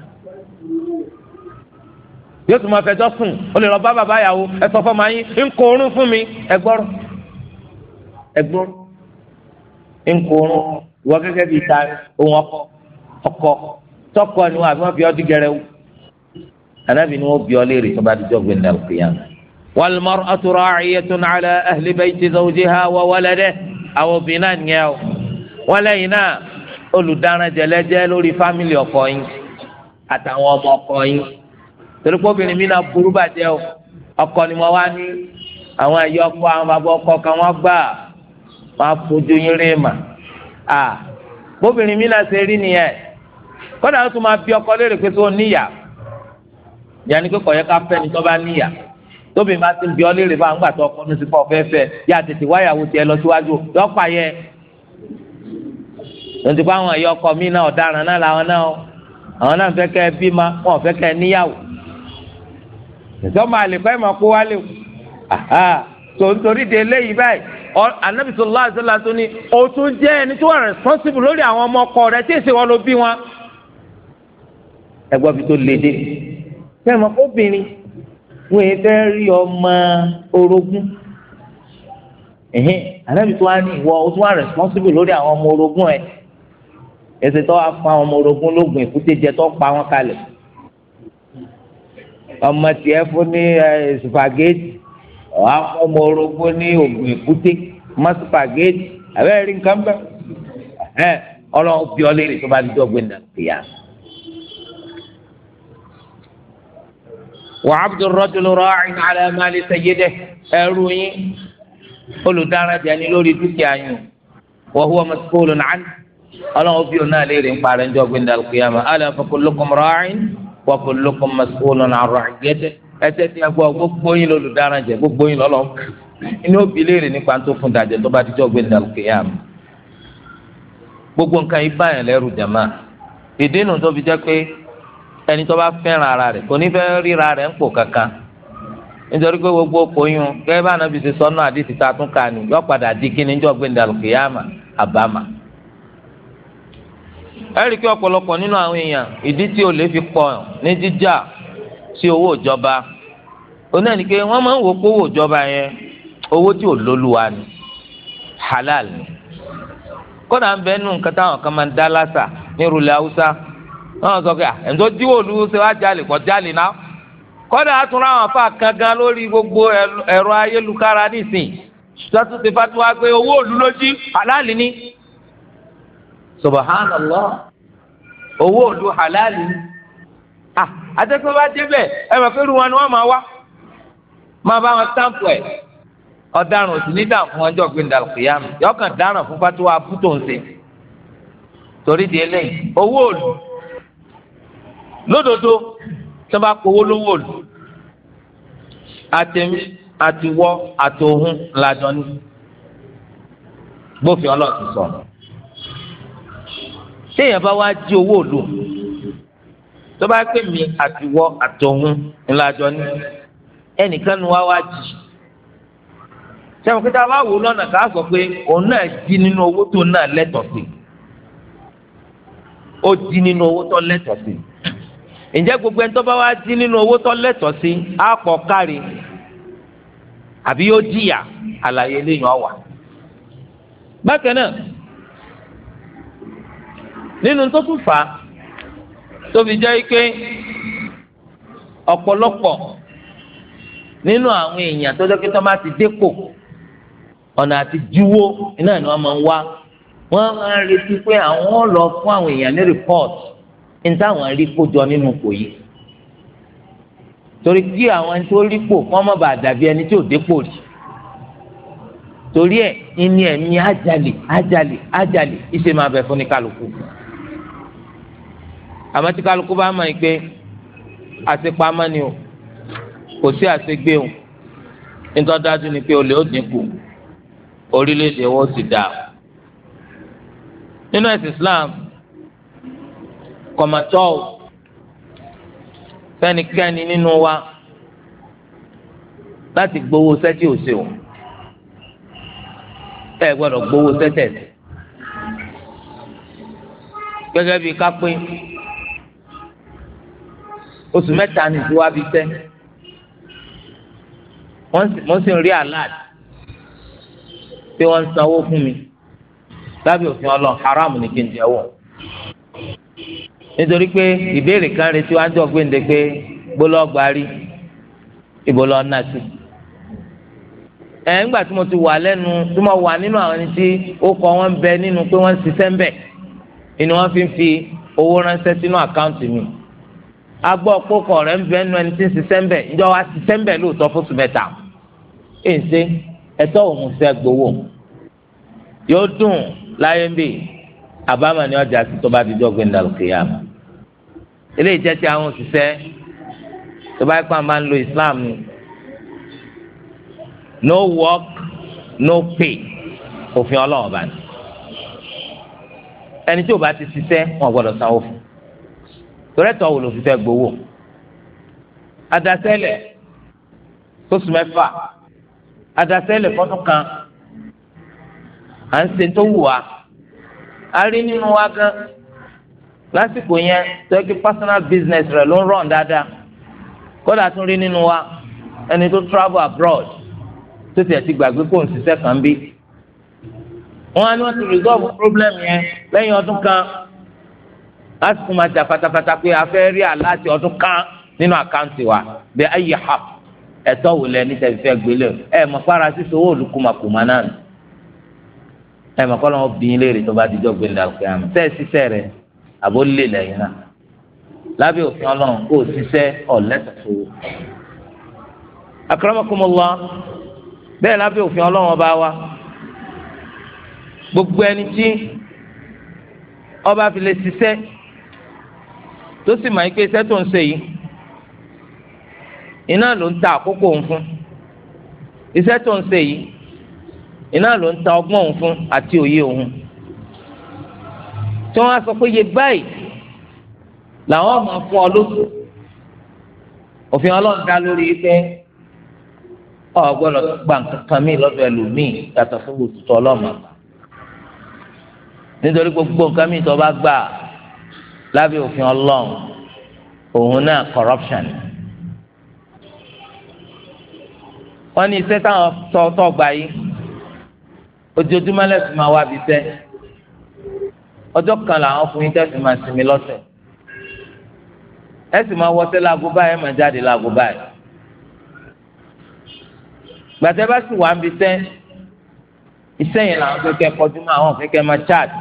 yóò tún máa fẹjọ́ sùn ó lè lọ bá bàbá ìyàwó ẹ sọ fọmọ yín ń kó oorun fún mi ẹ gbọ́rọ̀ ẹ gbọ́rọ̀ ń kó oorun ìwọ gẹ́gẹ́ bíi ta ohun ọkọ ọkọ tọkọ ni wọn àbí wọn fi ọdún gẹrẹ wù anabi ni wọn bí ọ léèrè tó bá di jọ gbẹndà òkèèyàn. wal mar'atu ra'iyatun ala ahli bayti zawjiha wa waladihi àwọn obìnrin náà nìyẹn o wọn lẹ́yìn lórí fámìlì ọkọ yín àtàwọn ọmọ ọkọ yín. torí pé obìnrin mi náà burú bàjẹ́ o ọkọ ni mo wá ní àwọn ẹ̀yọ́ ọkọ àwọn bàbá ọkọ kan wọ́n gbà wọ́n á fojú yín rí mà á bóbìnrin mi náà ṣe rí nìyẹn kódà ó tún máa bí ọkọ léèrè pé tó níyà ìyá ni pé kò yẹ ká ọkọ ní sípò fẹ́fẹ́ yá tètè wáyàwó tiẹ̀ lọ síwájú yẹ lọ́dún àwọn ọkọ mi náà ọ̀daràn náà làwọn náà àwọn náà fẹ́ kẹ́ ma wọn fẹ́ kẹ́ sọmọ àlèkọ́ ẹ̀ máa kó wálé o tó nítorí de eléyìí báyìí anabi sọlá àzọlá tó o tún jẹ́ ẹni tó wà responsible lórí àwọn ọmọ ọkọ rẹ tí èsì wọn ló bí wọn. ẹgbọ́n fi tó le dé bẹ́ẹ̀ mọ obìnrin wọn yẹn fẹ́ rí ọmọ orogún anabi tó wá ìwọ o tún wà responsible lórí àwọn ọmọ orogún ẹ ẹsẹ̀ tó wà fún àwọn ọmọ orogún lóògùn èkúté jẹ tó pa wọn kalẹ̀ ọmọ tiẹ̀ fún ní supageti ọmọ orogún ní oògùn èkúté mọ supageti àbẹ́rẹ́ rí nǹkan bẹ́ẹ̀ ọlọ́run bí ọ léèrè tó bá dúdú ọgbẹ́ náà ti yá. وعبد الرجل راع على مال سيده ẹrú yín olùdáradì ẹni lórí dúkìá yín wa huwa mas'ulun 'an ọlọ́run bí ọ náà léèrè ń parẹ́ ń jọ gbẹ́ndàlùkìyàmà ala fa kullukum ra'in. wa nọ mas'ulun 'an ra'iyatihi ẹsẹ̀ tí a gbọ́ gbogbo yín lọ́lùdáràn jẹ gbogbo yín lọ́lọ́ inú nípa tó fún tó bá gbogbo nǹkan yìí báyìí lẹ́rù ìdí tó fi jẹ́ pé ẹni tó bá fẹ́ràn ara rẹ̀ kò ní fẹ́ ríra rẹ̀ ń pò kankan nítorí pé gbogbo kòyún gẹ́gẹ́ bá Ànábì sọ́nà àdìsí ta ni yọ ẹ̀rí kí ọ̀pọ̀lọpọ̀ nínú àwọn èèyàn ìdí tí olè fi pọ̀ ní jíjà sí owó ìjọba oní ẹni pé wọ́n máa ń wò pé owó ìjọba yẹn owó tí ò lólùwà ni halal ni kódà ń bẹ nù nǹkan táwọn kan máa ń dá lásà ní rúlẹ̀ haúsá náà sọ pé à ẹ̀ ń tó díwò lu ṣe wá jalè kọ́ jalè náà kódà á tún ráwọn afá kan gan lórí gbogbo ẹ̀rọ ayélujára nísìnyí tó ti fatuwa pé owó òlu ló jí halal ni subhanallah owó òdu halali ah àtẹ̀kọ́ bá débẹ̀ ẹ mọ̀ pé ruwan ni wọ́n máa wá máa bá wọn táǹpù ẹ̀ ọ̀daràn òsì ní dàn fún ọjọ́ gbẹ̀ndà kìyàmù yọkàn dáràn fún fatuwa abútó ń ṣe torí di eléyìí owó òdu lódodo tí wọ́n bá kówó lówó òdu àtẹ̀mí àtiwọ́ àtòhún làjọ ní gbófin ọlọ́ọ̀tún sọ̀rọ̀ téèyàn bá wá jí owó òlu tó bá pè mí àtiwọ́ àtọ̀hún ńlájọ ní ẹnìkan nu wá wá jì sẹ́wọ̀n kí tá a bá wò lọ́nà ká sọ pé òun náà jí nínú owó tó náà lẹ́tọ̀ọ́ sí ó jí nínú owó tó lẹ́tọ̀ọ́ sí ǹjẹ́ gbogbo ẹni tó bá wá jí nínú owó tó lẹ́tọ̀ọ́ sí á pọ̀ kárí àbí yóò jìyà àlàyé lẹ́yìn ọ̀wà bákan náà nínú tó tún fà á tó fi jẹ́ pé ọ̀pọ̀lọpọ̀ nínú àwọn èèyàn tó jẹ́ pé tó máa ti dépò ọ̀nà àti jíwó iná ni máa ń wá wọ́n máa ń retí pé àwọn lọ fún àwọn èèyàn ní report ní táwọn rí kójọ nínú kò yìí torí kí àwọn ẹni tó rí pò kọ́ mọ́ bàa dàbí ẹni tí ò dépò rí torí ẹ̀ ìní ẹ̀mí ájálè ájálè ájálè ìṣe máa bẹ̀ fún ní kálukú àmọ́ tí kálukú bá mọ̀ pé àṣepamọ́ ni o kò sí àṣegbé o nítorí dájú ni pé olè ó dínkù orílẹ̀-èdè wọn ti dà nínú ẹ̀sìn Islam kọ̀mọ̀tọ́ fẹ́nikẹ́ni nínú wa láti gbowó sẹ́tì òsè o ẹ gbọ́dọ̀ gbowó sẹ́tẹ̀ gẹ́gẹ́ bí kápẹ́ oṣù mẹ́ta ni tí wàá fi tẹ́ wọ́n sì ń rí alert pé wọ́n ń sanwó fún mi lábẹ́ òfin ọlọ́run haram ni kí n jẹ́ wọ̀ nítorí pé ìbéèrè kan retí wá ń jọ gbéǹde pé gbólọ́ gbarí ìbò lọ náà sí ẹ ńgbà tí mo ti wà lẹ́nu tí mo wà nínú àwọn ẹni tí ó kọ wọn bẹ nínú pé wọ́n ń ṣiṣẹ́ ń bẹ̀ ni wọ́n fi ń fi owó ránṣẹ́ sínú àkáǹtì mi agbọ́ ọ̀pọ̀kọ̀ rẹ̀ ń bẹ nínú ẹni tí ń ṣiṣẹ́ ń bẹ̀ ǹjọ́ wa ṣiṣẹ́ ń bẹ̀ lóòótọ́ fún sùmẹ́ta èyí ṣe ẹ̀tọ́ òun fẹ́ gbowó yóò dùn láyé ń bì àbámọ̀ ni ọjà sí tó bá ti jọ́ gbẹ̀ndà lókè yá ma eléyìí jẹ́ ti àwọn òṣìṣẹ́ tó bá pa máa ń lo Islam ni no work no pay òfin ọlọ́wọ́ bá ní ẹni tí ò bá ti ṣiṣẹ́ wọn gbọ́dọ̀ sanwó fún un torí ẹ̀tọ́ wò ló fi fẹ́ gbowó adasẹ́lẹ̀ tóṣù mẹ́fà adasẹ́lẹ̀ fọ́dún kan à ń ṣe tó wù wá a rí nínú wa gan lásìkò yẹn tẹ́kí personal business rẹ̀ ló ń rọ̀n dáadáa kódà tún rí nínú wa ẹni tó travel abroad tó tiẹ̀ ti gbàgbé kó ń ṣiṣẹ́ kan bí wọ́n á ní wọ́n ti resolve problem yẹn lẹ́yìn ọdún kan láti kún máa jà fatafata pé a fẹ́ rí aláàtì ọdún kan nínú àkáǹtì wa bí ayé ha ẹ̀tọ́ wò lẹ níta ìfẹ́ gbélé ẹ mọ̀ fara sísọ owó olùkùmàkùmà náà ẹ mọ̀ kọ́ lọ́wọ́ bí léèrè tó bá dijọ́ gbélé àpè àmọ́ sẹ́ẹ̀ sísẹ́ rẹ àbó lè lẹ́yìn náà lábẹ́ òfin ọlọ́run kó o sísẹ́ ọ̀lẹ́sọ̀tò. akramakumullah bẹ́ẹ̀ lábẹ́ òfin ọlọ́run ọba wa gbogbo ẹni tí ọba fi lè sísẹ́ tó sì máa ń pé iṣẹ́ tó ń ṣe yìí iná ló ń ta àkókò òun fún iṣẹ́ tó ń ṣe yìí iná ló ń ta ọgbọ́n òun fún àti òye òun tí wọ́n á sọ pé iye báyìí làwọn máa fún ọ lóṣù òfin ọlọ́run dá lórí pé ọ gbọ́dọ̀ gba nǹkan kan mí lọ́dọ̀ ẹlòmíì yàtọ̀ fún òtútù ọlọ́mọ nítorí gbogbo nǹkan mí tó bá gbà á lábẹ́ òfin ọlọ́run òun náà corruption wọ́n ní iṣẹ́ táwọn tọ́tọ́ gbà yìí ojoojúmọ́ lẹ́sìn máa wá bí sẹ́ ọjọ́ kan làwọn fún yín tẹ́sí máa sinmi lọ́sẹ̀ ẹ sì máa wọṣẹ́ láago báyìí ẹ máa jáde láago báyìí gbàtẹ́ bá sì wá ń bí sẹ́ iṣẹ́ yẹn làwọn fẹ́ kẹ́ kọjú mọ́ àwọn fẹ́ kẹ́ máa charge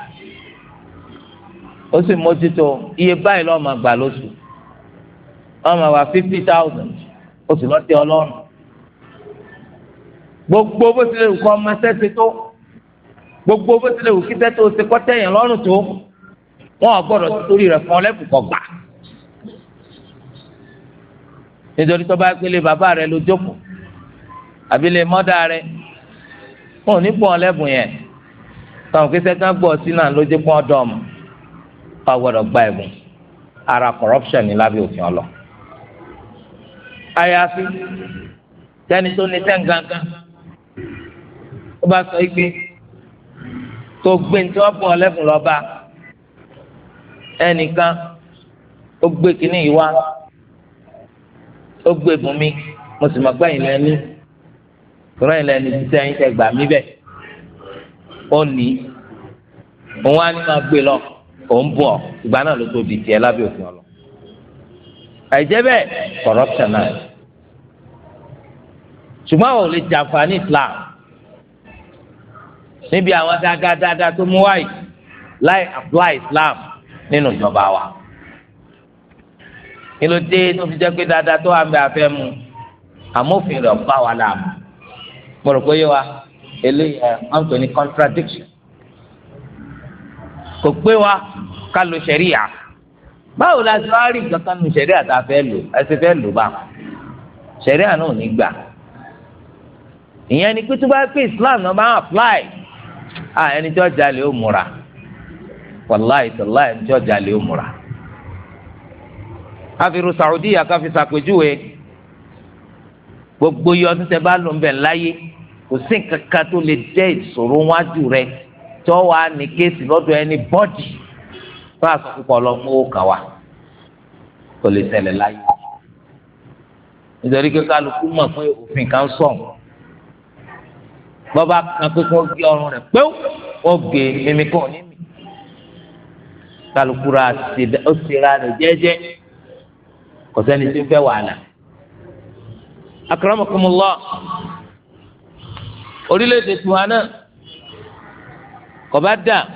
ó sì mójútó iye báyìí lọ́ọ́ máa gbà lóṣù wọ́n máa wá fifty thousand oṣù lọ́tẹ̀ ọlọ́run gbogbo bó tilẹ̀ wù kọ́ ọmọ sẹ́sẹ̀ tó gbogbo bó tilẹ̀ wù kí sẹ́sẹ̀ tó ṣe kọ́ tẹ̀yìn lọ́rùn tó wọ́n á gbọ́dọ̀ torí rẹ̀ fún ọlẹ́bùkọ̀ gbà nítorí tó bá gbélé bàbá rẹ̀ ló jókòó àbí lè mọ́dà rẹ̀ wọn ò ní pọ̀ ọlẹ́bùn yẹn kàwọn kí sẹ́sẹ̀ kan gbọ́ sí náà ló jẹ́ pọ́n ọdọ́ ọmọ a gbọ́dọ̀ gba ẹ̀bùn ara corruption ní lábẹ́ òfin ọlọ. àyàfi tẹni tó ní tẹ́ǹ gangan ó bá sọ igbe tó gbé ní tí wọ́n bọ̀ lẹ́bùn lọ́ba ẹnìkan ó gbé kínní yìí wá ó gbé ẹ̀bùn mi mo sì mọ̀ gbẹ̀yìn lẹ́ni gbẹ̀yìn lẹ́ni títẹ̀ yín tẹ̀ gbà mí bẹ̀ ó ní òun á ní máa gbé lọ ò ń bọ̀ ìgbà náà ló tó di tiẹ̀ lábẹ́ òfin ọlọ àìjẹ́ bẹ́ẹ̀ corruption náà ṣùgbọ́n àwọn ò lè jàǹfààní Islam níbi àwọn dáadáa tó mú wáyé láì apply Islam nínú ìjọba wa kí ló dé tó fi jẹ́ pé dáadáa tó wà ń bẹ afẹ́ mu àmófin rẹ̀ bá wa láàmú mo rò pé yé wa eléyìí à ní contradiction kò pé wa ká lo ṣẹ̀ríà báwo la ṣe wá rí nǹkan kan nu ṣẹ̀ríà tá a fẹ́ lò ẹ ti fẹ́ lò bá ṣẹ̀ríà náà ní gbà ìyẹn ni pé tó bá pé Islam náà máa apply à ẹni tí ọjà lè ó múra wàláì tọ́lá ẹni tí ọjà lè ó múra káfíru Saudiya káfí sàpèjúwe gbogbo iye ọdún tẹ bá lò ń bẹ̀ láyé kò sí nǹkan kan tó lè jẹ́ ìṣòro wájú rẹ̀ tó wà ní kéèsì lọ́dọ̀ ẹni bọ́dì fún àsopọ̀ ọlọ́mọ òkà wa kò lè ṣẹlẹ̀ láyé nítorí pé kálukú mọ̀ pé òfin kan sọ̀ bọ́ba kan pé kó gé ọrùn rẹ̀ pé ó gé mímí kò ní mì kálukú ra ó sì ra rẹ̀ jẹ́jẹ́ kò sẹ́ni tí ń fẹ́ wàhálà akramakumullah orílẹ̀-èdè tiwa náà. kọba dà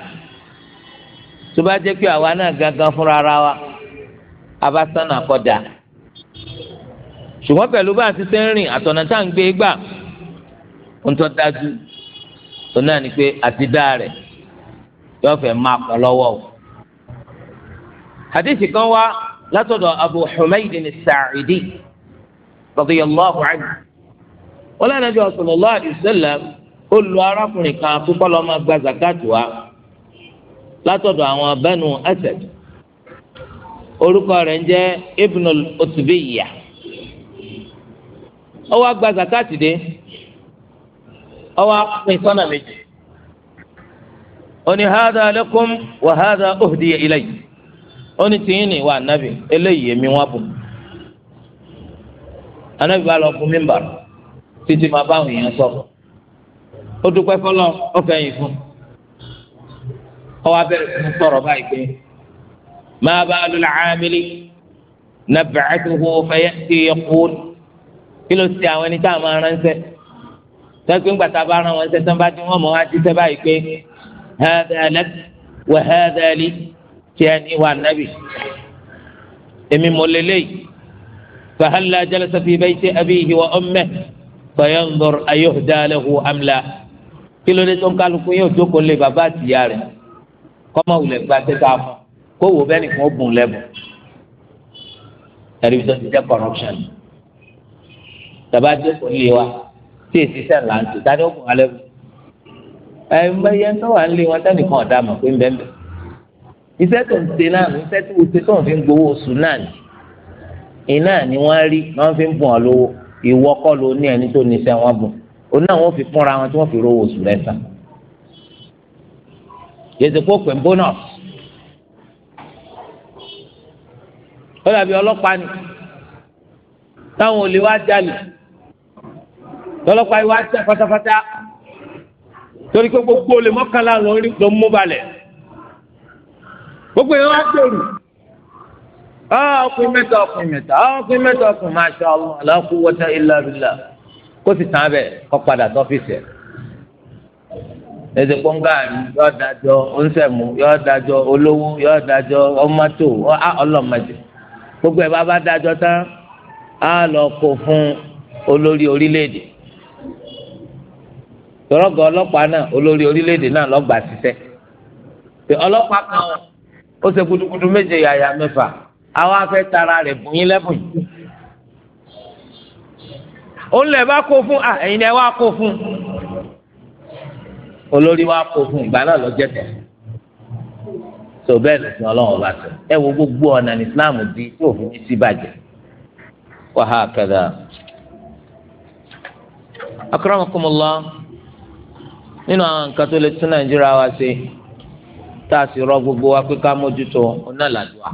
tó bá jẹ́ pé àwa náà gangan fúnra ara wa abasana kọdà ṣùgbọ́n pẹ̀lú bá a ti sẹ́ ń rìn àtọ̀nà tá à ń gbé gbà ń tọ́ dájú tó náà ni pé àti dá rẹ̀ yóò fẹ́ máa pọ̀ lọ́wọ́ o. hadith kan wá látọ̀dọ̀ abu ni sa'idi ó lu arákùnrin kan púpọ̀ lọ́ọ́ máa gba zakat wa látọ̀dọ̀ àwọn Banu Asad orúkọ rẹ̀ ń jẹ́ Ibn al ó wá gba zakat dé ó wá pín sọ́nà méjì ó ní hadha wa hadha uhdiya ilayya ó ní tìyín ní ìwà ànábì eléyìí lọ fún mímbà títí ó dúpẹ́ fọlọ́ ọ̀fẹ́ yìí fún ọwọ́ abẹ́rẹ́ fún sọ̀rọ̀ báyìí pé máa bá lul amili nab'athuhu fayati yaqul kí ló ti àwọn ẹni tá a máa ránṣẹ́ sẹ́kùn gbàtà bá rán wọn ṣe tán bá dín wọn mọ́ wá ti sẹ́ báyìí pé hadha lak wa hadha li tí a ní wà nábì èmi mọ̀ lélẹ́yìí fahalla jalasa fi bayti abihi wa ummihi fayanzur ayuhda lahu am la kí ló dé tó ń kálukú yóò jókòó lé bàbá àtìyá rẹ̀ kọ́mọ wulẹ̀ gba tẹ́tà fún kó wò bẹ́ẹ̀ nìkan ó bùn lẹ́bùn ẹ̀rí tó ti jẹ́ corruption bàbá jókòó lé wa tí èsì sẹ́ẹ̀ là ń tò tá ni ó bùn alẹ́ bùn ẹ̀ ń bẹ́ yẹn tó ń lé wọn tẹ́nìkan ọ̀dà mọ̀ pé ń iṣẹ́ tó ń ṣe náà iṣẹ́ tí o ṣe tó ń fi gbowó oṣù náà ni iná ni wọ́n rí wọ́n fi ń bùn ọ lówó ìwọ kọ́ ní ẹni tó ní iṣẹ́ wọn bùn òun náà wọ́n fi fúnra wọn tí wọ́n fi rówó oṣù rẹ̀ sàn yẹtù kó pè ń bónọ́s ó dàbí ọlọ́pàá ni táwọn olè wá jalè tọlọ́pàá yìí wá já fatafata torí pé gbogbo olè mọ́kànlá ló ń rí ló mú balẹ̀ gbogbo yẹn wá dèrò ọkùnrin mẹ́ta ọkùnrin mẹ́ta ọkùnrin mẹ́ta ọkùnrin masha Allah la quwwata illa kó sì tán abẹ kó padà sọ́fíìsì ẹ̀ ẹsẹ̀ pọ́ngàrí yọ dájọ́ oníṣẹ́mu yọ dájọ́ olówó yọ dájọ́ ọmọtò ọlọ́mọdé gbogbo ẹ̀ bá bá dájọ́ tán á lọ kó fún olórí orílẹ̀-èdè tọ́lọ́gà ọlọ́pàá náà olórí orílẹ̀-èdè náà lọ́gbà ṣiṣẹ́ pé ọlọ́pàá kan ó ṣe gudugudu méje yàyà mẹ́fà àwa fẹ́ tara rẹ̀ bùn yín lẹ́bùn yìí. òun lè bá kó fún à ẹ̀yin lè wá kó fún olórí wá kó fún ìgbà náà lọ́jọ́ tẹ̀ tó bẹ́ẹ̀ lè sin ọlọ́run ọba tó ẹ wo gbogbo ọ̀nà ní Islam di tí òfin ní sí bàjẹ́ wàhálà kẹdà akramakumullah nínú àwọn nǹkan tó lè tún Nàìjíríà wá sí tá a sì rọ gbogbo wa pé ká mójútó ọ̀nà làdùà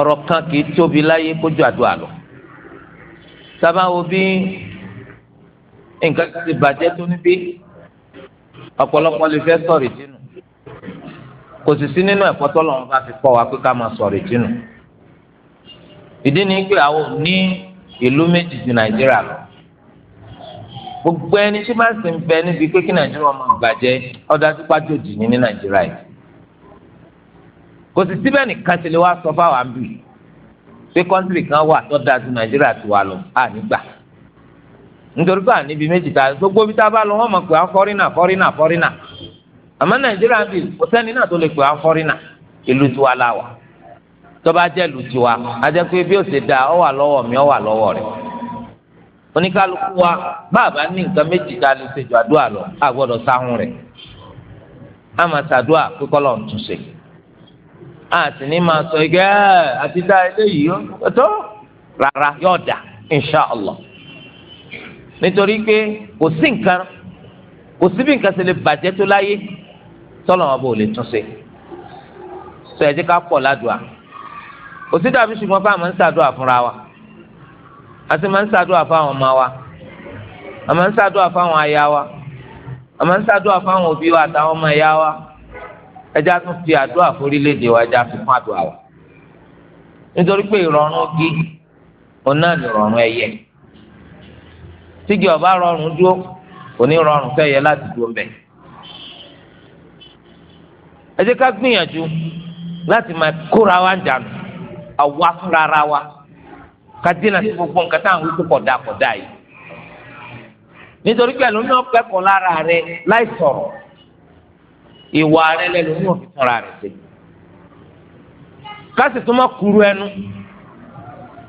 ọ̀rọ̀ kan kì í tóbi láyé kó ju àdúà lọ. sábàwo bí nǹkan ti bàjẹ́ tó níbí ọ̀pọ̀lọpọ̀ lè fẹ́ sọ̀rọ̀ ìdínú kò sì sí nínú ẹ̀kọ́ tọ́lọ́run bá fi kọ́ wa pé ká máa sọ̀rọ̀ ìdínú ìdí ni pé àwọn ò ní ìlú méjì ju nàìjíríà lọ gbogbo ẹni tí máa sì ń bẹ níbi pé kí nàìjíríà máa bàjẹ́ ọ̀dà tó pàjọ́jì ní ní nàìjíríà yìí kò sì síbẹ̀ nìkan ti lè wá sọ fáwọn àbí yìí pé kọ́ńtìrì kan wà tó da ju nàìjíríà ti wà lọ à nígbà nítorí pé mechita méjì ta gbogbo tá a bá lọ wọ́n mọ̀ pé á fọ́rínà fọ́rínà àmọ́ nàìjíríà bí kò sẹ́ni náà tó lè pè á ìlú tiwa la wà tọ́ba jẹ́ ìlú tiwa a jẹ́ pé bí ọ wà lọ́wọ́ mi ọ wà lọ́wọ́ rẹ̀ oníkálukú wa ní nǹkan méjì a ṣèjọ àdúrà àti ní máa sọ ike ẹ àti dá eléyìí tó rárá yóò dà inshàlá nítorí pé kò sí nǹkan kò sí bí nǹkan ṣe lè bàjẹ́ tó láyé tọ́lọ̀ wọn bò lè tún ṣe sọ ẹ jẹ́ ká pọ̀ ládùá kò sí dàbí ṣùgbọ́n fáwọn máa ń ṣàdúrà fúnra wa àti máa ń ṣàdúrà fáwọn ọmọ wa a ń ṣàdúrà fáwọn aya wa a ń ṣàdúrà fáwọn òbí wa àtàwọn ọmọ ẹ̀yà wa. ẹja tún fi àdúrà forílẹ̀-èdè wa ẹja fi fún àdúrà wa nítorí pé ìrọ̀rùn gí òun náà lè rọ̀rùn ẹyẹ tígi ọba rọrùn dúró kò rọrùn fẹ́yẹ láti dúró ẹ jẹ́ ká gbìyànjú láti máa kóra wa ń àwa fúnra ara wa ká dínà sí gbogbo nǹkan kọ̀dà kọ̀dà yìí nítorí pé ìwà rẹ lẹ́nu ní òfin tọ́ra rẹ̀ ṣe ká sì tún má kuru ẹnu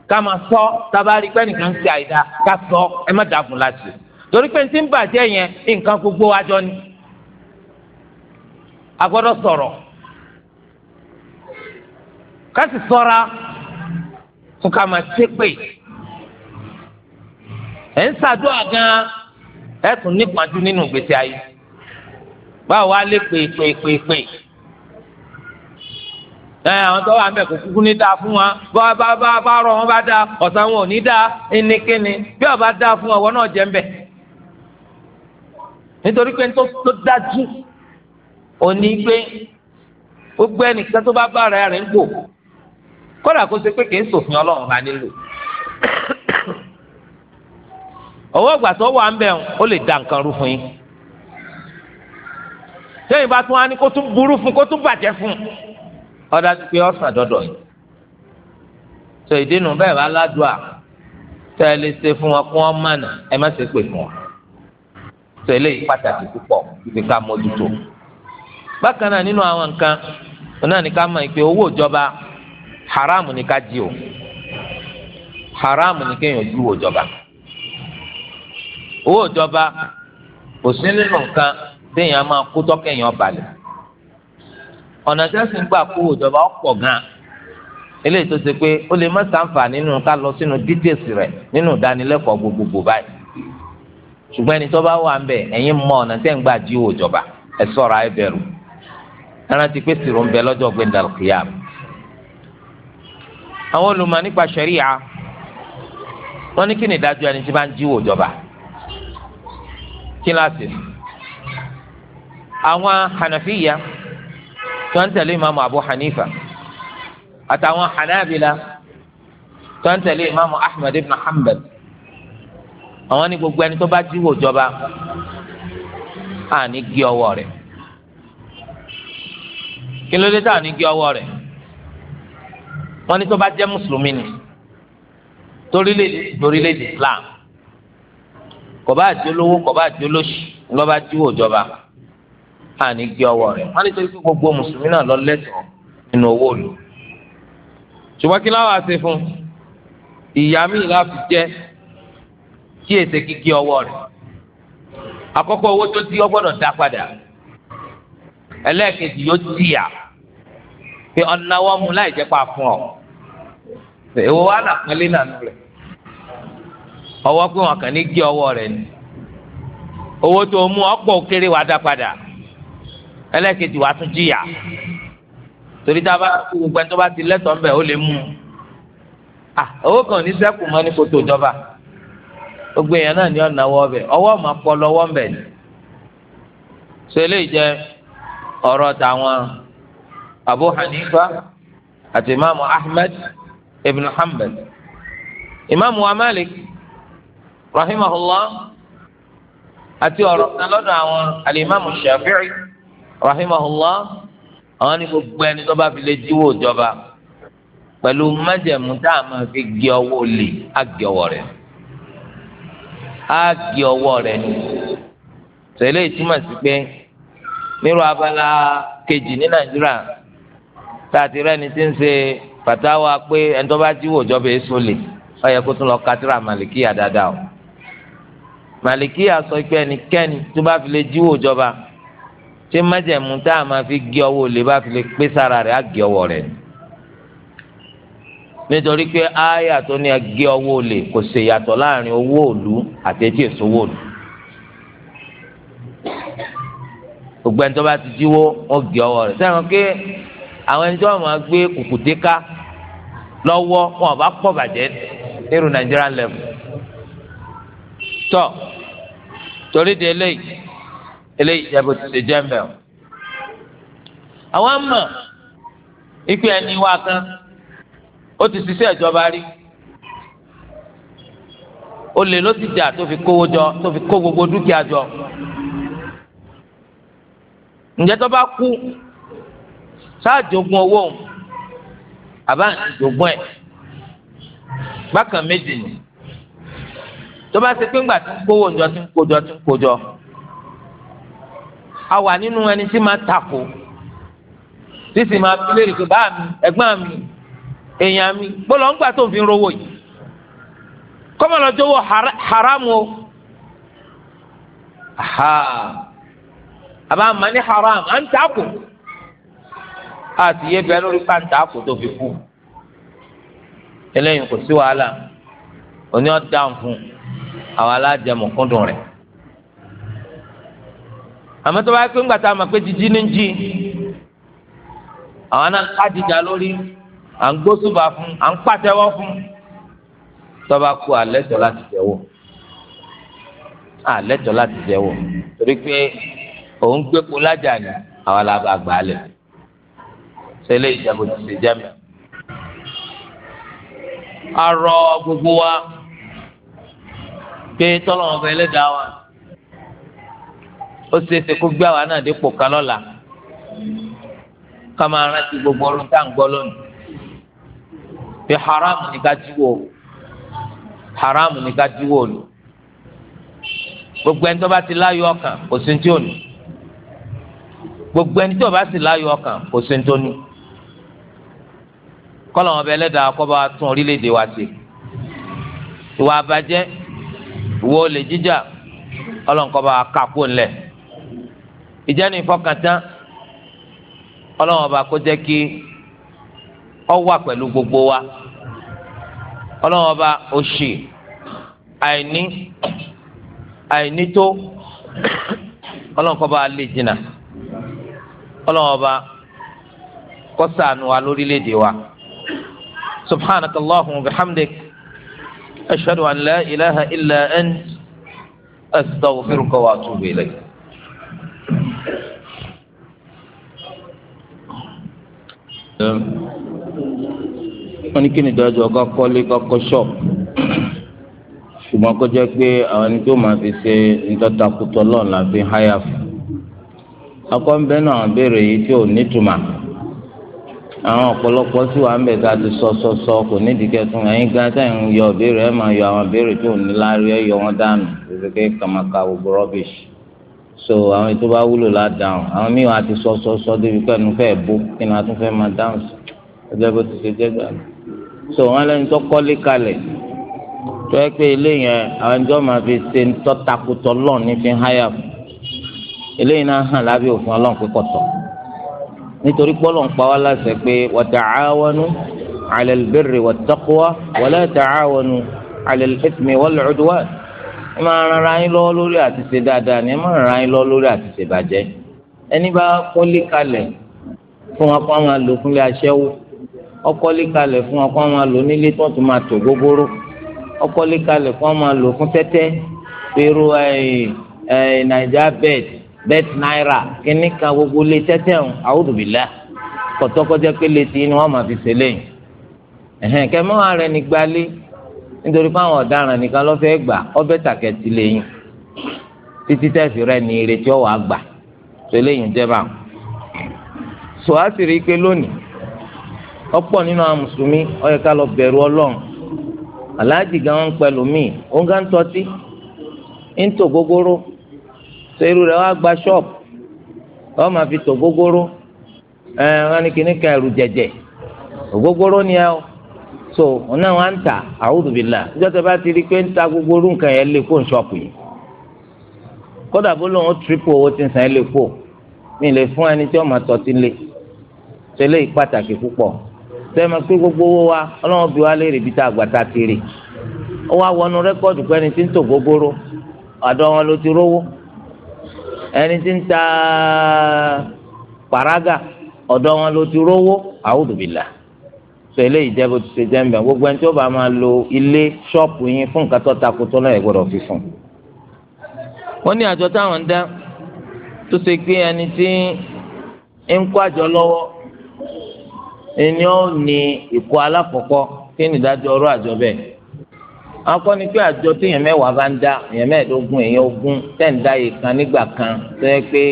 ká máa sọ tabari pé nìkan ń ṣe àìda ká sọ ẹ má dàgùn láti torí pé tí ń bàjẹ́ yẹn nǹkan gbogbo wa jọ ni a gbọ́dọ̀ sọ̀rọ̀ ká sì sọ́ra fún ká máa ṣépè ẹ̀ ń ṣàdúrà gan-an ẹ̀ tún nípàdú nínú ìgbésí ayé báwo wá lè pè pè pè pè ẹ àwọn tó wà mẹ́kọ̀ọ́ kúkú ní dáa fún wa bá bá bá bá rọ wọn bá dáa ọ̀sán wọn ò ní dáa ẹnikẹ́ni bí ọba dáa fún wa wọn náà jẹ́ ń bẹ̀ nítorí pé tó dájú òní gbé gbogbo ẹnìkan tó bá bá ara rẹ̀ ń gbò kódà kó ṣe pé kì í ṣòfin ọlọ́run bá nílò owó ìgbà tó wà ń bẹ̀ ó lè da nǹkan rú fún yín sẹ́yìn bá tún wá ní kó tún burú fún kó tún bàjẹ́ fún ọ̀dà tó pé ọ̀sán dọ́dọ̀ yìí tó ìdínú bẹ́ẹ̀ bá ládùá tẹ́ ẹ lè ṣe fún wọn kó wọ́n mànà ẹ má ṣe pè fún wọn tó eléyìí pàtàkì púpọ̀ ibi ká mójútó bákan náà nínú àwọn nǹkan náà ní ká mọ̀ pé owó ìjọba haram ní ká jí o haram ní kéèyàn jí ìjọba owó ìjọba kò sí nínú nǹkan béèyàn máa kó tọ́kẹ̀yàn balẹ̀ ọ̀nà tí wọ́n sì ń gbà kó ìjọba ọ̀pọ̀ gan-an eléyìí tó ṣe pé ó lè má sàǹfà nínú ká lọ sínú details rẹ̀ nínú ìdánilẹ́kọ̀ọ́ gbogbogbò báyìí ṣùgbọ́n ẹni tó bá wà ń bẹ̀ ẹ̀yin mọ ọ̀nà tẹ́ ń gbà jí owó ìjọba ẹ sọ̀rọ̀ ẹ bẹ̀rù ẹran ti pé sìrò ń bẹ lọ́jọ́ gbẹ̀ndàlù kìyàm. àwọn olùmọ̀ nípa ṣẹ̀ríà wọ́n ní kí ni ìdájọ́ ẹni tí bá ń jí owó ìjọba kí àwọn hanafiya tó ń tẹ̀lé imaamu abu hanifa àtàwọn hanabila tó ń tẹ̀lé imaamu ahmed ibn hanbal àwọn ní gbogbo ẹni tó bá jíwò jọba à ní gé ọwọ́ rẹ̀ kí ló dé tá à ní gé ọwọ́ rẹ̀ wọ́n ní tó bá jẹ́ mùsùlùmí ni torílẹ̀-èdè islam kò bá àjò lówó kò bá àjò lóṣù lọ́ba jíwò jọba. àní gé ọwọ rẹ̀ wọ́n nítorí pé gbogbo mùsùlùmí náà lọ lẹ́tọ̀ọ́ nínú owó ìlú. ṣùgbọ́n kí láwọn àṣẹ fún ìyá mi jẹ́ kí ètè kíkí ọwọ rẹ̀ àkọ́kọ́ owó tó ti ọgbọ́dọ̀ dá padà ẹlẹ́ẹ̀kejì yóò pé ọ̀nàwọ́ mu láì jẹ́ pa fún ọ èwo rẹ̀ ọwọ́ pé wọn kàn ní ọwọ́ rẹ̀ ni owó tó mú ọ̀pọ̀ kéré wàá dá padà ẹlẹ́kejì wàá tún jìyà torí tá a bá kú gbogbo ẹni tó bá ti lẹ́tọ̀ọ́ mbẹ́ ó lè mú un à owó kan ní sẹ́kù mọ́ ní kòtò ìjọba gbogbo èèyàn náà ní ọ̀nà ọwọ́ ọbẹ̀ ọwọ́ ọ̀mà pọ̀ lọ́wọ́ mbẹ̀ ni so eléyìí jẹ́ ọ̀rọ̀ tàwọn Abu Hanifa àti imaamu Ahmed ibn Hanbal imaamu wa Malik rahimahullah àti ọ̀rọ̀ kan àwọn alimami Shafi'i. rahimahullah àwọn ní gbogbo ẹni tó bá fi lè jíwó ìjọba pẹ̀lú májẹ̀mú tá a máa fi gé ọwọ́ lè á gé ọwọ́ rẹ̀ á gé ọwọ́ rẹ̀ ni tẹ̀lé ìtumọ̀ sí pé nírú abala kejì ní nàìjíríà tá a ti ń ṣe pé ẹni tó bá èso lè ó yẹ kó tún lọ kátìrà màlìkíyà dáadáa o màlìkíyà sọ pé ṣé májẹ̀mú tá a máa fi gé ọwọ́ olè bá fi lè pé sára rẹ̀ á gé ọwọ́ rẹ̀ nítorí pé ááyà tó ní agé ọwọ́ olè kò ṣe yàtọ̀ láàrin owó òlu àti etí èso owó òlu gbogbo ẹni tó bá ti jíwó ó gé ọwọ́ rẹ̀ sẹ́wọ̀n pé àwọn ẹni tó wà máa gbé kùkùté ká lọ́wọ́ wọn ò bá pọ̀ bàjẹ́ nírú Nigerian level tọ́ torí de eléyìí eléyìí jẹ́ bó ti ṣe jẹ́ mbẹ́ o. àwọn mọ̀ ikú ẹni wá kan ó ti ṣiṣẹ́ ìjọba rí olè ló ti jà tó fi kówó jọ tó fi kó gbogbo dúkìá jọ ǹjẹ́ tó bá kú sáà owó àbá jogún ẹ̀ bákan méjì ni tó bá ṣe pé ńgbà tí ń kówó jọ tí ń kó jọ tí ń kó jọ a wà nínú ẹni tí máa takò sísì máa fi pé báà mi ẹ̀gbọ́n mi èèyàn mi bọ́lá ń gbà tó ń fi rówó yìí kọ́mọ̀lọ́ jọ̀wọ́ haram o aha àbá mà ní haram à ń takò àti yé bẹ́ẹ̀ lórí pa ń takò tó fi kú eléyìí kò sí wàhálà oní dáhùn fún àwọn alájẹmọ̀ kúndùn rẹ̀ àmọ́ tó bá yẹ pé ńgbà tá a mọ̀ pé jíjí ní jí àwọn náà ń kájíjà lórí à ń gbósùbà fún à ń pàtẹ́wọ́ fún tó bá kú alẹ́ tọ́ láti jẹ́wọ́ alẹ́ láti jẹ́wọ́ torí pé òun gbẹ́kú lájà ni àwọn alábàá gbà á lẹ̀ sẹ́lẹ̀ ìjàgbọ́n ti ṣe jẹ́mi. arọ gbogbo wa pé tọ́lọ́mọba ẹlẹ́dàá wa ó ṣeéṣe kó gbé àwa náà dípò kan lọ́la ká máa rántí gbogbo ọdún tá à ń gbọ́ lónìí pé haram ni ká jíwò haram ni ká jíwò lò gbogbo ẹni tó bá ti láyọ̀ ọkàn kò sí tí ò ní gbogbo ẹni tó bá sì láyọ̀ ọkàn kò sí tó ní kọ́lọ̀ wọn bẹ lẹ́dàá kọ́ bá tún orílẹ̀-èdè wa ṣe ìwà àbàjẹ́ ìwọ olè jíjà ọlọ́nkọ́ bá kà kó ńlẹ̀ ìjánu ìfọkàntán ọlọ́wọ́n ọba kó jẹ́ kí ọ wà pẹ̀lú gbogbo wa ọlọ́wọ́n ọba òṣì àìní àìnító ọlọ́wọ́n kọ́ bá a lè jìnnà ọlọ́wọ́n ọba kó ṣàánú wa lórílẹ̀‐èdè wa subhanaka allahumma wa bihamdik ashhadu an la ilaha illa ant astaghfiruka wa atubu ilayk. wọ́n ní kí ni ìdájọ́ ọkọ̀ kọ́lé kọ́kọ́ shop ṣùgbọ́n kó jẹ́ pé àwọn ẹni tó máa fi ṣe ntọ́takùtọ̀ lọ́n la fi háyà fún ọkọ̀ náà béèrè tí ò nítumà àwọn ọ̀pọ̀lọpọ̀ ń bẹ̀ tá a ti sọ sọ sọ kò ẹ̀yin gan tẹ̀ ń yọ béèrè ẹ̀ máa yọ àwọn béèrè ní láárí ẹ̀ yọ wọn dànù so àwọn ètò bá wúlò la dáhùn àwọn míì wà á ti sọ sọ sọ débi pé ẹnu bó kí ni a tún fẹ́ máa dáhùn sí ẹgbẹ́ bó ti ṣe jẹ́ gbà so wọn lẹ́nu tó kọ́lé kalẹ̀ tó yẹ pé eléyìí àwọn ẹjọ́ máa fi ṣe tọ́takùtọ̀ lọ́ọ̀ ní fi háyà fún eléyìí náà hàn lábẹ́ òfin ọlọ́run pé kọ̀tọ̀ nítorí pé ọlọ́run pa wá láṣẹ pé wa ta'awanu 'ala al-birri wat-taqwa wa la ta'awanu 'ala al-ithmi wal ẹ máa ran ara yín lọ́wọ́ lórí àti ṣe dáadáa ni ẹ máa ran ara yín lọ́wọ́ lórí àti ṣe bàjẹ́ ẹni bá kọ́lé kalẹ̀ fún wọn kó máa lò fúnlé aṣẹ́wó ọkọ́lé kalẹ̀ fún wọn kó máa lò nílé tó tún máa tò gbogbooro ọkọ́lé kalẹ̀ fún wọn máa lò fún tẹ́tẹ́ pẹ̀rù naija bed bed naira kíní kan gbogbo lé tẹ́tẹ́ ọ̀hún àwòdùbílà kọ̀tọ́kọ́jẹ́ pé lè ti ni wọ́n máa fi ṣe lẹ́yìn ẹ̀hẹ̀n nítorí pé àwọn ọ̀daràn nìkan ló gbà ọbẹ̀ tàkẹ́tì lẹ́yìn títí tẹ̀sí rẹ̀ ní ìrètí ọ̀wọ́ àgbà tó lẹ́yìn jẹ́bà. sọ á sì rí i pé lónìí ọ̀pọ̀ nínú àwọn mùsùlùmí ó ká lọ bẹ̀rù ọlọ́run aláàjì gan ń pẹ̀lú gá ń tọ́tí ń tò gógóró irú wá gba ṣọ́ọ̀bù ọ máa fi tò gógóró ni ẹ o. so ọ̀nà wa ń tà a'udhu billah ìjọba bá ti rí i pé ń ta gbogbo orú nǹkan yẹn lè kó ṣọ́ọ̀pù yìí kódà bó lóun ó tripo owó ti ń san lè kó mi lè fún ẹni tí ọmọ tọ́ ti lé tẹ́lẹ̀ yìí pàtàkì púpọ̀ tẹ́lẹ̀ pé gbogbo owó wa ọlọ́run bí wa lè rí ibi tá a gbà tá a ti rè ó wá wọnú rẹ́kọ̀dù pé ẹni tí ń tò gbogbooro ọ̀dọ̀ wọn ló ti rówó ẹni tí ń ta pàrágà ọ̀dọ̀ wọn ló ti rówó a'udhu billah sọ eléyìí jẹ́ bó ti ṣe jẹ́ ń bẹ̀ gbogbo ẹni tí ó bá máa lo ilé ṣọ́ọ̀pù yín fún nǹkan tó takò tó náà ẹ̀ gbọ́dọ̀ fi fún un. wọ́n ní àjọ táwọn ń dá tó ṣe pé ẹni tí ń kó àjọ lọ́wọ́ ẹni ó ní ìkó alákọ̀ọ́kọ́ kí ni ìdájọ́ ọ̀rọ̀ àjọ bẹ́ẹ̀. akọ́ ni pé àjọ tí èèyàn mẹ́wàá bá ń dá èèyàn mẹ́ẹ̀ẹ́dógún èèyàn ogún tẹ̀ǹdá yìí kan nígbà kan tó yẹ pé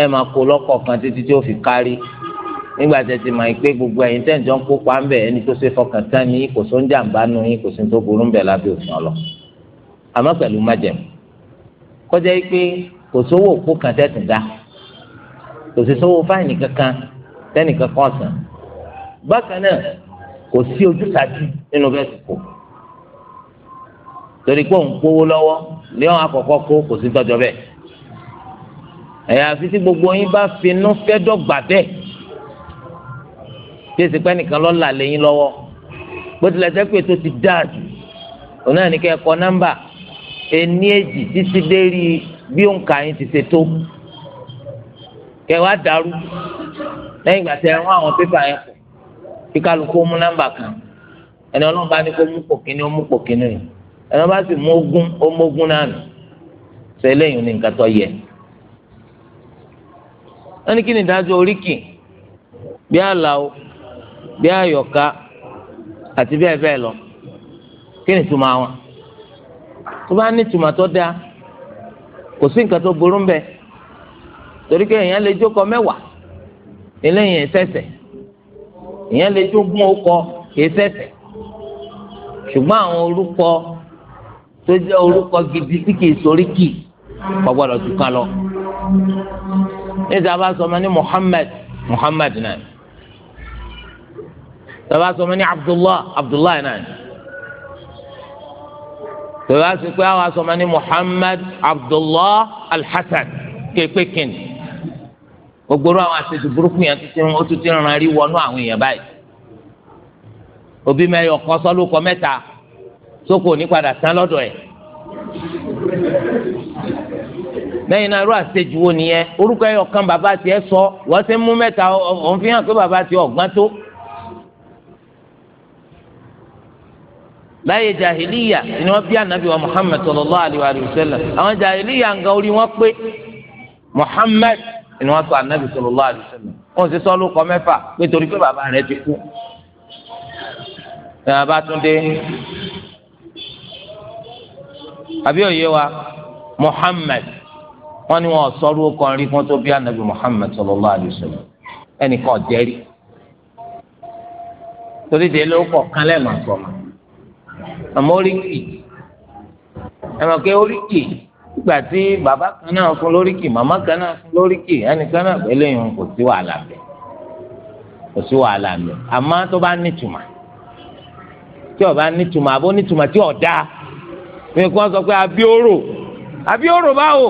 ẹ máa kó lọ́kọ̀ọ̀kan títí tí ó fi kárí nígbà tẹ ti máa pé gbogbo ẹ̀yin tẹ̀ ń jọ ń kópa ń bẹ̀ ẹni tó ṣe fọkàn tán ní kò só ń jàǹbá nu yín kò sí tó burú ń bẹ̀ lábẹ́ òfin ọlọ àmọ́ pẹ̀lú májẹ̀mú kọjá yìí pé kò sówó òkú kan tẹ̀sìn dá kò sí sówó fáìní kankan tẹ́nìkan kan sàn bákan náà kò sí ojútàjú nínú bẹ́ẹ̀ kò torí pé òun kówó lọ́wọ́ léwọn àkọ́kọ́ kó kò sí tọ́jọ́ bẹ́ẹ̀ ẹ̀yà kí èsì pẹ́ nìkan lọ́ là lẹ́yìn lọ́wọ́ bó tilẹ̀ jẹ́ pé tó ti dáa jù òun náà ní kẹ́ ẹ kọ nọ́mbà ení èjì títí dé rí bí òǹkà yín ti ṣe tó kẹ́ wá dàrú lẹ́yìn ìgbà tẹ́ ẹ rán àwọn pépà yẹn kù kí kálukú mú nọ́mbà kan ẹni ọlọ́run bá ní kó mú pòkínní ó mú pòkínní rẹ̀ ẹni wọ́n bá sì mú ogún ó mú ogún náà nù ṣe eléyìí ní nǹkan tó yẹ. wọ́n ní kí ni ìdájọ́ oríkì bí àlàó bí àyọ̀ká àti bẹ́ẹ̀ bẹ́ẹ̀ lọ kí ni ìtumọ̀ àwọn tó bá ní ìtumọ̀ tó dáa kò sí nǹkan tó burú mbẹ torí pé èèyàn lè jókòó mẹ́wàá eléyìí ẹ̀sẹ̀sẹ̀ èèyàn lè jókòó ọkọ ẹ̀sẹ̀sẹ̀ ṣùgbọ́n àwọn orúkọ tó jẹ́ orúkọ gidi tí kìí sórí kì kò gbọ́dọ̀ tún kan lọ. níta bá sọ ma ní Muhammad Muhammad náà tọ́ba sọ ma ní abdullah abdullah náà ni tọ́ba sọ pé àwọn sọ ma ní muhammad abdullah alhassan kéèpé kìnnì gbogbo àwọn àṣejù burúkú yẹn ti ń tún ti ràn rí wọnú àwọn èèyàn báyìí òbí mẹ́yọ̀ kọ́ sọ́lùkọ́ mẹ́ta sóko ní padà tán lọ́dọ̀ ẹ̀ lẹ́yìn náà irú àṣejù wo nìyẹn orúkọ ẹ̀yọ̀ kan bàbá tiẹ̀ sọ wọ́n ti ń mú mẹ́ta òun fi hàn pé bàbá tiẹ̀ ọ̀gbọ́n tó. láyé jahiliya ni wọn bí anabi wa muhammed sallallahu alayhi wa sallam àwọn jahiliya nga orí wọn pé muhammed ni wọn sọ anabi sallallahu alayhi wa sallam wọ́n sì sọ lóko mẹ́fà pé torí pé bàbá rẹ̀ ti kú bàbá tún dé àbí òye wa muhammed wọ́n ní wọ́n sọ lóko rí anabi muhammed sallallahu alayhi wa sallam ẹnì kan torí délé ó àmọ́ oríkì ẹ mọ̀ pé oríkì ìgbà tí bàbá kan náà fún lóríkì màmá kan náà fún lóríkì ẹnìkan náà pẹ̀lẹ́ yìí kò sí wàhálà bẹ̀ kò sí wàhálà bẹ̀ àmọ́ tó bá nítumọ̀ tí ó bá àbó nítumọ̀ tí ò dáa kí wọ́n sọ pé abioro abioro báwo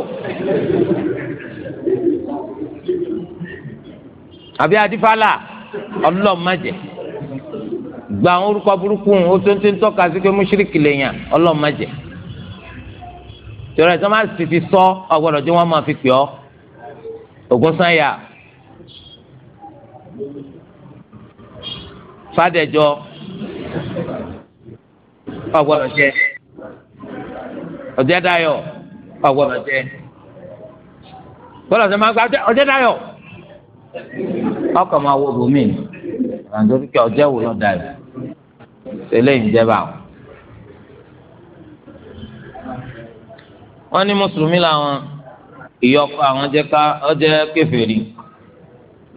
àbí adífálà ọlọ́mọdé gba àwọn orúkọ burúkú ń o tó ń ti ń tọ́ka sí pé fi sọ ọgbọ́dọ̀ tí wọ́n máa fi pè ọ́ ògùn sáyà fàdẹ̀jọ ọgbọ́dọ̀ jẹ ọgbọ́dọ̀ jẹ ma gba ọ̀jẹ̀dayọ̀ ọkọ̀ máa wọ bòmíì àdókè ọ̀jẹ̀ wò lọ́dà tẹ́lẹ̀ ń jẹba àwọn. wọ́n ní mùsùlùmí làwọn ìyọkọ àwọn jẹ́ ká ọjẹ kèfèrí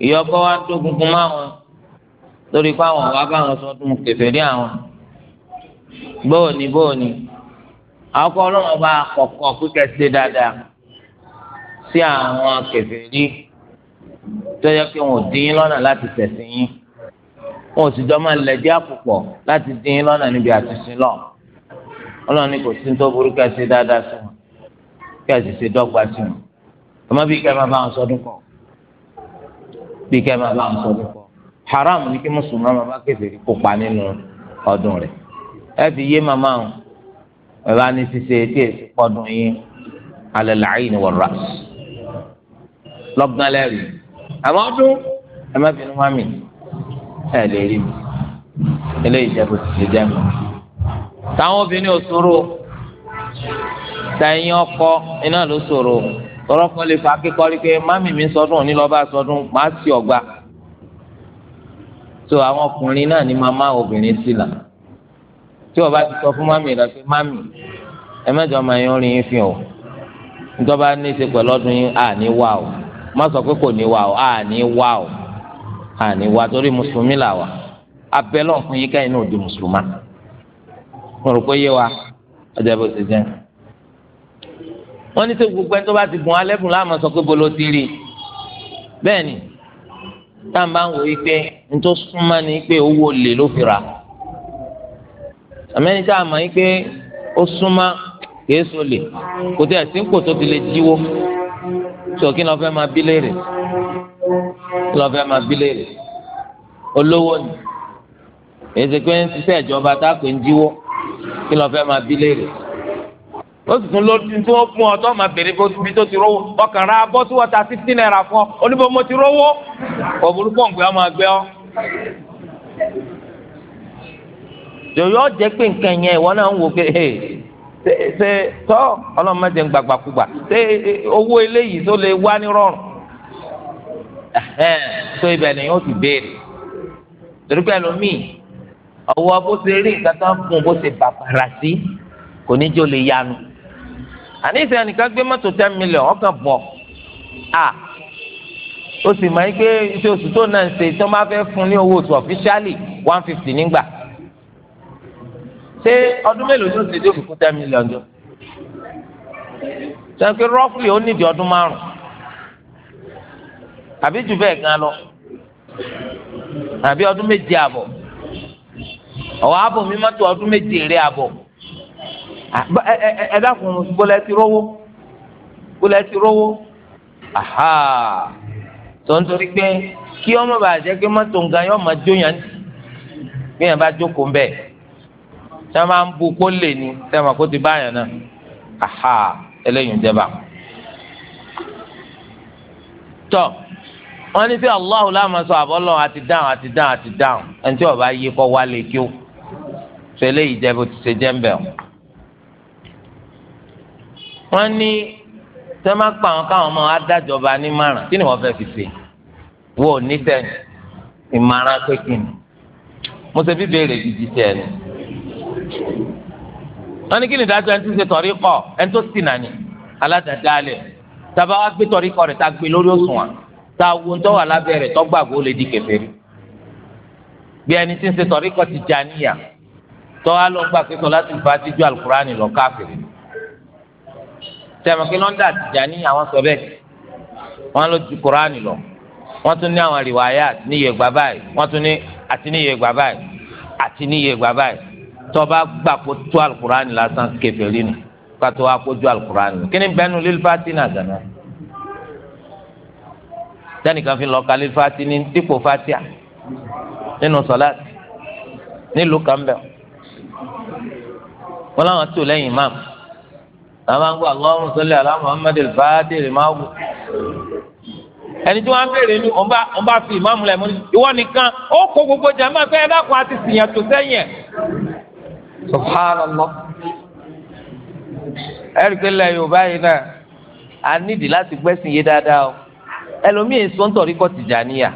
ìyọkọ wa tó gungun máwọn lórí pé àwọn wàá báwọn sọdún kèfèrí àwọn bóòní bóòní àwọn kọ Ọlọ́run ọba kọkọ pípẹ ṣe dáadáa sí àwọn kèfèrí tó yẹ kí wọn dín lọ́nà láti tẹsí yín wọn ò sì jọ máa lẹ̀dí àpòpọ̀ láti dín in lọ́nà níbi àtúnṣe lọ ọlọ́run ní kò sí tó burú kí a ṣe dáadáa sí wọn kí a sì ṣe dọ́gba sí wọn ọmọ bíi kẹ́ ẹ máa bá wọn sọdún kọ bíi kẹ́ ẹ máa bá wọn sọdún kọ haram ní kí mùsùlùmí máa bá kèfèrí kópa nínú ọdún rẹ̀ ẹ fi yé màmá wọn ẹ bá ní ṣíṣe tí èsì pọ́dún yín alẹ́ làáyìn wọ̀ rà lọ́gbọ́n lẹ́rìí ẹ lè rí mi eléyìí jẹ bó ti ṣe jẹ mi. táwọn obìnrin ò ṣòro tẹ̀yìn ọkọ iná ló ṣòro tọrọ lè fa kíkọ́ rí mami mi sọdún òní lọ́ba sọdún màá sì ọgbà. tó àwọn ọkùnrin náà ni màmá obìnrin sí là tí o ti sọ fún mami rẹ pé mami ẹ mẹjọ yín fi hàn nítorí ní í ṣe pẹ̀lú ọdún o má sọ pé kò ní o. àní wa torí mùsùlùmí là wà abẹ́lọ̀ fún yín káyìn náà di mùsùlùmá mo rò pé yé wa ọjà bó ṣe jẹ́ wọ́n ní sẹ́kù gbogbo ẹni tó bá ti gùn alẹ́ fún láàmú sọ pé bolo ti rí bẹ́ẹ̀ ni tá à ń bá ń wò yí pé nítorí súnmọ́ ni pé owó lè ló fi ra a mọ̀ yí pé ó súnmọ́ kìí lè kò tí ẹ̀ sí tó ti lè jíwó sọ kí ni wọ́n fẹ́ máa bí léèrè lọ́fẹ́ máa bí léèrè olówó ni èsì ń ṣiṣẹ́ ìjọba tá a pè ń jíwó kí lọ́fẹ́ máa bí léèrè ó sì tún lórí tí wọ́n fún ọ tó máa bèrè bí tó ti rówó ọkàn rà bọ́ sí wọ́ta fifteen naira fún ọ oníbo mo ti rówó òbúrúkọ̀ ń gbé ọ máa gbé ọ. jòyọ́ jẹ́ pé nǹkan yẹn ìwọ náà ń wò pé ṣe tọ́ ọlọ́mọdé ń gbàgbàkúgbà ṣe owó eléyìí tó lè wá ní rọrùn tó ibẹ̀ ni yóò ti béèrè torí pé ẹlòmíì ọwọ́ bó ṣe rí nǹkan tó ń fún bó ṣe bàbàrà sí kò ní jò lè yanu àní ìsẹ̀ nìkan gbé mọ́tò ten million ọkàn bọ̀ à ó sì máa ń gbé iṣẹ́ oṣù tó náà ń ṣe tó máa fẹ́ fún ní owó oṣù ọ̀fíṣálì one fifty nígbà ṣé ọdún mélòó ló ṣe dé òfin fún ten million jọ sọ pé rọ́fìlì ó nídìí ọdún márùn-ún àbí jù bẹ́ẹ̀ gan lọ àbí ọdún méje àbọ̀ ọ̀wọ́ àbọ̀ mi má tó ọdún méje rẹ àbọ̀ ẹ dákun gbọ́lá ẹ ti rówó gbọ́lá ẹ ti rówó aha tó ń torí pé kí ọmọ bàjẹ́ kí mọ́tò nǹkan yọ ọmọ jóyàn bí yẹn bá jókòó ń bẹ́ẹ̀ tí wọn máa ń bu kó lè ní tí wọn kó ti báyàn náà aha eléyìí ń jẹba. tọ́ wọ́n ní sí Allahu láàmú sọ àbọlọ àti dáhùn àti dáhùn àti dáhùn ẹni tí ọba yìí kọ wálé kí ó sọ eléyìí jẹ bó ti ṣe jẹ ń bẹ o. wọ́n ní tẹ má pa àwọn káwọn ọmọ adájọba ní márùn kí ni wọ́n fẹ́ẹ́ fi ṣe wo ní tẹnu ìmọ̀ràn pé ni mo ṣe bíbèrè gidi tẹ ni. wọ́n ní kí ni dájọ ẹni tí ń ṣe tọrí kọ ẹni tó sì nàní aládàáda alẹ tàbá wá gbé tọrí kọ rẹ tá a gbé lórí òṣùwọ̀n tá a wo ńtọ́ wà lábẹ́ rẹ̀ tọ́gbàgbọ́ lè di kèfèrí bí ẹni tí ń ṣe tọ̀ríkọ̀ Tìjàníyà tọ́ a lọ gbà pípọ̀ láti fà á ti ju alukurani lọ káfìrí tẹ̀mọ̀kí lọ́ńdà Tìjàníyà wọ́n sọ bẹ́ẹ̀ wọ́n lọ ju kurani lọ wọ́n tún ní àwọn àríwáyà níyè gbà báyìí wọ́n tún ní àti níyè gbà báyìí àti níyè gbà báyìí tọ́ gbà kó tó alukurani lásán kèfèrí ni kátó wá kó ju alukurani kí tẹnìkan fi lọ kalẹ̀ fati ní dípò fatia nínú sọláàtì nílùú kanbẹ wọn làwọn tó lẹ́yìn imam àwọn máa ń gbọ́ Allahumma salli ala Muhammad al-Fatih lè máa wù ẹni tí wọn béèrè ni wọn bá wọn bá fi imam lẹ mọ ìwọ nìkan ó kó gbogbo jẹ máa fẹ ẹ dákun àti sìyàn tó sẹ́yìn ẹ subhanallah ẹ rí i pé lẹ́yìn ò báyìí náà a nídìí láti gbẹ́sìn yé dáadáa o ẹlòmíì sọ ń tọ̀rí kọ́ Tìjàníyà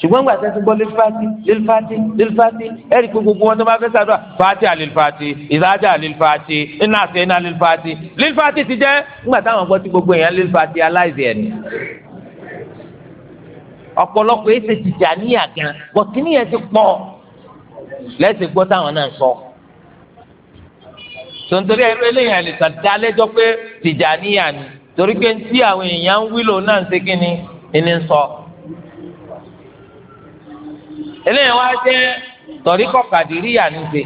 ṣùgbọ́n gbà tẹ́sí gbọ́ lilfati lilfati lilfati ẹ̀rí pé gbogbo wọn tó bá fẹ́ sàdúrà fati àlilfati ìdájà àlilfati iná àti iná lilfati lilfati ti jẹ́ nígbà táwọn gbọ́ tí gbogbo èèyàn lilfati aláìsí ẹ̀ ni. ọ̀pọ̀lọpọ̀ èsì Tìjàníyà gan bọ̀ kíní yẹn ti pọ̀ lẹ́sìn gbọ́ táwọn náà sọ. sọ̀ntorí ẹ̀rọ eléyàn lè torí pé tí àwọn èèyàn ń wílò náà ń ṣe kí ni ẹni ń sọ. eléyìí wá jẹ́ tọ̀ríkọ̀ kàdíríyà ní ṣe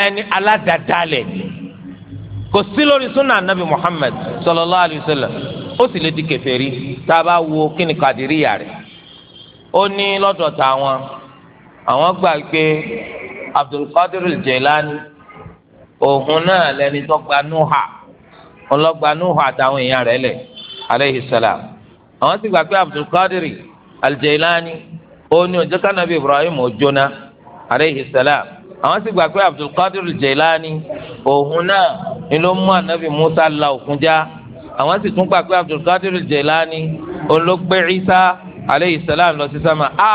ẹni aládàdalẹ̀ kò sí lórí súnà nabi Muhammad sallallahu alayhi wa sallam ó sì lè di kèfèrí tá a bá wo kí kàdíríyà rẹ̀ ó ní lọ́dọ̀ tàwọn àwọn gbà pé Abdul Qadir Jilani òun náà lẹni tó gba nuha. No ọlọ́gba nuhu àtàwọn èèyàn rẹ̀ lẹ̀ aleyhi salam àwọn sì gbà pé abdulkadir aljailani òun ni ọjọ́ kanabi ibrahim ojona aleyhi salam àwọn sì gbà pé abdulkadir aljailani òun náà ni ló mú anabi musa la òkun já àwọn sì tún gbà pé abdulkadir aljailani òun ló gbé isa aleyhi salam lọ sí sámà a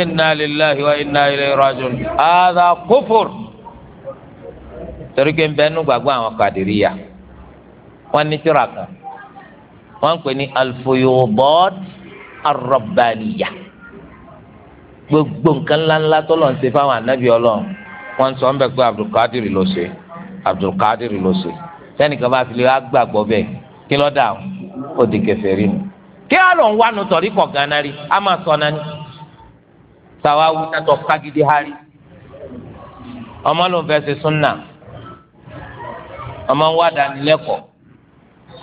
inna lillahi wa inna ilayhi rajiun hadha kufur torí pé ń bẹ́ẹ̀ nù gbàgbọ́ àwọn kàdìríyà wọ́n ní tíra kan wọ́n ń pè ní alfuyobot arọ̀bàníyà gbogbo nǹkan ńláńlá tó lọ́n ṣe fáwọn anábì ọlọ́run wọ́n sọ ń bẹ̀ pé abdulkadir ló ṣe abdulkadir ló ṣe sẹ́nìkan bá fi lè wá gbàgbọ́ bẹ́ẹ̀ kí ló dà ó di kèfèrí nù kí á lọ ń wá nu tọ̀rí kọ̀ gan rí a máa sọ náà ni wú nàtọ̀ kágídí hárí ọmọ ló súnà ọmọ ń wá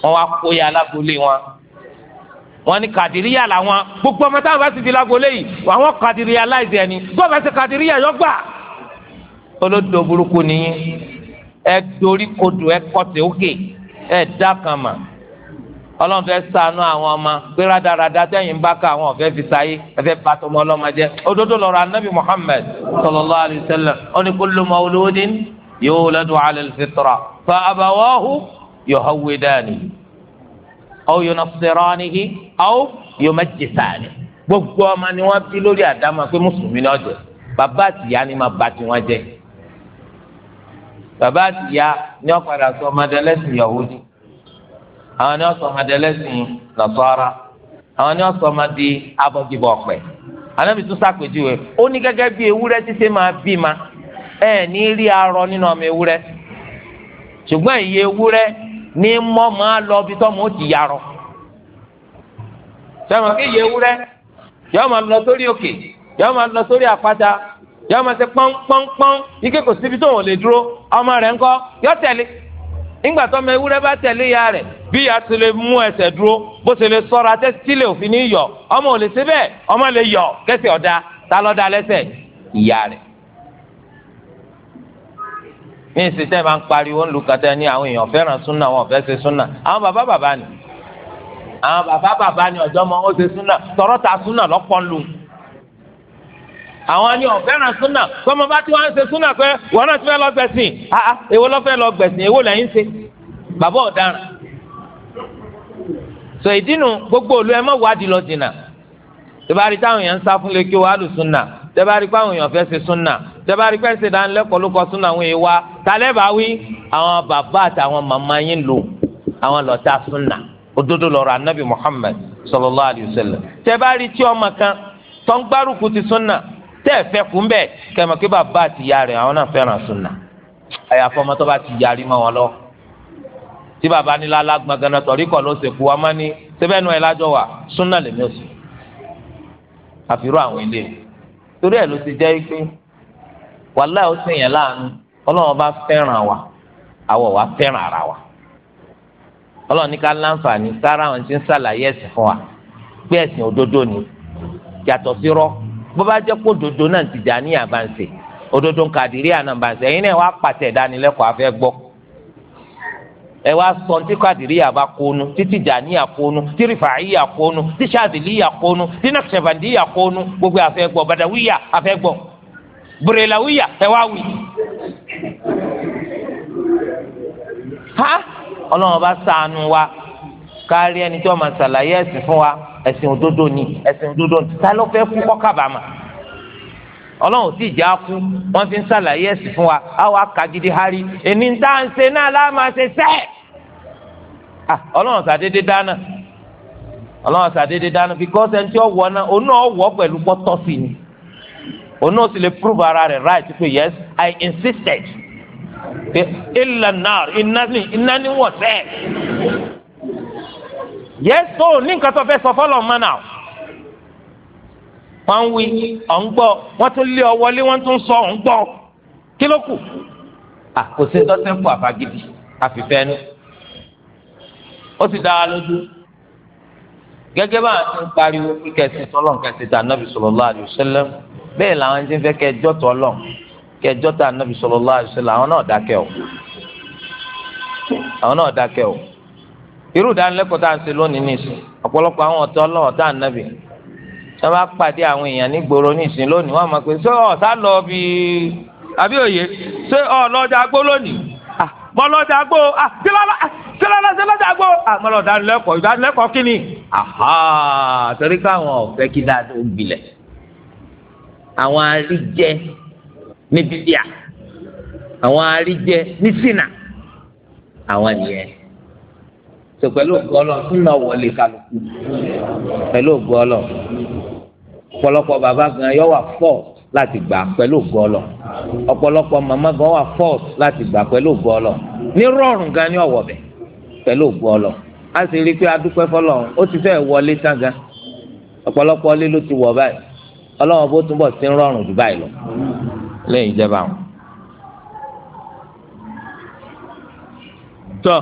wọ́n wá kóyà alágolé wọn wọ́n ní kàdíríyà làwọn gbogbo ọmọ táwọn bá sì fi lágolé yìí àwọn kàdíríyà láìsí ẹni tó bá sì kàdíríyà yọ gbà olódò burúkú nìyí ẹ dorí kodò ẹ kọtẹ òkè ẹ dá kan mà ọlọ́run fẹ́ ṣàánú àwọn ọmọ pé rádaràda tẹ̀yìn bá ka àwọn ọ̀fẹ́ fi ẹ̀fẹ́ bá tọmọ òdodo lọ́rọ̀ anabi muhammed sallallahu alaihi wasallam ó ní kullu mawludin yuladu fitra fa abawahu yuhawwidanihi aw yunasiranihi aw yumajjisanihi gbogbo ọmọ ni wọ́n bí lórí àdámọ̀ pé mùsùlùmí ni ọjọ́ bàbá àtìyá ni máa bá tiwọn jẹ́ bàbá àtìyá ni wọ́n padà sọ ọmọdé lẹ́sìn Yahudi àwọn ni wọ́n sọ ọmọdé lẹ́sìn Nasara àwọn ni wọ́n sọ ọmọdé abọgibọ ọpẹ anábì tún sàpèjúwe ó ní gẹ́gẹ́ bí ewúrẹ́ ti máa bí ma ẹ ní rí arọ nínú ọmọ ewúrẹ́ ṣùgbọ́n ìyẹ ewúrẹ́ ní mọ́ máa lọ bí tọ́ mọ́ ti yarọ. sọ́mọ kí iye ewúrẹ́ yọ́ọ́ máa lọ sórí òkè yọ́ọ́ máa lọ sórí àpáta yọ́ọ́ máa ṣe pọ́npọ́npọ́n ike kò síbi tó wọ́n lè dúró ọmọ rẹ̀ ńkọ́ yọ́ tẹ̀lé nígbà tó ọmọ ewúrẹ́ bá tẹ̀lé ya rẹ̀ bí ya ti lè mú ẹsẹ̀ dúró bó ṣe lè sọ̀rọ̀ àti tílẹ̀ òfin ní yọ ọmọ ò lè ṣe ọmọ lè yọ kẹsì ọ̀dà ta lọ́dà ìyá rẹ̀ ní ìsìtẹ́ máa ń pariwo ń lu kàtà ní àwọn èèyàn fẹ́ràn súnà wọn fẹ́ ṣe súnà àwọn bàbá bàbá ni àwọn bàbá bàbá ni ọjọ́ mọ ó ṣe súnà tọ̀rọ̀ ta súnà lọ́pọ̀ lu àwọn ni ọ̀fẹ́ràn súnà pẹ́mọ bá tí wọ́n ń ṣe súnà pé wọ́n náà ti fẹ́ lọ gbẹ̀sìn àá ah, ah, èwo lọ́fẹ́ lọ gbẹ̀sìn èwo lẹ́yìn ṣe bàbá ọ̀daràn sọ ìdínú gbogbo òlu ẹ mọ̀ wádìí lọ dìnnà tẹ́bárí táwọn èèyàn ń sá fún lè kí wàá lù súnà tẹ́bárí pé èèyàn fẹ́ ṣe súnà tẹ́bárí pẹ́ ṣe dánilẹ́kọ̀ọ́ ló kọ sún àwọn ìwà tálẹ́ bá wí àwọn bàbá àtàwọn màmá yín lò àwọn lọ́tà súnà òdodo lọ́rọ̀ anabi Muhammad sallallahu alayhi wa sallam tẹ́bárí tí ọmọ kan tó ń gbárùkù ti súnà tẹ́ ẹ fẹ́ kú bẹ́ẹ̀ kẹmọ kí bàbá àti ìyá rẹ̀ àwọn náà fẹ́ràn súnà àyàfọ́ ọmọ tó bá ti yarí mọ́ wọn lọ tí bàbá ní lálá gbọ̀ngànà wàláì ó sì yàn láàánú ọlọ́run bá fẹ́ràn wa àwọ̀ wa fẹ́ràn ara wa ọlọ́run ní ká láǹfààní sára àwọn tí ń ṣàlàyé ẹ̀sìn fún wa pé ẹ̀sìn òdodo ni yàtọ̀ sí rọ́ bó bá jẹ́ kó òdodo náà ti dà ní àbáǹsẹ̀ òdodo ń kàdírí ànàbàǹsẹ̀ ẹ̀yin náà wàá pàtẹ ìdánilẹ́kọ̀ọ́ afẹ́ gbọ́ ẹ wá sọ tí kàdírí àbá kónú tí tìjàní àkónú tí rìfàáyí àkónú tí sàdìlí àkónú tí nàkṣẹ̀bàndí àkónú gbogbo afẹ́ bàdàwíyà afẹ́ bùrẹ̀láwìyà ẹ wá wí. ha ọlọ́run bá ṣàánú wa kárí ẹni tí wọ́n máa ṣàlàyé ẹ̀sìn fún wa ẹ̀sìn òdodo ni ẹ̀sìn òdodo ni ta ló fẹ́ kú kọ́ kábàámà ọlọ́run sì já kú wọ́n fi ń ṣàlàyé ẹ̀sìn fún wa á wá kagidi hari ẹni ń tá à ń ṣe náà láàmà ṣe sẹ́ẹ̀ ọlọ́run ṣàdédé dáná ọlọ́run ṣàdédé dáná bíkọ́sẹ̀ ń tí ọ̀wọ́ náà òun náà wọ̀ pẹ̀lú pọ́tọ́sì ni. òun náà sì lè prove ara rẹ̀ right pé yes i insisted pé ilẹ̀ náà iná ni wọ́n sẹ́ yes o ní nǹkan tó fẹ́ sọ fọlọ́ mọ́ náà wọ́n ń wí ọ̀ ń gbọ́ wọ́n tún lé ọ wọlé wọ́n tún sọ ọ̀ ń gbọ́ kí ló kù kò sí dọ́sẹ̀kù àfagídí àfìfẹ́nu ó sì dá wa lójú gẹ́gẹ́ bá a ti ń pariwo kíkẹ́ sí sọ́lọ́ nǹkan nàbì sallallahu alaihi bẹ́ẹ̀ làwọn ti ń fẹ́ kẹ́ ẹjọ́ tọ́ lọ kẹ́ ẹjọ́ tà nàbì sallallahu alaihi wasallam àwọn náà dákẹ́ o àwọn náà dákẹ́ o irú ìdánilẹ́kọ̀ọ́ tá à ń ṣe lónìí nìsín ọ̀pọ̀lọpọ̀ àwọn ọ̀tọ́ ọlọ́wọ́ tá à ń nàbì wọ́n bá pàdé àwọn èèyàn nígboro nìsín lónìí wọ́n máa pè ṣé ọ̀sá lọ bí àbí òye ṣé ọlọ́dà gbó lónìí mọ́lọ́dà gbó sílọ́lá sílọ́dà gbó mọ́lọ́dà lẹ́kọ̀ọ́ ìdánilẹ́kọ̀ọ́ kínni. àhà torí káwọn ọ̀fẹ́ kí dáadọ́ gbilẹ̀ àwọn àríjẹ ní bíbíà àwọn àríjẹ ní sínà àwọn nìyẹn tó pẹ̀lú ògbọ́lọ̀ súnà wọlé kálukú pẹ̀lú ògbọ́lọ̀ ọ̀pọ̀lọpọ̀ bàbá gan yọ wà fọ́ọ̀t láti gbà pẹ̀lú ògbọ́lọ̀ ọ̀pọ̀lọpọ̀ màmá gan wà fọ́ọ̀t láti gbà pẹ̀lú ògbọ́lọ̀ ní rọrùn gan ni ọ̀wọ̀ bẹ̀ pẹ̀lú ògbọ́lọ̀ a sì rí i pé adúpẹ́ fọlọ́run ó ti fẹ́ wọlé tán gan ọ̀pọ̀lọpọ̀ lé ti wọ̀ báyìí ọlọ́wọ́n bó túnbọ̀ sí rọrùn jù báyìí lọ lẹ́yìn ìjẹba wọn. tọ́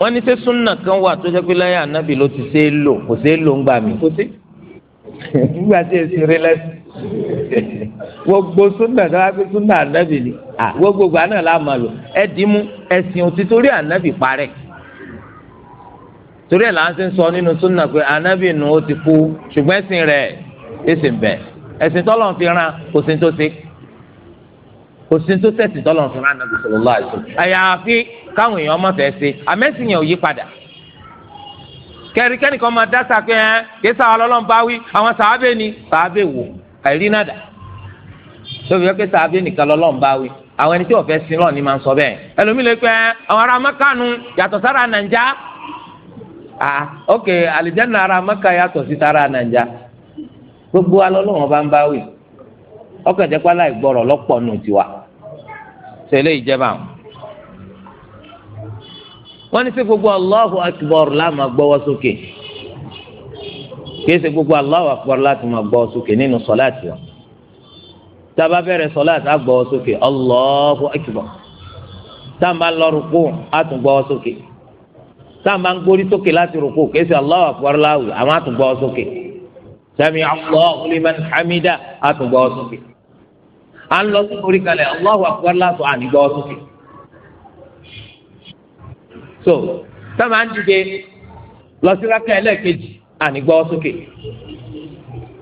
wọ́n ní ṣé súnà kan wà tó jẹ́ pé láyé ànábì ló ti ṣe é lò kò ṣe é lò ń gbà mí. kò sí nígbà tí èsì rí lẹ́sìn gbogbo súnà náà wáá súnà ànábì ni gbogbo gbà náà láà máa lò ẹ dìímú ẹ̀sìn òtítọ́ rí ànábì parẹ́ torí ẹ̀ là ń sẹ́ sọ nínú súnà pé anábì nù ó ti kú ṣùgbọ́n ẹ̀sìn rẹ̀ ẹ̀sìn bẹ̀ ẹ̀sìn tọ́lọ̀ fi ran kò sí tó ṣe kò sí tó sẹ̀sìn tọ́lọ̀ fi ran anábì sallallahu alaihi wasallam àyàfi káwọn èèyàn má fẹ́ ṣe àmẹ́sìn yẹn ò yí padà kẹ́ríkẹ́nì kan máa dá sàkẹ́ ẹ́ kí sàwọn ọlọ́run bá wí àwọn sàábẹ́ ni sàábẹ́ wò àìrí náà dà tóbi wọ́n pé sàábẹ́ nìkan lọ́lọ́run bá wí àwọn ẹni tí wọ́n fẹ́ sin lọ́ọ̀ ni máa ń sọ bẹ́ẹ̀ ẹlòmíì lè àwọn ará mẹ́kànnù yàtọ̀ sára nàìjíríà ah ok àlìjáná ara maka yàtọ̀ sí tara nàìjà gbogbo alọ́lọ́wọ́n bá ń bá wì ọkàn jẹ́ pálá lọ́pọ̀ nù tiwa tẹ̀lé ìjẹba gbogbo Allahu akbar sókè gbogbo Allahu akbar láti ma gbọ́wọ́ sókè nínú sọ́láàtì wọn tába bẹ̀rẹ̀ sọ́láàtì á sókè Allahu akbar sáà máa ń gbórí sókè láti rúkú kéésì Allahu akbar láwù àwọn àtúgbọ́ sókè sami Allahu liman hamida àtúgbọ́ sókè à ń lọ sí orí kalẹ̀ Allahu akbar láwù ànígbọ́ sókè. so sáà máa ń dìde lọ sí rákà ẹlẹ́ẹ̀kejì ànígbọ́ sókè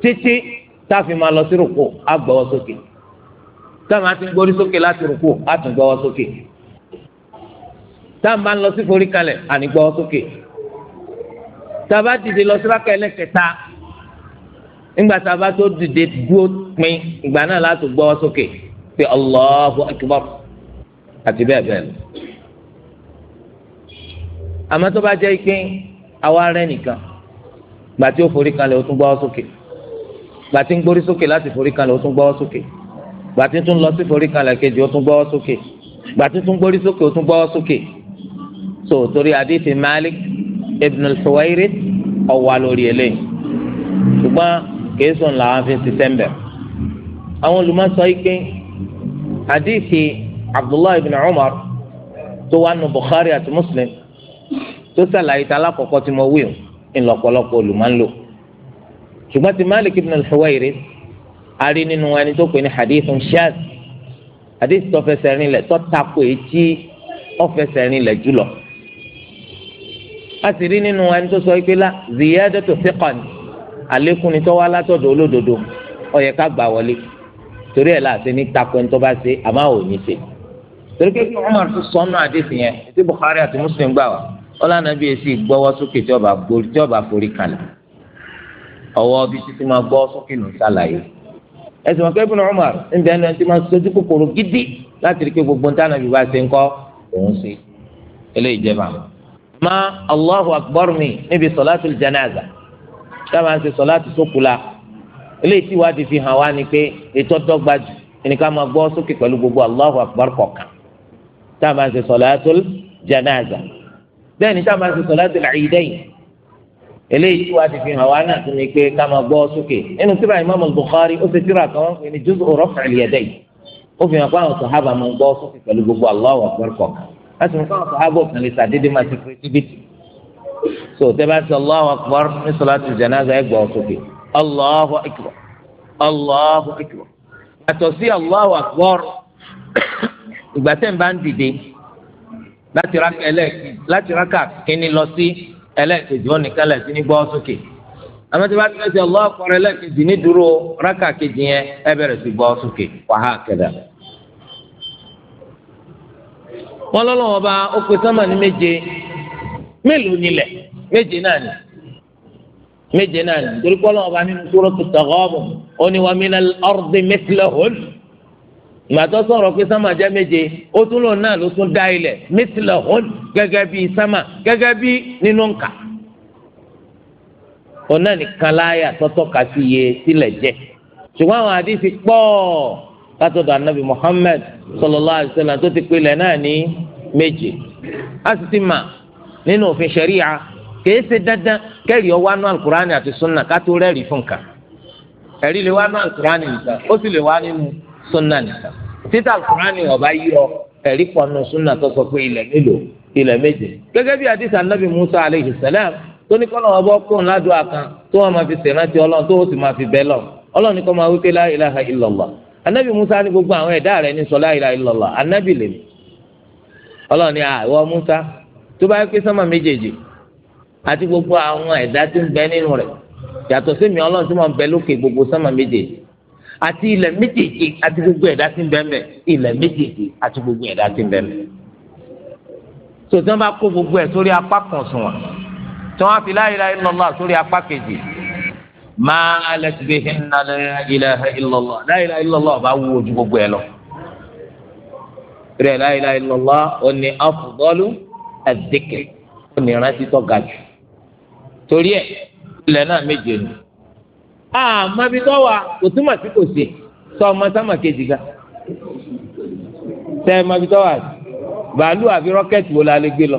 títí táàfin máa lọ sí rúkú àgbọ́ sókè sáà máa ti ń gbórí sókè láti rúkú àtúgbọ́ sókè tá a máa ń lọ sí forí kalẹ̀ ànígbọ́ sókè tá a bá dìde lọ sí rákà ẹlẹ́kẹta nígbà tá a bá tó dìde dúró pin ìgbà náà láti gbọ́ sókè pé Allahu Akbar àti bẹ́ẹ̀ bẹ́ẹ̀ lọ. àmọ́ tó bá jẹ́ pé àwa rẹ̀ nìkan gbà tí ó forí kalẹ̀ ó tún gbọ́ sókè gbà tí ń gbórí sókè láti forí kalẹ̀ ó tún gbọ́ sókè gbà tí tún lọ sí forí kalẹ̀ kejì ó tún gbọ́ sókè gbà tí tún gbórí sókè ó tún gbọ́ sókè so torí hadithi Malik ibn al-Huwayrith ọ̀wà lórí eléyìí ṣùgbọ́n kẹsàn-án làwọn fi ń ṣiṣẹ́ ń bẹ̀. àwọn olùmọ̀sọ ike hadithi Abdullahi ibn Umar tó wà nù Bukhari àti Muslim tó sàlàyé tá alákọ̀ọ́kọ́ tí mo wí o ńlọ́pọ̀lọpọ̀ olùmọ̀lò ṣùgbọ́n ti Malik ibn al-Huwayrith ari nínú ẹni tó pè ní hadithun shaz hadith tó fẹsẹ̀ rinlẹ̀ tó tako èyí tí rinlẹ̀ jùlọ a sì rí nínú ẹni tó sọ pé la ziyadatu thiqan ni àlékún ni tó wá látọ̀dọ̀ olódodo ó yẹ ká gbà wọlé torí ẹ̀ láti ní takò ní tó bá ṣe àmọ́ ò ní ṣe torí pé Umar tó sọ ọ́nà àdéhùn yẹn tí Bukhari àti Muslim gbà wá ọlànà bíi èsì gbọ́wọ́ sókè tí ọba gbórí tí ọba forí kalẹ̀ ọwọ́ bíi títí máa gbọ́ sókè nù sálàyé ẹsùn wọn kẹ́bùn Umar níbi ẹni tí máa sojú kòkòrò gidi láti rí pé gbogbo ntànà bíi bá ṣe ń òun ṣe eléyìí jẹ́ bàmọ́ má allahu akbar mi níbi sọláàtù janaza sábà ń ṣe sọláàtù sókùlà eléyìí tí wàá ti fi hàn wá ni pé ètò dọ́gba jù ẹnìkan máa gbọ́ sókè pẹ̀lú gbogbo allahu akbar kọ̀ọ̀kan sábà ń ṣe sọláàtù janaza bẹ́ẹ̀ ni sábà ń ṣe sọláàtù ìdẹ́yìn eléyìí tí wàá ti fi hàn wá náà tún ni pé ká máa gbọ́ sókè nínú tíra imam bukhari ó ṣe tíra kan ní juz'u raf'il yadayn ó fi hàn pé àwọn sàhábà láti mú káwọn sàhábọ̀ kan lè sàdédé máa ti kírẹ́tìbìtì so tẹ́lá ti Allahu akbar ní sọláàtì jẹnáza ẹ̀ gbọ́ sókè Allahu akbar Allahu akbar yàtọ̀ sí Allahu akbar ìgbà tẹ́ ń bá ń dìde láti rákà kínní lọ sí ẹlẹ́ẹ̀kejì wọn nìkan lẹ̀ sí ní gbọ́ sókè àmọ́ tí ti fẹ́ sẹ́ Allahu ẹlẹ́ẹ̀kejì ní dúró rákà kejì yẹn ẹ bẹ̀rẹ̀ sí gbọ́ sókè wàhálà kẹdà wọn lọ́lọ́wọ́n bá ó pe sánmà ní méje mélòó nílẹ̀ méje náà ni méje náà ni torí pé ọlọ́wọ́n bá nínú Suratu Taghabun ó ní wa minal ardi mithlahun gbàtọ́ sọ̀rọ̀ pé sámà jẹ́ méje ó tún lò náà ló tún dá ilẹ̀ mísìlẹ̀ hón gẹ́gẹ́ bíi sámà gẹ́gẹ́ bíi nínú nkà. òun náà nìkan láyà tọ́tọ́ ka sí sílẹ̀ jẹ́ ṣùgbọ́n àwọn àdìsí pọ̀ látọ̀dọ̀ anabi muhammed sallallahu alaihi wasallam tó ti pilẹ̀ náà ní méje a sì ti mà nínú òfin ṣẹ̀ríà kìí ṣe dandan kẹ́rì ọwọ́ anú alukurani àti sunna ká tó fún nǹkan ẹ̀rí lè wá nú alukurani nìkan ó sì lè wá nínú sunna nìkan títà alukurani ọba yíyọ ẹ̀rí sunna tó sọ pé ilẹ̀ mélòó ilẹ̀ méje gẹ́gẹ́ bí musa aleyhi salam tó ní kọ́nà ọba fi ọlọ́run tó fi bẹ́ lọ ọlọ́run ní kọ́ máa anabi musa ní gbogbo àwọn ẹ̀dá rẹ̀ ní sọlá ìlà ìlọlọ anabi lè mi ọlọ́run ní àìwọ musa tó bá pé sánmà méjèèjì àti gbogbo àwọn ẹ̀dá tó ń bẹ nínú rẹ̀ yàtọ̀ sí mi ọlọ́run tó máa ń bẹ lókè gbogbo sánmà méjèèjì àti ilẹ̀ méjèèjì àti gbogbo ẹ̀dá tí ń bẹ ńbẹ̀ ilẹ̀ méjèèjì àti gbogbo ẹ̀dá tí ń bẹ ńbẹ̀ tòtí wọn bá kó gbogbo ẹ̀ sórí apá kan sùn wọn tí wọn fi la ilaha illallah sórí apá kejì máa lẹsibí hinna ilaha illallah la ilaha illallah ọba wú ojú gbogbo ẹ lọ rẹ la ilaha illallah ó ní afdalu adh-dhikr ó ní ìrántí tó ga jù torí ẹ ilẹ̀ náà méje ni àmọ́ bí tó wà kò túmọ̀ sí kò sí sọ ọmọ sámà kejì ga tẹ ẹ bàálù àbí rọ́kẹ́tì wo la lè gbé lọ.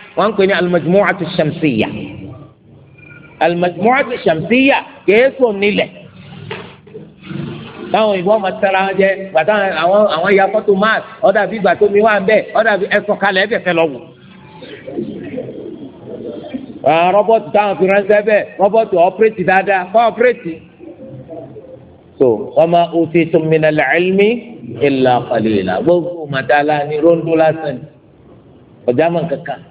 wọ́n ń pè ní al-majmu'atu ash-shamsiyya al-majmu'atu ash-shamsiyya kìí sùn nílẹ̀ táwọn òyìnbó ọmọ tẹ́ra wọn jẹ gbàtà àwọn àwọn ya fọ́tò máàs ọ̀dà bíi gbàtó mi wà bẹ́ẹ̀ ọ̀dà bíi ẹ̀sùn kalẹ̀ ẹ̀fẹ̀ fẹ́ lọ wù. rọ́bọ̀tì táwọn fi ránṣẹ́ bẹ́ẹ̀ rọ́bọ̀tì ọ̀pẹ́rẹ́tì dáadáa fọ́ ọ̀pẹ́rẹ́tì. so wa ma utitum minal ilmi illa qalila gbogbo màdàlá ni rondo lásán ọ̀já kankan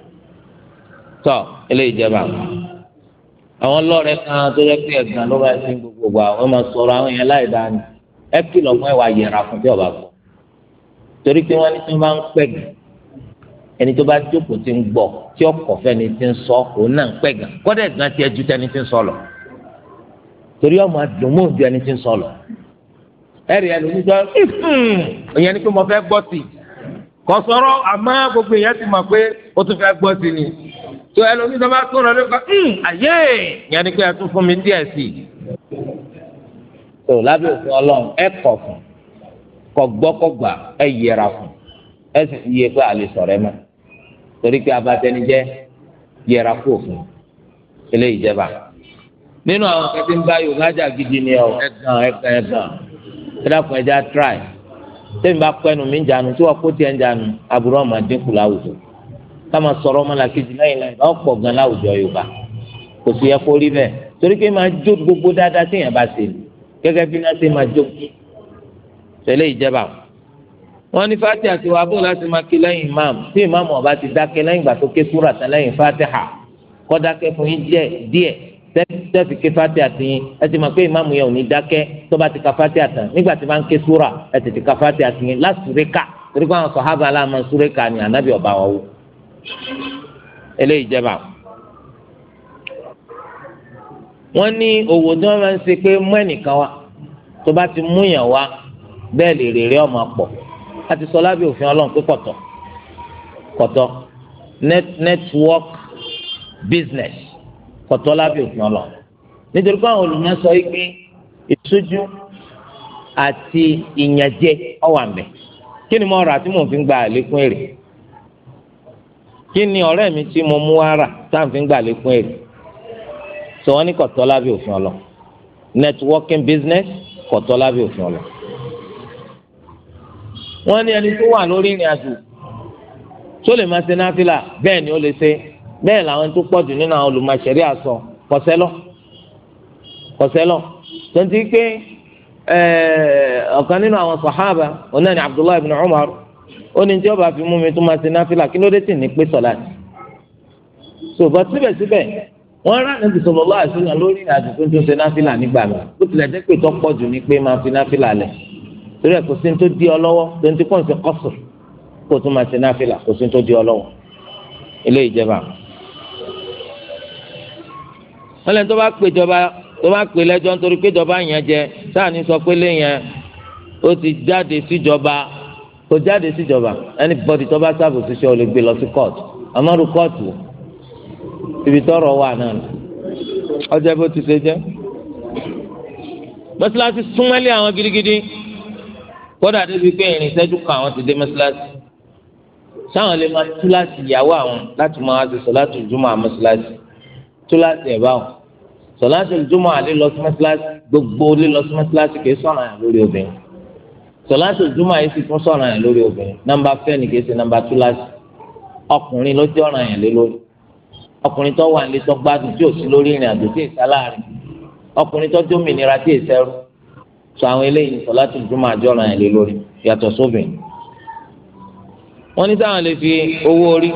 tọ eléyìí jẹba àwọn lọrẹ kan tó yẹ pé ẹgbẹ́ ló bá ẹsìn gbogbo àwọn máa sọ̀rọ̀ àwọn yẹn láì dáa ni ẹ kìlọ̀ fún ẹwà yẹra fún tí ọba gbọ́ torí pé wọn ní tí wọn bá ń pẹ̀gàn ẹni tó bá jókòó ti ń gbọ́ tí ọkọ fẹni ti ń sọ kó náà ń pẹ̀gàn kọdẹ gan tiẹ̀ ju tẹni ti ń sọ lọ torí ọmọ àdùnmọ́ ju ẹni ti ń sọ lọ ẹrì ẹni tó sọ hmm, ìyẹn ni pé mo fẹ́ gbọ́ sí kò sọ̀rọ̀ gbogbo ìyẹn ti mọ̀ pé ó tún fẹ́ gbọ́ sí ni tó ẹlòmíì tó bá tó rọ lóko ayé yẹn ni pé ẹ tún fún mi díẹ̀ sí i. tó lábẹ́ òfin ọlọ́run ẹ kọ̀ fún kọ̀ gbọ́ kọ̀ gbà ẹ yẹra fún ẹ sì yẹ pé àlè sọ̀rọ̀ ẹ mọ́ torí pé abatẹnijẹ́ yẹra kó fún eléyìí jẹba nínú àwọn kẹtí ń bá yorùbá gidi ni ọ ẹgàn ẹgàn ẹgàn ẹdàkùn ẹja try tẹ́mi bá pẹ́nu mi ń jànú tí wọ́n kó tiẹ̀ ń jànú àbúrò ọmọ dínkù láwùjọ ká máa sọ̀rọ̀ ọmọlàkejì láyìn láyìn bá pọ̀ gan láwùjọ yorùbá kò sì yẹ kó rí bẹ́ẹ̀ torí pé máa jó gbogbo dáadáa tí èèyàn bá ṣe lè gẹ́gẹ́ bí náà ṣe máa jó tẹ̀lé ìjẹba wọn ní fatiha ti wá láti máa ké lẹ́yìn imam tí imam ọba ti dákẹ́ lẹ́yìn ìgbà tó ké súrà tán lẹ́yìn fatiha kọ́ dákẹ́ fún yín díẹ̀ díẹ̀ tẹ́tí ké fatiha ti yín ẹ ti máa pé imam yẹn ò ní dákẹ́ tó bá ti ka fatiha tán nígbà tí máa ń ké súrà ẹ ti ti ka fatiha ti yín lásùrẹ́kà torí pé àwọn sọ̀hábà aláàmọ̀ súrẹ́kà ni ànábì ọba wọn wò eléyìí jẹba wọn ní owó tí wọn máa ń ṣe pé mú ẹnìkan wá tó bá ti mú yàn wá bẹ́ẹ̀ lè rèrè ọmọ pọ̀ láti sọ lábẹ́ òfin Ọlọ́run pé kọ̀tọ̀ kọ̀tọ̀ network business kọ̀tọ̀ lábẹ́ òfin Ọlọ́run nítorí pé àwọn olùmọ̀ sọ yìí pé ìtújú àti ìyànjẹ ọwà mẹ kí ni mo rà tí mo fi ń gba àlékún èrè kí ni ọ̀rẹ́ mi tí mo mú ara táǹfin gbà lékún èrè sọ wọn ní kọ̀tọ́ lábẹ́ òfin ọlọ networking business kọ̀tọ́ lábẹ́ òfin ọlọ. wọ́n ní ẹni tó wà lórí ìrìn àjò tó lè máa ṣe náfìlà bẹ́ẹ̀ ni ó lè ṣe bẹ́ẹ̀ làwọn tó pọ̀ jù nínú àwọn olùmọ̀ṣẹ́rí àsọ kọ̀sẹ́lọ̀ kọ̀sẹ́lọ̀ tó ń ti pé ọ̀kan nínú àwọn sàhábà onáni Abdullahi ibn Umar ó ní tí ọba fi mú mi tó máa ṣe náfìlà kí ló dé tì ní pé sọlá ni ṣùgbọ́n síbẹ̀síbẹ̀ wọ́n rà níbi sọ̀rọ̀ lọ́wọ́ àṣìlá lórí ìrìnàjò tó ń tún ṣe náfìlà nígbà mi ó tilẹ̀ jẹ́ pé tọ́pọ̀ jù ní pé máa fi náfìlà lẹ̀ torí ẹ̀ ọ lọ́wọ́ tó ń di ọ lọ́wọ́ ilé ìjẹba. wọ́n kò jáde síjọba anybody tó bá sáàbò síṣẹ́ ò lè gbé lọ sí kóòtù àmọ́rù kóòtù ibi tọ́rọ̀ wà náà nù ọjọ́ bó ti ṣe jẹ́ mọ́sálásí súnmọ́lé àwọn gidigidi kódà débi pé ìrìn ìṣẹ́jú kan àwọn ti dé mọ́sálásí sáwọn lè máa túláàsì ìyàwó àwọn láti máa ṣe sọ̀láàtì ìjùmọ̀ àwọn mọ́sálásí túláàsì ẹ̀ báwọn sọ̀láàtì ìjùmọ̀ àlè lọ sí mọ́sálásí gbogbo lè lọ sí mọ́sálásí kì í sọ̀rọ̀ àyàn lórí obìnrin sọláṣọ jùmọ̀ yìí sì tún sọ̀rọ̀ yẹn lórí obìnrin nọ́mbà fẹ́ẹ̀nì kìí ṣe nọ́mbà túláṣì ọkùnrin ló jẹ́ ọ̀ràn yẹn lé lórí ọkùnrin tó wà nílé tó gbádùn tí ò sí lórí ìrìn àjò tí ìsá láàrin ọkùnrin tó dómìnira tí ìsẹ́rú sọ àwọn eléyìí sọláṣọ jùmọ̀ àjọ ọ̀ràn yẹn lé lórí yàtọ̀ sóbìn. wọ́n ní táwọn lè fi owó orí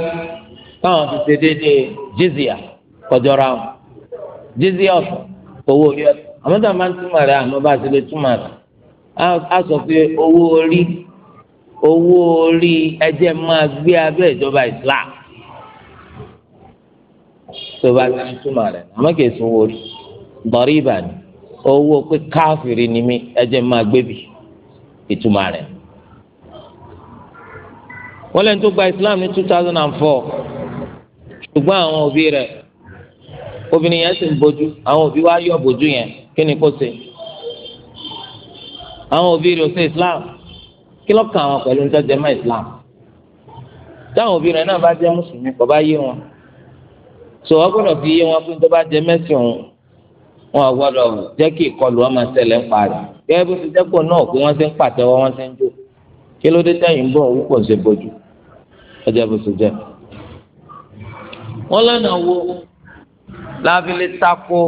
káwọn ti ṣe déédéé jizya kọjọra wọn jizya ọ̀sán a sọ pé owó orí owó orí ẹjẹ máa gbé abẹ́ ìjọba Islam tó bá ti túmọ̀ rẹ̀ àmọ́ kìí sun owó orí bọ̀rí ìbàdàn owó pé káfìrí ni mí ẹjẹ máa gbé bì ìtumọ̀ rẹ̀ wọ́n lẹ́nu tó gba Islam ní two thousand and four ṣùgbọ́n àwọn òbí rẹ̀ obìnrin yẹn sì ń bójú àwọn òbí wa yọ bójú yẹn kí ni kó ṣe àwọn òbí rẹ̀ ò islam kí ló kàn àwọn pẹ̀lú nítorí jẹ́ mọ́ islam táwọn òbí rẹ̀ náà bá jẹ́ mùsùlùmí kò bá yé wọn sọ wọ́n gbọ́dọ̀ fi yé wọn pé tó bá jẹ́ mẹ́sìn òun wọn gbọ́dọ̀ jẹ́ kí ìkọlù wọn máa ṣẹlẹ̀ ń parí gẹ́gẹ́ bó ti dẹ́pọ̀ náà pé wọ́n ti ń pàtẹ́wọ́ wọ́n ti ń jó kí ló dé tẹ̀yìn bọ̀ òun pọ̀ ṣe bójú ọjà bó ti jẹ́. wọ́n lọ́nà wo láfi lè takò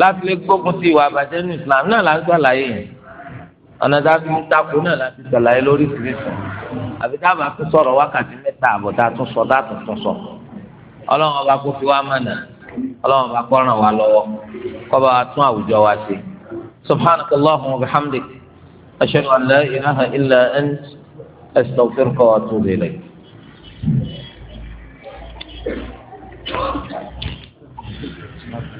láfi lè gbógun ti ìwà àbàjẹ́ ní Islam náà là ń gbàlàyé yẹn ọ̀nà tá a fi takò náà láti sàlàyé lórí ìfìrìsùn àbí tá a bá fi sọ̀rọ̀ wákàtí mẹ́ta àbọ̀ tá a tún sọ tá a tún tún sọ ọlọ́run ọba kó fi wá mọ̀nà ọlọ́run ọba kó ràn wá lọ́wọ́ kó wa tún àwùjọ wa ṣe subhanaka allahumma wa bihamdik ashhadu an ilaha illa ant astaghfiruka wa atubu ilayk. Thank you.